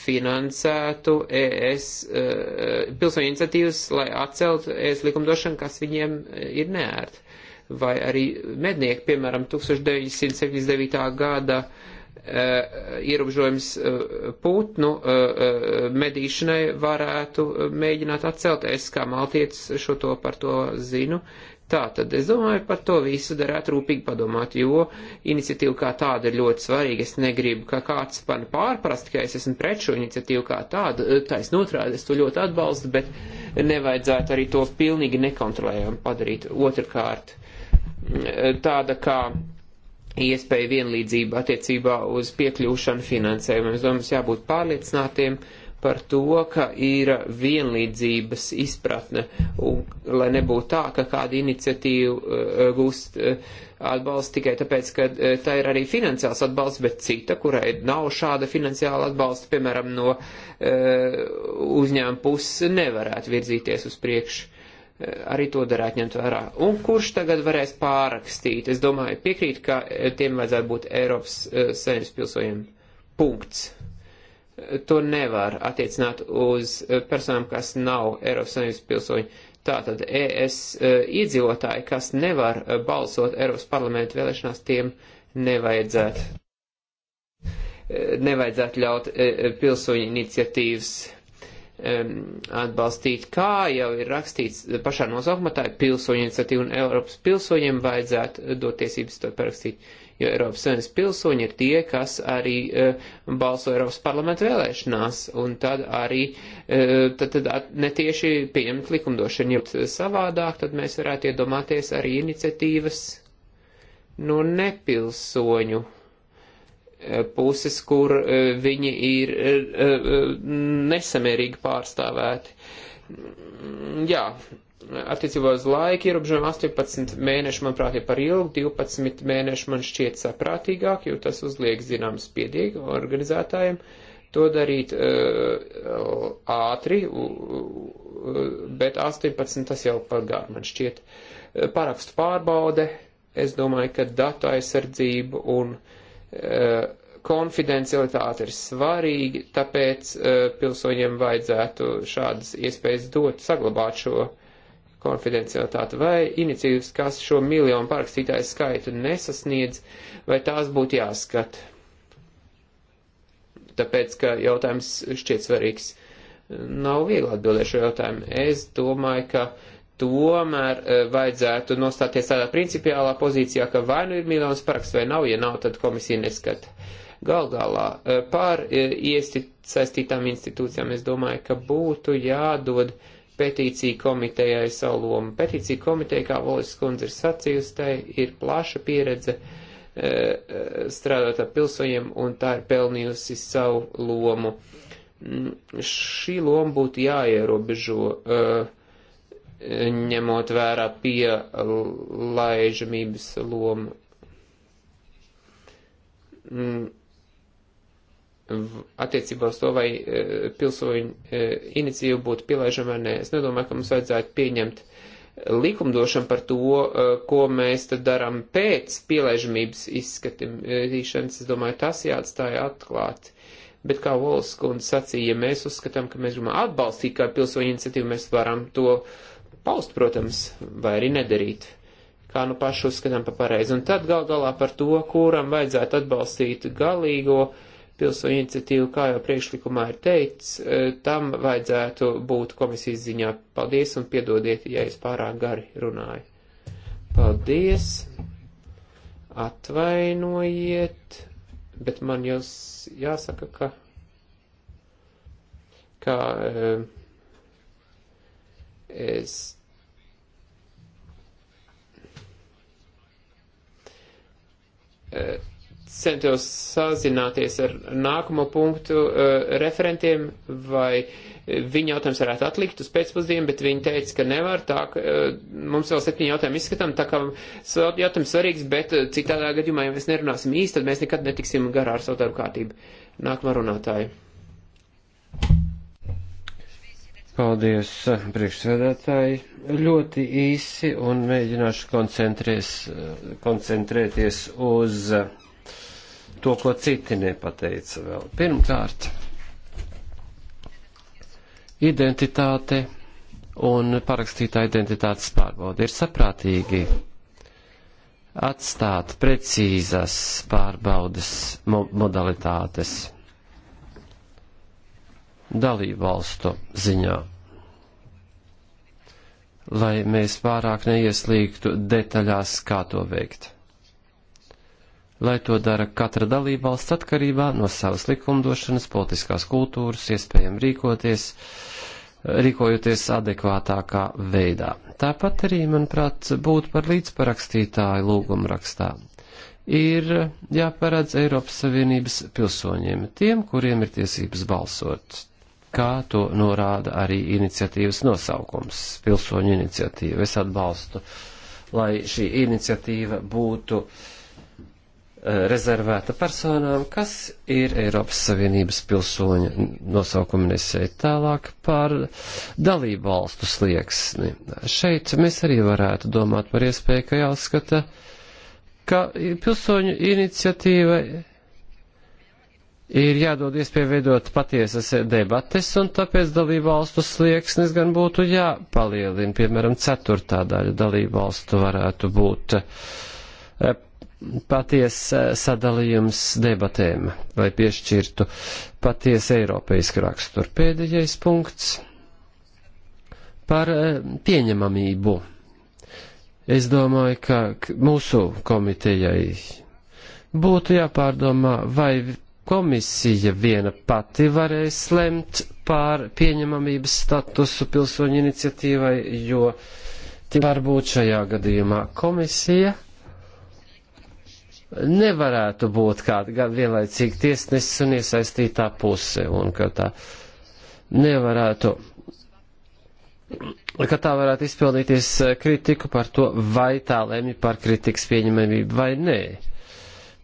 finansētu ES pilsoņu iniciatīvas, lai atceltu ES likumdošanu, kas viņiem ir neērta vai arī mednieki, piemēram, 1979. gada e, ierobežojums e, putnu e, medīšanai varētu mēģināt atcelt. Es kā maltietis šo to par to zinu. Tātad es domāju par to visu darētu rūpīgi padomāt, jo iniciatīva kā tāda ir ļoti svarīga. Es negribu, ka kāds man pārprast, ka es esmu pret šo iniciatīvu kā tādu. Taisn otrādi, es to ļoti atbalstu, bet nevajadzētu arī to pilnīgi nekontrolējami padarīt. Otrkārt, uh, tāda kā iespēja vienlīdzība attiecībā uz piekļūšanu finansējumam. Es domāju, mums jābūt pārliecinātiem par to, ka ir vienlīdzības izpratne, un lai nebūtu tā, ka kāda iniciatīva uh, uh, gūst uh, atbalstu tikai tāpēc, ka tā ir arī finansiāls atbalsts, bet cita, kurai nav šāda finansiāla atbalsta, piemēram, no uzņēmuma puses, nevarētu virzīties uz priekšu Eh, arī to darētu ņemt vērā. Un kurš tagad varēs pārrakstīt? Es domāju, piekrīt, ka eh, tiem vajadzētu būt Eiropas eh, saimnes pilsoņiem. Punkts. To nevar attiecināt uz personām, kas nav Eiropas saimnes pilsoņi. Tātad ES iedzīvotāji, kas nevar balsot Eiropas parlamentu vēlēšanās, tiem nevajadzētu, nevajadzētu ļaut pilsoņu iniciatīvas atbalstīt, kā jau ir rakstīts pašā nosaukumā, tā ir pilsoņu iniciatīva un Eiropas pilsoņiem vajadzētu dot tiesības to parakstīt, jo Eiropas Savienības pilsoņi ir tie, kas arī uh, balso Eiropas parlamenta vēlēšanās un tad arī uh, tad, tad at, netieši pieņemt likumdošanu, jo savādāk tad mēs varētu iedomāties arī iniciatīvas no nepilsoņu. Eh, puses, kur eh, viņi ir eh, nesamērīgi pārstāvēti. Mm, jā, attiecībā uz laika ierobežojumu 18 mēneši, manuprāt, ir par ilgu, 12 mēneši man šķiet saprātīgāk, jo tas uzliek zināms spiedīgi organizētājiem to darīt uh, ātri, uh, bet 18 tas jau par gāru man šķiet. Parakstu pārbaude, es domāju, ka datu aizsardzību un uh, Konfidencialitāte ir svarīga, tāpēc e, pilsoņiem vajadzētu šādas iespējas dot, saglabāt šo konfidencialitāti, vai iniciatīvas, kas šo miljonu parakstītāju skaitu nesasniedz, vai tās būtu jāskat. Tāpēc, ka jautājums šķiet svarīgs. Nav viegli atbildēt šo jautājumu. Es domāju, ka tomēr e, vajadzētu nostāties tādā principiālā pozīcijā, ka vai nu ir miljonus paraksts vai nav, ja nav, tad komisija neskata. Gal galā e, par e, iesaistītām institūcijām es domāju, ka būtu jādod petīcija komitejai savu lomu. Petīcija komiteja, kā Volis kundze ir sacījusi, tai ir plaša pieredze strādāt ar pilsoņiem un tā ir pelnījusi savu lomu. Mm, šī loma būtu jāierobežo. Uh, ņemot vērā pielaižamības lomu. Mm. Attiecībā uz to, vai e, pilsoņu e, iniciatīva būtu pielaižama vai nē, es nedomāju, ka mums vajadzētu pieņemt likumdošanu par to, e, ko mēs tad darām pēc pielaižamības izskatīšanas. Es domāju, tas jāatstāja atklāti. Bet kā Volskundze sacīja, ja mēs uzskatām, ka mēs gribam atbalstīt kā pilsoņu iniciatīvu, mēs varam to uh, paust, protams, vai arī nedarīt, kā nu paši uzskatām par pareizi. Un tad gal galā par to, kuram vajadzētu atbalstīt galīgo pilsoņu iniciatīvu, kā jau priekšlikumā ir teicis, e, tam vajadzētu būt komisijas ziņā. Paldies un piedodiet, ja es pārāk gari runāju. Paldies, atvainojiet, bet man jūs jāsaka, ka. ka e, Es eh, centos sazināties ar nākamo punktu eh, referentiem, vai viņa jautājums varētu atlikt uz pēcpusdienu, bet viņa teica, ka nevar, tā ka eh, mums vēl septiņi jautājumi izskatām, tā kā jautājums svarīgs, bet citādā gadījumā, ja mēs nerunāsim īsti, tad mēs nekad netiksim garā ar savu darbu kārtību. Nākamā runātāja. Paldies, eh, priekšsēdētāji. Ļoti īsi un mēģināšu eh, koncentrēties uz eh, to, ko citi nepateica vēl. Pirmkārt, identitāte un parakstītā identitātes pārbauda ir saprātīgi atstāt precīzas pārbaudas modalitātes dalību valstu ziņā. Lai mēs pārāk neieslīgtu detaļās, kā to veikt. Lai to dara katra dalība valsts atkarībā no savas likumdošanas, politiskās kultūras, iespējam rīkoties, rīkojoties adekvātākā veidā. Tāpat arī, manuprāt, būtu par līdzparakstītāju lūgumu rakstā ir jāparedz Eiropas Savienības pilsoņiem, tiem, kuriem ir tiesības balsot kā to norāda arī iniciatīvas nosaukums - pilsoņu iniciatīva. Es atbalstu, lai šī iniciatīva būtu eh, rezervēta personām, kas ir Eiropas Savienības pilsoņa nosaukuma nesēja tālāk par dalību valstu slieksni. Šeit mēs arī varētu domāt par iespēju, ka jāskata, ka pilsoņu iniciatīva ir jādod iespēja veidot patiesas debates, un tāpēc dalību valstu slieksnis gan būtu jāpalielina. Piemēram, ceturtā daļa dalību valstu varētu būt eh, paties eh, sadalījums debatēm, lai piešķirtu paties eiropeisku raksturu. Pēdējais punkts par eh, pieņemamību. Es domāju, ka mūsu komitejai būtu jāpārdomā, vai komisija viena pati varēs lemt pār pieņemamības statusu pilsoņu iniciatīvai, jo varbūt šajā gadījumā komisija nevarētu būt kāda vienlaicīga tiesnesis un iesaistītā puse, un ka tā nevarētu, ka tā varētu izpildīties kritiku par to, vai tā lemj par kritikas pieņemamību vai nē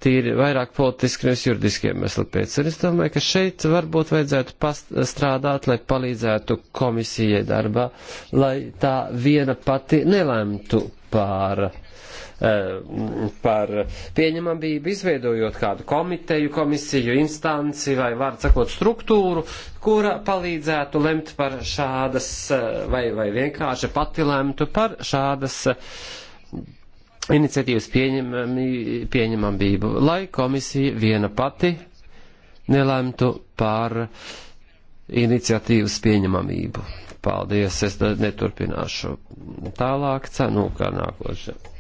tīri vairāk politiski, nevis juridiski iemesli pēc. Un es domāju, ka šeit varbūt vajadzētu strādāt, lai palīdzētu komisijai darbā, lai tā viena pati nelēmtu pār, eh, pār pieņemamību, izveidojot kādu komiteju, komisiju, instanci vai, var sakot, struktūru, kura palīdzētu lemt par šādas, eh, vai, vai vienkārši pati lemtu par šādas eh, iniciatīvas pieņemamību, lai komisija viena pati nelemtu par iniciatīvas pieņemamību. Paldies, es neturpināšu tālāk, cenu kā nākošais.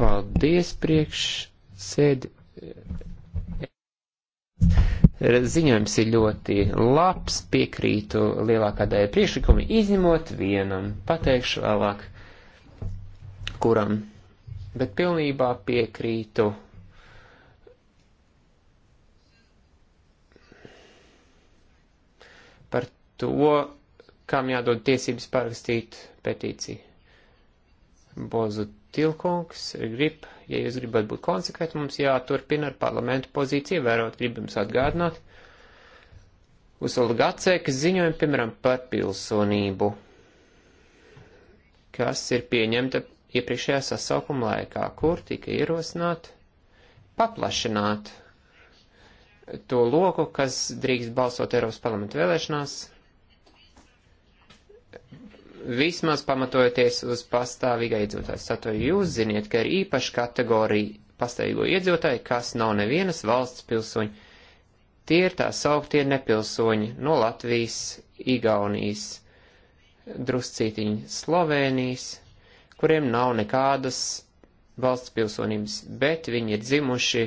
Paldies, priekš sēdi. Ziņojums ir ļoti labs, piekrītu lielākā daļa priekšlikumi, izņemot vienam. Pateikšu vēlāk kuram, bet pilnībā piekrītu. Par to, kam jādod tiesības parakstīt petīciju. Bozu Tilkungs, grib, ja jūs gribat būt konsekventi, mums jāturpina ar parlamentu pozīciju vērot, grib jums atgādināt. Uz Olgacēkas ziņojumu, piemēram, par pilsonību, kas ir pieņemta iepriekšējā sasaukuma laikā, kur tika ierosināt paplašināt to loku, kas drīkst balsot Eiropas parlamentu vēlēšanās, vismaz pamatojoties uz pastāvīgā iedzīvotāju saturu. Jūs ziniet, ka ir īpaša kategorija pastāvīgo iedzīvotāju, kas nav nevienas valsts pilsoņi. Tie ir tā sauktie nepilsoņi no Latvijas, Igaunijas, druscītiņa Slovēnijas, kuriem nav nekādas valsts pilsonības, bet viņi ir dzimuši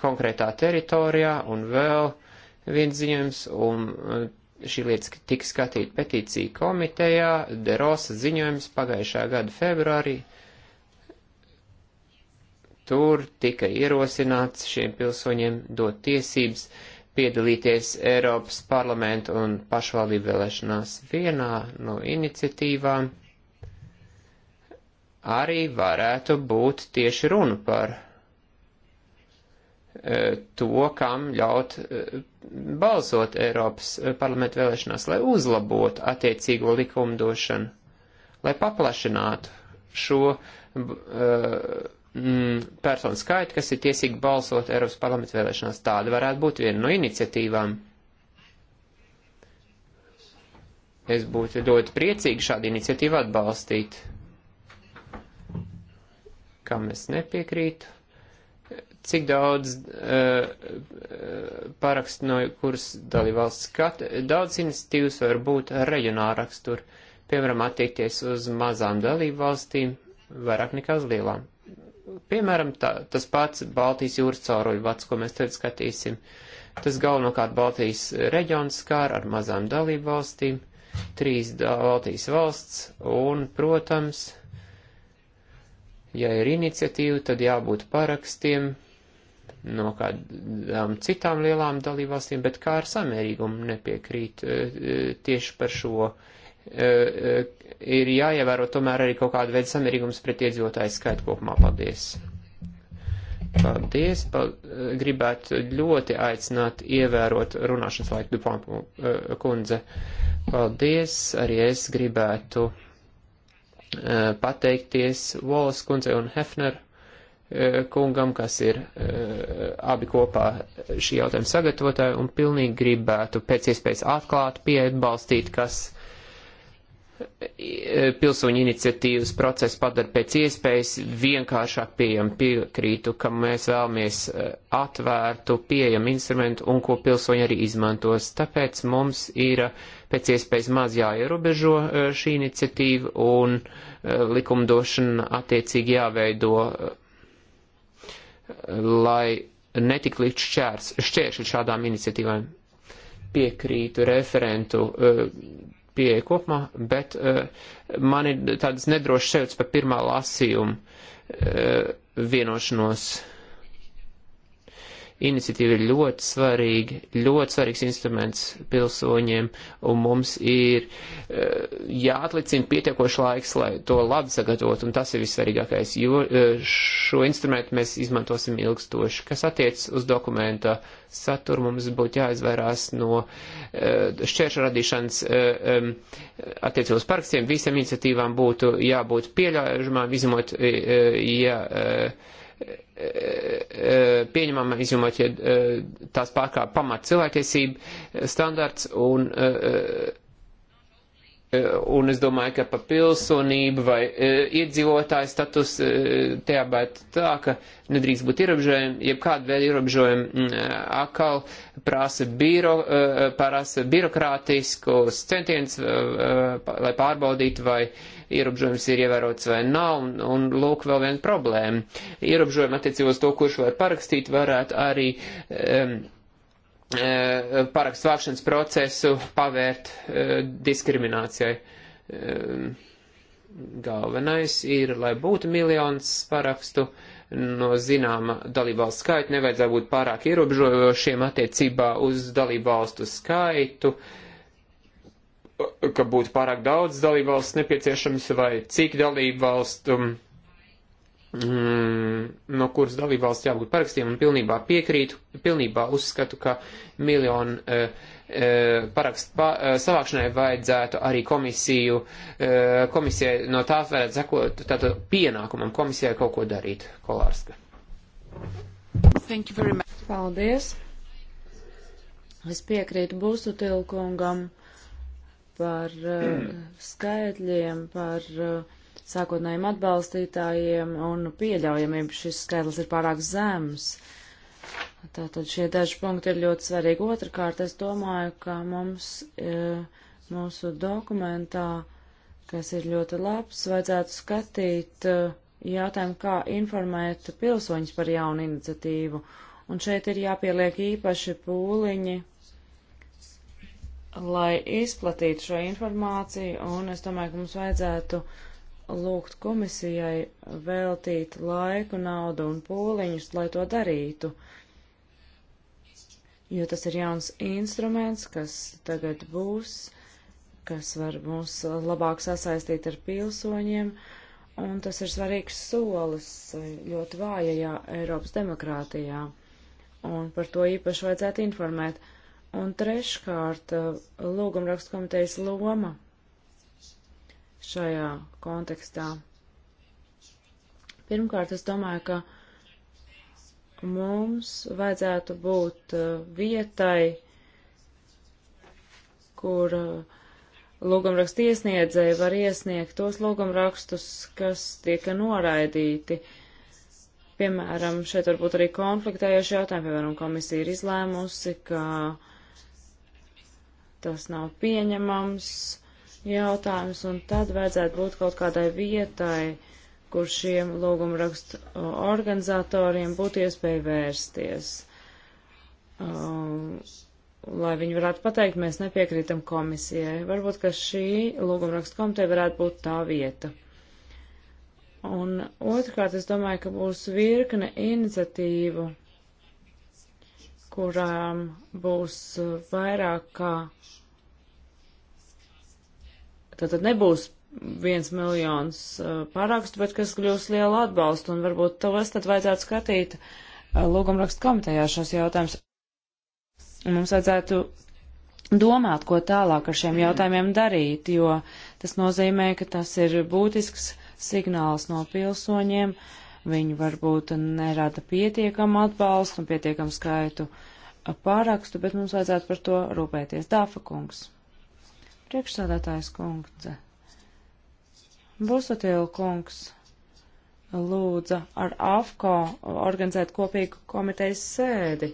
konkrētā teritorijā un vēl viens ziņojums, un eh, šī lieta tika skatīta petīcija komitejā, Derosa ziņojums pagājušā gada februārī. Tur tika ierosināts šiem pilsoņiem dot tiesības piedalīties Eiropas parlamentu un pašvaldību vēlēšanās vienā no iniciatīvām arī varētu būt tieši runa par e, to, kam ļaut e, balsot Eiropas e, parlamentu vēlēšanās, lai uzlabotu attiecīgo likumdošanu, lai paplašinātu šo personu skaitu, kas ir tiesīgi balsot Eiropas parlamentu vēlēšanās. Tāda varētu būt viena no iniciatīvām. Es būtu ļoti priecīgi šādu iniciatīvu atbalstīt kam es nepiekrītu, cik daudz uh, eh, parakstu no kuras dalībvalsts skat, daudz iniciatīvas var būt reģionāla rakstura, piemēram, attiekties uz mazām dalībvalstīm vairāk nekā uz lielām. Piemēram, tā, tas pats Baltijas jūras cauruļvats, ko mēs tagad skatīsim, tas galvenokārt Baltijas reģions skār ar mazām dalībvalstīm, trīs Baltijas valsts un, protams, Ja ir iniciatīva, tad jābūt parakstiem no kādām citām lielām dalībvalstīm, bet kā ar samērīgumu nepiekrīt e, e, tieši par šo. E, ir jāievēro tomēr arī kaut kāda veida samērīgums pret iedzīvotāju skaitu kopumā. Paldies! Paldies! Pa, gribētu ļoti aicināt ievērot runāšanas laiku Dupont kundze. Paldies! Arī es gribētu Eh, pateikties Volas kundzei un Hefner eh, kungam, kas ir eh, abi kopā šī jautājuma sagatavotāji, un pilnīgi gribētu pēc iespējas atklāt, pieatbalstīt, kas pilsoņu iniciatīvas procesu padara pēc iespējas vienkāršāk pieejam piekrītu, ka mēs vēlamies atvērtu pieejam instrumentu un ko pilsoņi arī izmantos. Tāpēc mums ir uh, pēc iespējas maz jāierobežo e, šī iniciatīva un e, likumdošana attiecīgi jāveido, e, lai netikt līdz šķērs, šķēršļi šādām iniciatīvām. Piekrītu referentu pieeja kopumā, bet man ir tādas nedrošas sajūtas par pirmā lasījumu vienošanos. Uh, iniciatīva ir ļoti svarīga, ļoti svarīgs instruments pilsoņiem, un mums ir eh, jāatlicina pietiekoši laiks, lai to labi sagatavot, un tas ir vissvarīgākais, jo eh, šo instrumentu mēs izmantosim ilgstoši. Kas attiec uz dokumenta saturu, mums būtu jāizvairās no eh, šķēršu radīšanas attiecībā uz parakstiem, visiem iniciatīvām būtu jābūt pieļaužamām, izmot, ja, pieņemama, izņemot, ja e, tās pārkāp pamat cilvēktiesību e, standarts un e, Un es domāju, ka pa pilsonību vai e, iedzīvotāju status e, tajā bēt tā, ka nedrīkst būt ierobežojumi, jeb kāda veida ierobežojumi mm, e, akal prasa, biro, e, prasa birokrātiskus centienus, e, lai pārbaudītu, vai e, ierobežojums ir ievērots vai nav, un, un lūk vēl viena problēma. Ierobežojumi attiecībos to, kurš var parakstīt, varētu arī um, parakstu vākšanas procesu pavērt uh, diskriminācijai. Um, galvenais ir, lai būtu miljons parakstu no zināma dalībvalstu skaita, nevajadzētu būt pārāk ierobežojošiem attiecībā uz dalībvalstu skaitu. Uh, ka būtu pārāk daudz dalībvalsts nepieciešams vai cik dalībvalstu, mm, no kuras dalībvalsts jābūt parakstiem un pilnībā piekrītu, pilnībā uzskatu, ka miljonu e, e, parakstu pa, e, savākšanai vajadzētu arī komisiju, e, komisijai no tā varētu sekot, tātad pienākumam komisijai kaut ko darīt, Kolārska. Thank you very much. Paldies. Es piekrītu Būsu Tilkungam. Uh, par uh, skaitļiem, par uh, sākotnējiem atbalstītājiem un pieļaujamību. Šis skaitlis ir pārāk zems. Tātad šie daži punkti ir ļoti svarīgi. Otrakārt, es domāju, ka mums uh, mūsu dokumentā, kas ir ļoti labs, vajadzētu skatīt jautājumu, kā informēt pilsoņus par jaunu iniciatīvu. Un šeit ir jāpieliek īpaši pūliņi lai izplatītu šo informāciju, un es domāju, ka mums vajadzētu lūgt komisijai veltīt laiku, naudu un pūliņus, lai to darītu. Jo tas ir jauns instruments, kas tagad būs, kas var mūs labāk sasaistīt ar pilsoņiem, un tas ir svarīgs solis ļoti vājajā Eiropas demokrātijā. Un par to īpaši vajadzētu informēt. Uh, Un treškārt, eh, lūgumrakstu komitejas loma šajā kontekstā. Pirmkārt, es domāju, ka mums vajadzētu būt eh, vietai, kur eh, lūgumrakstu iesniedzēji var iesniegt tos lūgumrakstus, kas tiek noraidīti. Piemēram, šeit varbūt arī konfliktējoši jautājumi, piemēram, komisija ir izlēmusi, ka uh, tas nav pieņemams jautājums, un tad vajadzētu būt kaut kādai vietai, kur šiem lūgumrakstu organizatoriem būtu iespēja vērsties. Um, lai viņi varētu pateikt, mēs nepiekrītam komisijai. Varbūt, ka šī lūgumrakstu komiteja varētu būt tā vieta. Un otrkārt, es domāju, ka būs virkne iniciatīvu kurām būs uh, vairāk kā. Tātad nebūs viens miljons uh, parakstu, bet kas kļūs lielu atbalstu, un varbūt to es tad vajadzētu skatīt uh, lūgumrakstu komitejā šos jautājumus. Mums vajadzētu domāt, ko tālāk ar šiem jautājumiem darīt, jo tas nozīmē, ka tas ir būtisks signāls no pilsoņiem. Uh, Viņi varbūt nerada pietiekamu atbalstu un pietiekamu skaitu pārakstu, bet mums vajadzētu par to rūpēties. Dāfa kungs. Priekšsādātājs kungce. Busatiela kungs lūdza ar AFCO organizēt kopīgu komitejas sēdi.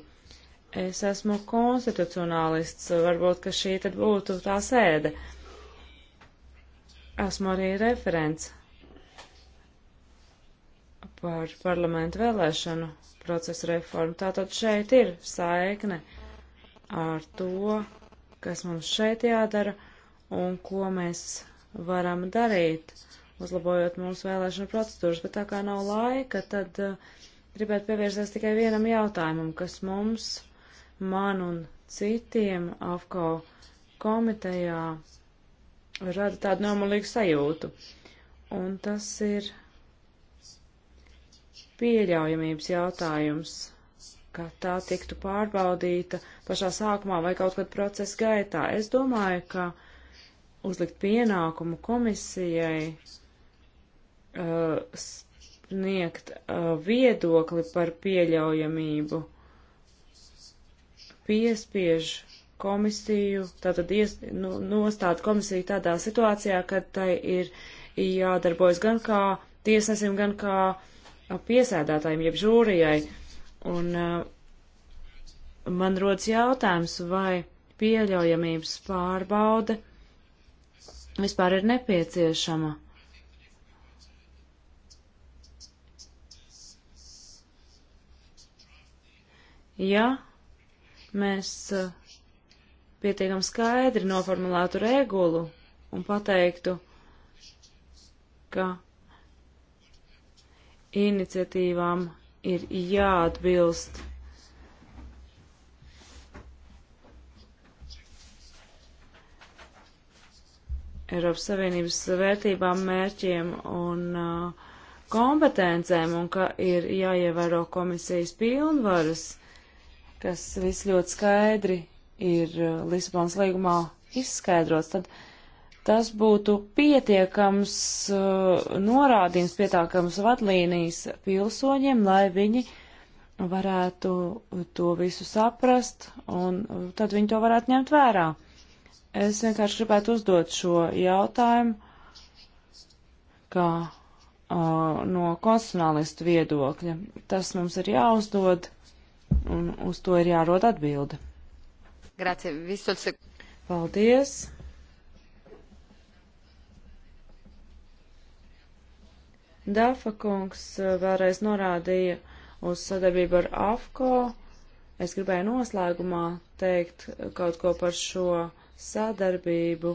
Es esmu konstitucionālists, varbūt, ka šī tad būtu tā sēde. Esmu arī referents par parlamentu vēlēšanu procesu reformu. Tātad šeit ir saikne ar to, kas mums šeit jādara un ko mēs varam darīt, uzlabojot mūsu vēlēšanu procedūras, bet tā kā nav laika, tad uh, gribētu pievērsties tikai vienam jautājumam, kas mums, man un citiem AFKO komitejā rada tādu nomalīgu sajūtu. Un tas ir pieļaujamības jautājums, ka tā tiktu pārbaudīta pašā sākumā vai kaut kad procesa gaitā. Es domāju, ka uzlikt pienākumu komisijai uh, sniegt uh, viedokli par pieļaujamību piespiež komisiju, tātad ies, nu, nostāt komisiju tādā situācijā, kad tai ir jādarbojas gan kā tiesnesim, gan kā uh, Uh, piesēdētājiem, jeb žūrijai. Un uh, man rodas jautājums, vai pieļaujamības pārbaude vispār ir nepieciešama. Ja mēs uh, pietiekam skaidri noformulētu regulu un pateiktu, ka iniciatīvām ir jāatbilst Eiropas Savienības vērtībām, mērķiem un uh, kompetencēm, un ka ir jāievēro komisijas pilnvaras, kas viss ļoti skaidri ir uh, Lisabonas līgumā izskaidrots. Tad tas būtu pietiekams uh, norādījums, pietiekams vadlīnijas pilsoņiem, lai viņi varētu to visu saprast, un uh, tad viņi to varētu ņemt vērā. Es vienkārši gribētu uzdot šo jautājumu, kā uh, no konstitucionālistu viedokļa. Tas mums ir jāuzdod, un uz to ir jārod atbilde. Grazie, visu. Paldies! Dafa kungs eh, vēlreiz norādīja uz sadarbību ar AFCO. Es gribēju noslēgumā teikt eh, kaut ko par šo sadarbību.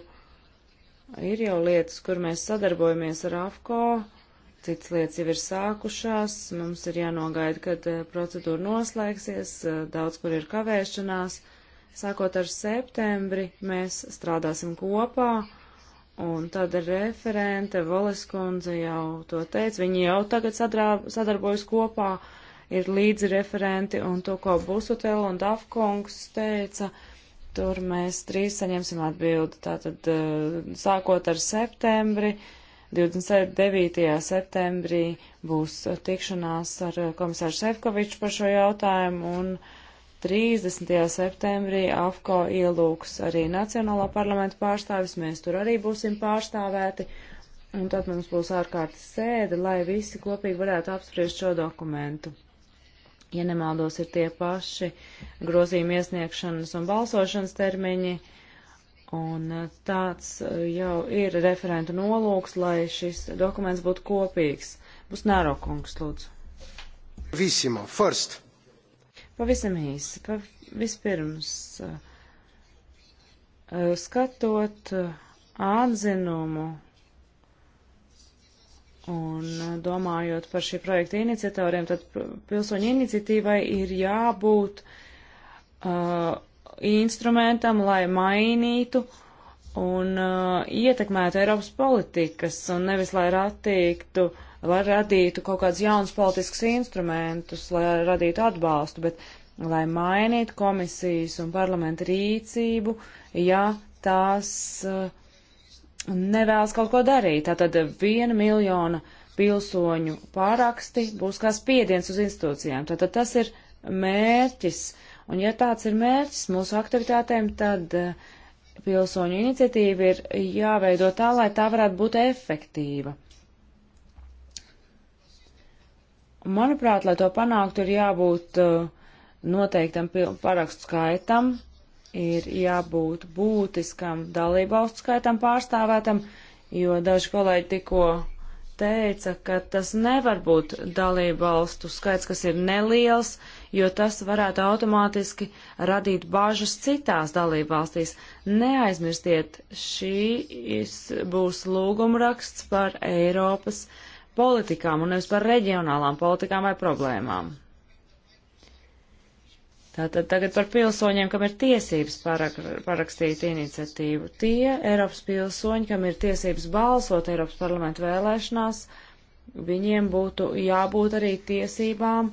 Ir jau lietas, kur mēs sadarbojamies ar AFCO, citas lietas jau ir sākušās, mums ir jānogaida, kad eh, procedūra noslēgsies, daudz kur ir kavēšanās. Sākot ar septembri, mēs strādāsim kopā Un tad referente Voleskundze jau to teica, viņi jau tagad sadrā, sadarbojas kopā, ir līdzi referenti, un to, ko Busutel un Dafkungs teica, tur mēs drīz saņemsim atbildi. Tātad eh, sākot ar septembri, 29. septembrī būs tikšanās ar eh, komisāru Sefkoviču par šo jautājumu, un 30. septembrī AFCO ielūks arī Nacionālā parlamenta pārstāvis, mēs tur arī būsim pārstāvēti, un tad mums būs ārkārtas sēde, lai visi kopīgi varētu apspriest šo dokumentu. Ja nemaldos, ir tie paši grozījuma iesniegšanas un balsošanas termiņi, un eh, tāds eh, jau ir referentu nolūks, lai šis dokuments būtu kopīgs. Būs Nārokungs, lūdzu. Visimo, first. Pavisam īsi. Pa, vispirms, eh, eh, skatot eh, atzinumu un domājot par šī projekta iniciatoriem, tad pilsoņu iniciatīvai ir jābūt uh, instrumentam, lai mainītu un uh, ietekmētu Eiropas politikas un nevis lai attīktu uh, lai radītu kaut kādus jaunus politiskus instrumentus, lai radītu atbalstu, bet lai mainītu komisijas un parlamenta rīcību, ja tās eh, nevēlas kaut ko darīt. Tātad viena miljona pilsoņu pāraksti būs kā spiediens uz institūcijām. Tātad tas ir mērķis. Un ja tāds ir mērķis mūsu aktivitātēm, tad eh, pilsoņu iniciatīva ir jāveido tā, lai tā varētu būt efektīva. Manuprāt, lai to panāktu, ir jābūt uh, noteiktam parakstu skaitam, ir jābūt būtiskam dalībvalstu skaitam pārstāvētam, jo daži kolēģi tikko teica, ka tas nevar būt dalībvalstu skaits, kas ir neliels, jo tas varētu automātiski radīt bažas citās dalībvalstīs. Neaizmirstiet, šīs būs lūgumraksts par Eiropas politikām un nevis par reģionālām politikām vai problēmām. Tātad tagad par pilsoņiem, kam ir tiesības parak parakstīt iniciatīvu. Tie Eiropas pilsoņi, kam ir tiesības balsot Eiropas parlamentu vēlēšanās, viņiem būtu jābūt arī tiesībām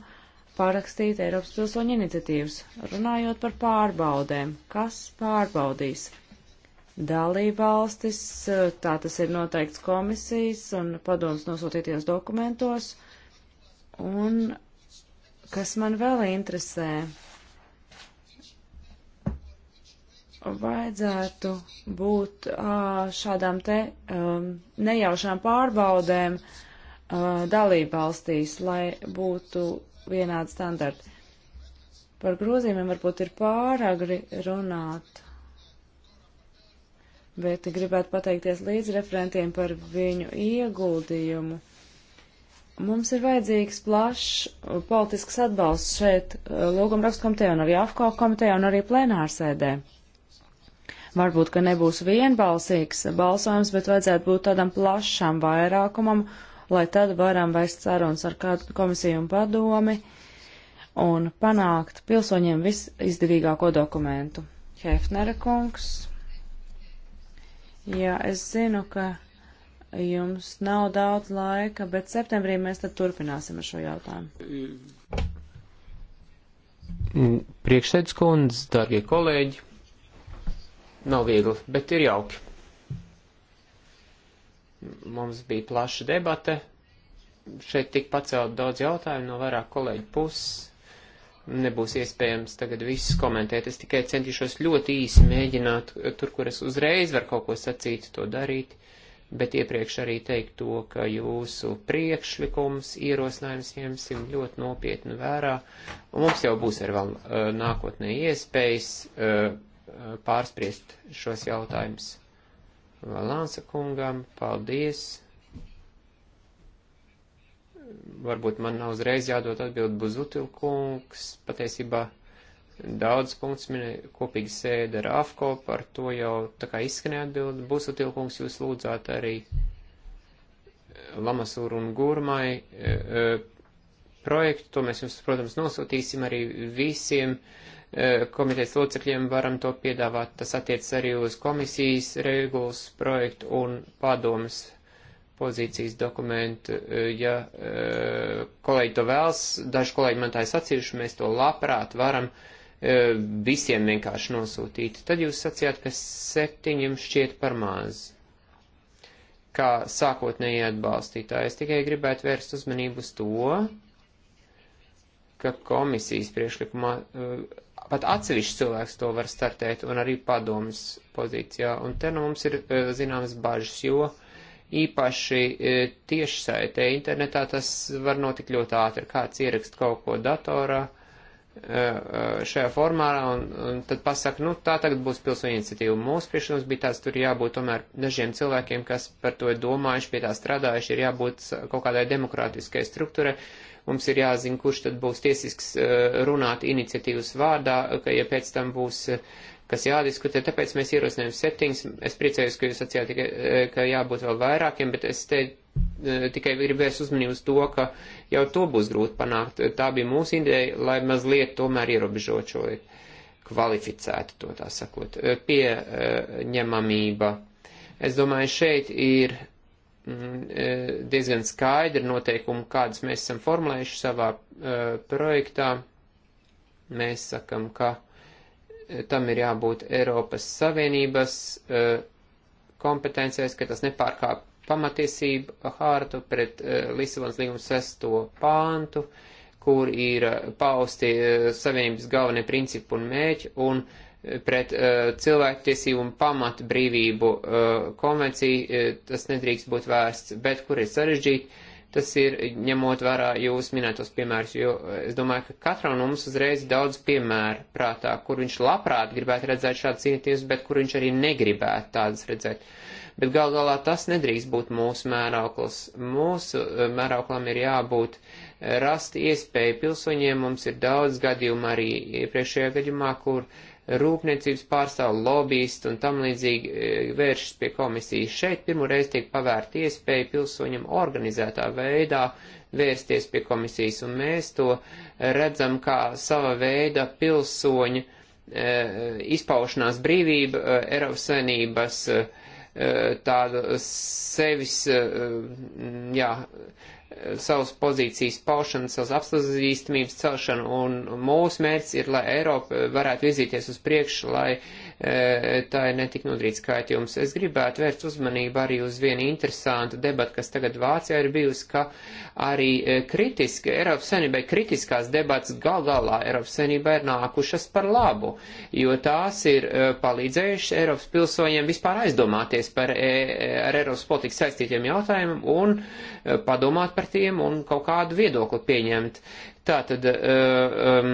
parakstīt Eiropas pilsoņu iniciatīvas. Runājot par pārbaudēm, kas pārbaudīs dalībvalstis, tā tas ir noteikts komisijas un padoms nosūtīties dokumentos. Un kas man vēl interesē, vajadzētu būt šādām te nejaušām pārbaudēm dalībvalstīs, lai būtu vienādi standarti. Par grozījumiem varbūt ir pāragri runāt bet gribētu pateikties līdzreferentiem par viņu ieguldījumu. Mums ir vajadzīgs plašs uh, politisks atbalsts šeit uh, lūgumrakstu komitejā un arī AFKO komitejā un arī plenārsēdē. Varbūt, ka nebūs vienbalsīgs balsojums, bet vajadzētu būt tādam plašam vairākumam, lai tad varam vest sarunas ar kādu komisiju un padomi un panākt pilsoņiem visizdevīgāko dokumentu. Hefnera kungs. Jā, es zinu, ka jums nav daudz laika, bet septembrī mēs tad turpināsim ar šo jautājumu. Mm, priekšsēdus kundze, dārgie kolēģi, nav viegli, bet ir jauki. Mums bija plaša debate, šeit tika pacelt daudz jautājumu no vairāk kolēģu puses nebūs iespējams tagad visus komentēt. Es tikai centīšos ļoti īsi mēģināt, eh, tur, kur es uzreiz varu kaut ko sacīt, to darīt, bet iepriekš arī teikt to, ka jūsu priekšlikums, ierosinājums ņemsim ļoti nopietni vērā, un mums jau būs arī vēl eh, nākotnē iespējas eh, pārspriest šos jautājumus. Valansa kungam, paldies! varbūt man nav uzreiz jādod atbild Buzutilkungs, patiesībā daudz punkts minēja kopīgi sēda ar AFKO, par to jau tā kā izskanēja atbildi. Buzutilkungs jūs lūdzāt arī Lamasūru un Gurmai e, e, projektu, to mēs jums, protams, nosūtīsim arī visiem e, komitejas locekļiem varam to piedāvāt. Tas attiec arī uz komisijas regulas projektu un padomas projektu pozīcijas dokumentu. E, ja e, kolēģi to vēlas, daži kolēģi man tā ir sacījuši, mēs to labprāt varam e, visiem vienkārši nosūtīt. Tad jūs sacījāt, ka septiņiem šķiet par maz, kā sākotnēji atbalstītāji. Es tikai gribētu vērst uzmanību uz to, ka komisijas priekšlikumā pat atsevišķs cilvēks to var startēt un arī padomas pozīcijā. Un te nu mums ir zināmas bažas, jo uh, īpaši e, tiešsaitē internetā tas var notikt ļoti ātri. Kāds ierakst kaut ko datorā e, e, šajā formā un, un tad pasaka, nu tā tagad būs pilsoņu iniciatīva. Mūsu priekšnums bija tāds, tur jābūt tomēr dažiem cilvēkiem, kas par to ir domājuši, pie tā strādājuši, ir jābūt kaut kādai demokrātiskai struktūrai. Mums ir jāzina, kurš tad būs tiesisks runāt iniciatīvas vārdā, ka ja pēc tam būs uh, kas jādiskutē, tāpēc mēs ierosinām septiņus. Es priecājos, ka jūs sacījāt, tikai, e, ka jābūt vēl vairākiem, bet es te e, tikai gribēju uzmanību uz to, ka jau to būs grūti panākt. Tā bija mūsu ideja, lai mazliet tomēr ierobežot šo kvalificētu, to tā sakot, e, pieņemamība. Es domāju, šeit ir mm, diezgan skaidri noteikumi, kādas mēs esam formulējuši savā projektā. Mēs sakam, ka tam ir jābūt Eiropas Savienības e, kompetencijas, ka tas nepārkāp pamatiesību hārtu pret e, Lisabonas līgumu sesto pāntu, kur ir pausti e, Savienības galvenie principi un mēķi, un pret cilvēktiesību un pamatu brīvību konvenciju tas nedrīkst būt vērsts, bet kur ir sarežģīti Tas ir ņemot vērā jūs minētos piemērus, jo eh, es domāju, ka katram no mums uzreiz daudz piemēru prātā, kur viņš labprāt gribētu redzēt šādas iniciatīvas, bet kur viņš arī negribētu tādas redzēt. Bet gal galā tas nedrīkst būt mūsu mērauklis. Mūsu eh, mērauklam ir jābūt uh, rast iespēju pilsoņiem. Mums ir daudz gadījumu arī iepriekšējā gadījumā, kur rūpniecības pārstāv lobbyisti un tam līdzīgi e, vēršas pie komisijas. Šeit pirmoreiz tiek pavērt iespēju pilsoņiem organizētā veidā vērsties pie komisijas, un mēs to redzam kā sava veida pilsoņu e, izpaušanās brīvība e, Eiropas Savienības e, e tādu sevis, e, jā, savas pozīcijas paušanu, savas apstāstījumības celšanu, un mūsu mērķis ir, lai Eiropa varētu virzīties uz priekšu, lai uh, E, tā ir netik nodrīt skaitījums. Es gribētu vērst uzmanību arī uz vienu interesantu debatu, kas tagad Vācijā ir bijusi, ka arī e, kritiski, Eiropas Savienībai kritiskās debats gal galā Eiropas Savienībai ir nākušas par labu, jo tās ir e, palīdzējušas Eiropas pilsoņiem vispār aizdomāties par ar Eiropas politiku saistītiem jautājumiem un padomāt par tiem un kaut kādu viedokli pieņemt. Tātad um, eh, ehm,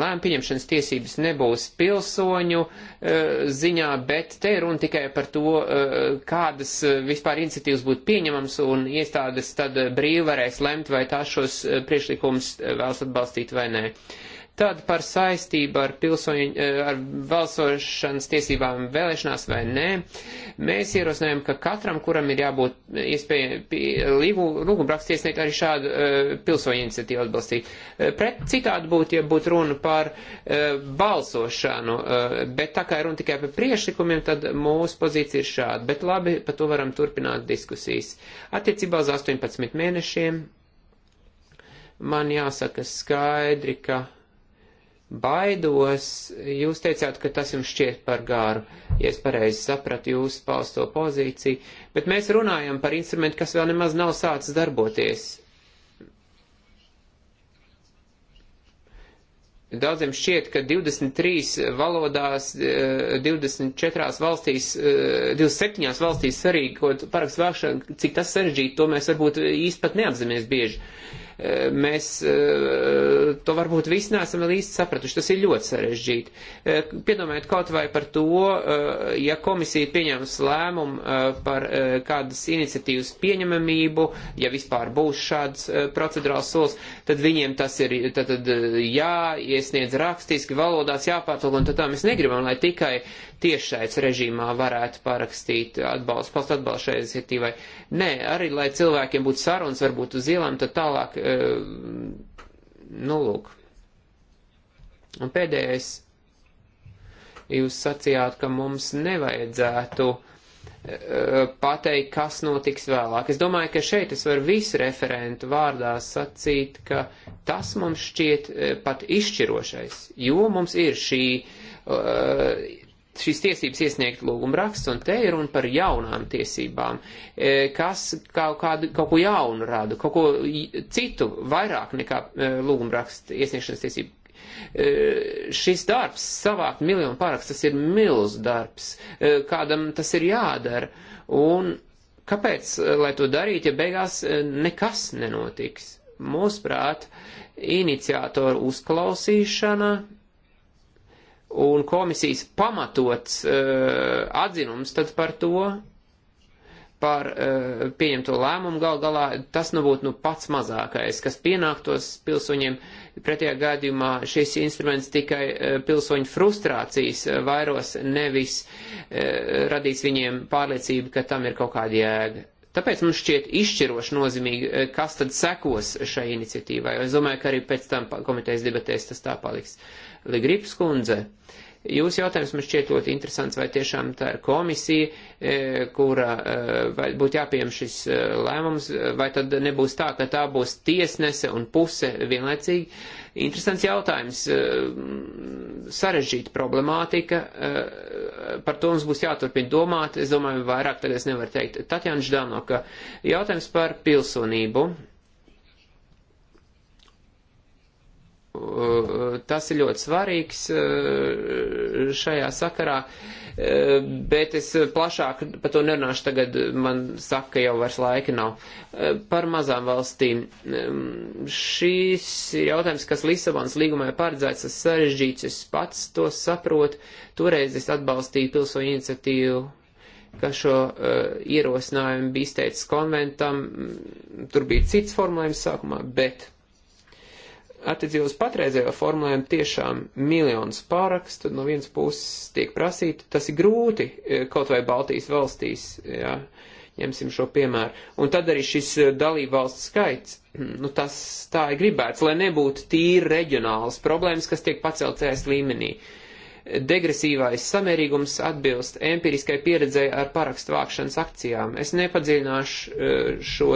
lēma pieņemšanas tiesības nebūs pilsoņu uh, ziņā, bet te ir runa tikai par to, uh, kādas vispār iniciatīvas būtu pieņemams un iestādes tad brīvi varēs lemt, vai tās šos priekšlikumus vēlas atbalstīt vai nē. Uh, Tad par saistību ar pilsoņu, eh, ar balsošanas tiesībām vēlēšanās vai nē, mēs ierosinājām, ka katram, kuram ir jābūt iespēja lūgumraksts iesniegt arī šādu uh, pilsoņu iniciatīvu atbalstīt. Eh, pret citādi būtu, ja būtu runa par uh, balsošanu, uh, bet tā kā ir runa tikai par priešlikumiem, tad mūsu pozīcija ir šāda. Bet labi, par to varam turpināt diskusijas. Attiecībā uz 18 mēnešiem man jāsaka skaidri, ka Baidos, jūs teicāt, ka tas jums šķiet par gāru, ja es pareizi sapratu jūsu pausto pozīciju, bet mēs runājam par instrumentu, kas vēl nemaz nav sācis darboties. Daudziem šķiet, ka 23 valodās, 24 e, valstīs, 27 e, valstīs sarīkot parakstu vākšanu, cik tas sarežģīti, to mēs varbūt īsti pat neapzināmies bieži. Uh, mēs eh, to varbūt visi neesam vēl īsti sapratuši. Tas ir ļoti sarežģīti. Eh, piedomājiet kaut vai par to, eh, ja komisija pieņems lēmumu par kādas iniciatīvas pieņemamību, ja vispār būs šāds procedurāls solis, tad viņiem tas ir tad, tad, jāiesniedz rakstiski valodās, jāpārtulk, un tad tā mēs negribam, lai tikai tiešais režīmā varētu parakstīt atbalstu, valsts atbalstu šai iniciatīvai. Nē, arī lai cilvēkiem būtu sarunas, varbūt uz ielām, tad tālāk, e, nu lūk. Un pēdējais, jūs sacījāt, ka mums nevajadzētu e, pateikt, kas notiks vēlāk. Es domāju, ka šeit es varu visu referentu vārdā sacīt, ka tas mums šķiet e, pat izšķirošais, jo mums ir šī uh, šīs tiesības iesniegt lūgumu raksts, un te ir runa par jaunām tiesībām, e, kas kaut, kādu, kaut ko jaunu rada, kaut ko citu vairāk nekā e, lūgumu raksts iesniegšanas tiesību. E, šis darbs, savākt miljonu parakstu, tas ir milz darbs, kādam tas ir jādara, un kāpēc, lai to darītu, ja beigās nekas nenotiks? Mūsuprāt, iniciātoru uzklausīšana un komisijas pamatots uh, atzinums tad par to, par uh, pieņemto lēmumu gal galā, tas nu būtu nu pats mazākais, kas pienāktos pilsoņiem. Pretējā gadījumā šis instruments tikai uh, pilsoņu frustrācijas uh, vairos, nevis uh, radīs viņiem pārliecību, ka tam ir kaut kāda jēga. Tāpēc mums šķiet izšķiroši nozīmīgi, uh, kas tad sekos šai iniciatīvai. Es domāju, ka arī pēc tam komitejas debatēs tas tā paliks. Uh, Ligrips kundze. Jūsu jautājums man šķiet ļoti interesants, vai tiešām tā ir komisija, e, kura e, būtu jāpiem šis e, lēmums, vai tad nebūs tā, ka tā būs tiesnese un puse vienlaicīgi. Interesants jautājums, sarežģīta problemātika, par to mums būs jāturpina domāt, es domāju, vairāk tagad es nevaru teikt. Tatjana Ždanoka, jautājums par pilsonību Eh, tas ir ļoti svarīgs eh, šajā sakarā, eh, bet es plašāk par to nerunāšu tagad, man saka, ka jau vairs laika nav. Par mazām valstīm. Šīs ir jautājums, kas Lisabons līgumā ir paredzēts, tas sarežģīts, es pats to saprotu. Toreiz es atbalstīju pilsoņu iniciatīvu ka šo uh, ierosinājumu bija izteicis konventam, tur bija cits formulējums sākumā, bet uh, Attiecībā uz patreizējo formulējumu tiešām miljonus pārakstu no vienas puses tiek prasīti. Tas ir grūti e, kaut vai Baltijas valstīs, jā, ņemsim šo piemēru. Un tad arī šis e, dalību valsts skaits, (clears throat) nu tas tā ir gribēts, lai nebūtu tīri reģionālas problēmas, kas tiek paceltēs līmenī. Degresīvais samērīgums atbilst empiriskai pieredzei ar parakstu vākšanas akcijām. Es nepadziļināšu e, šo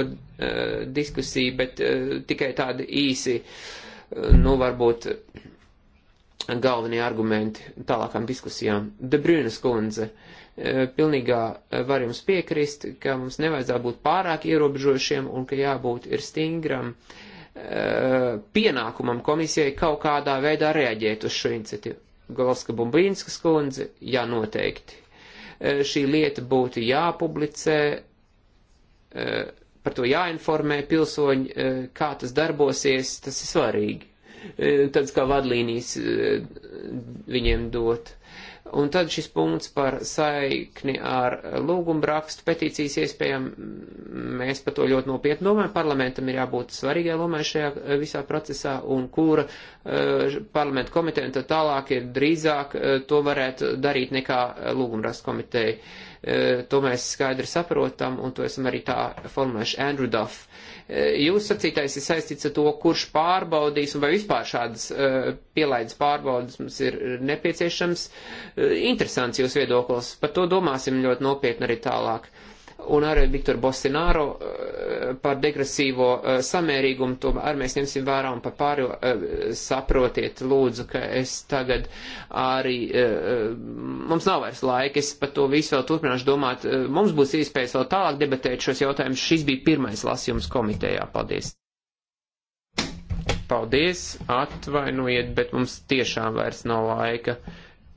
diskusiju, bet tikai tādi īsi. Uh, nu, varbūt galvenie argumenti tālākām diskusijām. Debrīnas kundze, e, pilnīgā e, var jums piekrist, ka mums nevajadzētu būt pārāk ierobežojušiem un ka jābūt ir stingram e, pienākumam komisijai kaut kādā veidā reaģēt uz šo iniciatīvu. Golska Bumbīnskas kundze, jā, noteikti. Šī lieta būtu jāpublicē par to jāinformē pilsoņi, e, kā tas darbosies, tas ir svarīgi. E, Tāds kā vadlīnijas e, viņiem dot. Un tad šis punkts par saikni ar lūgumu rakstu petīcijas iespējām, mēs par to ļoti nopietni domājam. Parlamentam ir jābūt svarīgai lomai šajā visā procesā, un kura uh, parlamenta komiteja tad tālāk ir drīzāk uh, to varētu darīt nekā lūgumu rakstu komiteja. Uh, E, to mēs skaidri saprotam, un to esam arī tā formulējuši Andrew Duff. E, jūs sacītais ir saistīts ar to, kurš pārbaudīs, un vai vispār šādas e, pielaidas pārbaudas mums ir nepieciešams. Interesants jūs viedoklis, par to domāsim ļoti nopietni arī tālāk. Uh, un arī Viktoru Bostināro eh, par degresīvo eh, samērīgumu, to arī mēs ņemsim vērā un par pāri eh, saprotiet lūdzu, ka es tagad arī, mums nav vairs laika, es par to visu vēl turpināšu domāt, mums būs iespējas vēl tālāk debatēt šos jautājumus, šis bija pirmais lasījums komitejā, paldies. Paldies, atvainojiet, bet mums tiešām vairs nav laika.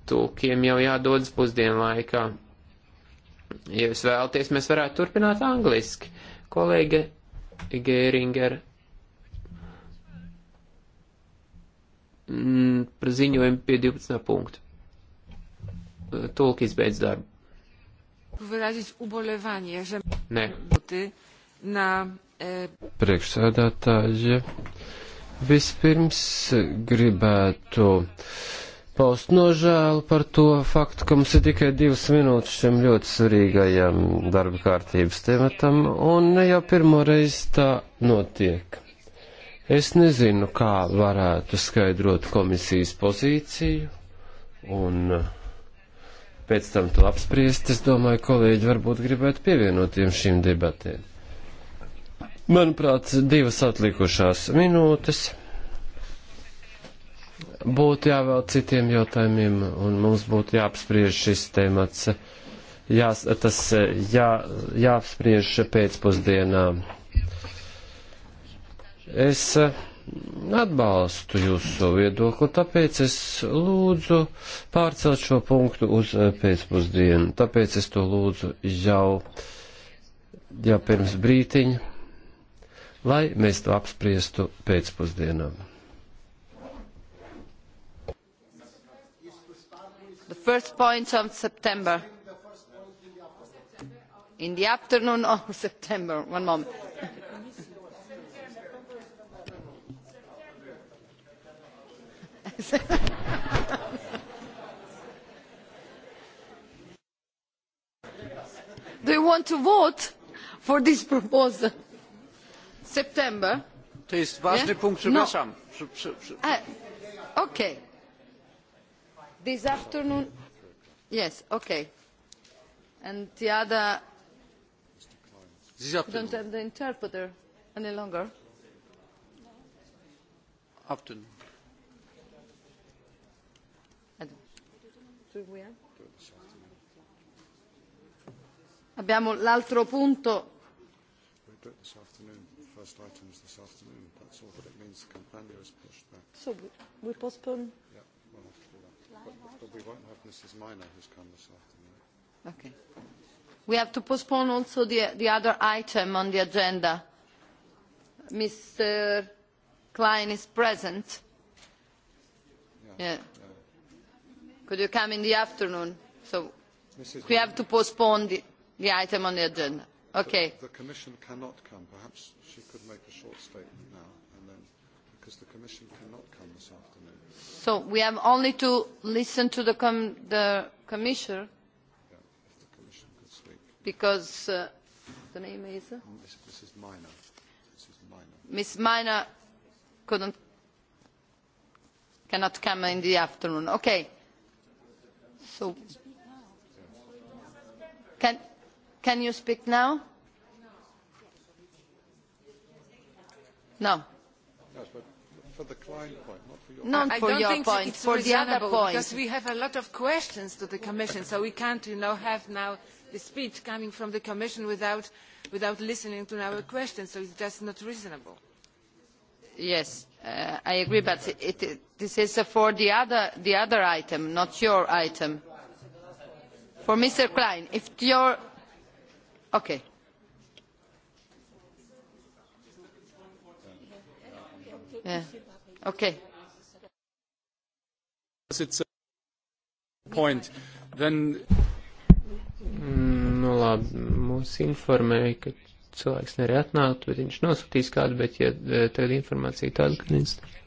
Tūkiem jau jādodas pusdienlaikā. Ja jūs vēlaties, mēs varētu turpināt angliski. Kolēģe Gēringer mm, par ziņojumu pie 12. punktu. Tulk izbeidz darbu. Nē. E, Priekšsēdētāji, vispirms gribētu uh, paust nožēlu par to faktu, ka mums ir tikai divas minūtes šim ļoti svarīgajam darba kārtības tematam, un ne jau pirmo reizi tā notiek. Es nezinu, kā varētu skaidrot komisijas pozīciju, un pēc tam to apspriest, es domāju, kolēģi varbūt gribētu pievienotiem šīm debatēm. Manuprāt, divas atlikušās minūtes būtu jāvēl citiem jautājumiem, un mums būtu jāapspriež šis temats. Jā, tas jā, jāapspriež pēcpusdienā. Es atbalstu jūsu viedokli, tāpēc es lūdzu pārcelt šo punktu uz pēcpusdienu. Tāpēc es to lūdzu jau, jau pirms brītiņa, lai mēs to apspriestu pēcpusdienām. the first point of september in the afternoon of (laughs) september one moment (laughs) do you want to vote for this proposal september to jest ważny punkt przepraszam okej this afternoon yes okay and the other this afternoon. don't have the interpreter any longer afternoon abbiamo l'altro punto this afternoon first item is this afternoon that's all but it means Campania is pushed back so we, we postpone But we won't have Mrs. Miner who's come this afternoon. Okay. We have to postpone also the, the other item on the agenda. Mr. Klein is present. Yeah. yeah. yeah. Could you come in the afternoon? So Mrs. we have to postpone the, the item on the agenda. Okay. The, the Commission cannot come. Perhaps she could make a short statement now because the Commission cannot come this afternoon. So we have only to listen to the, com the Commissioner? Yeah, if the Commission could speak. Because uh, the name is? Ms. Uh, oh, Mrs. Minor. Mrs. Minor. Ms. Minor couldn't, cannot come in the afternoon. Okay. So can, can you speak now? No. Yes, but for the client point, not for your point. Not for your think point, it's for the other point. Because we have a lot of questions to the Commission, so we can't you know, have now the speech coming from the Commission without, without listening to our questions, so it's just not reasonable. Yes, uh, I agree, but it, it, this is for the other, the other item, not your item. For Mr. Klein, if your... Okay. Yeah. Okay. It's a point. Then... Mm, nu labi, mūs informēja, ka cilvēks nevar atnākt, bet viņš nosūtīs kādu, bet ja eh, tagad informācija tāda, ka nezinu.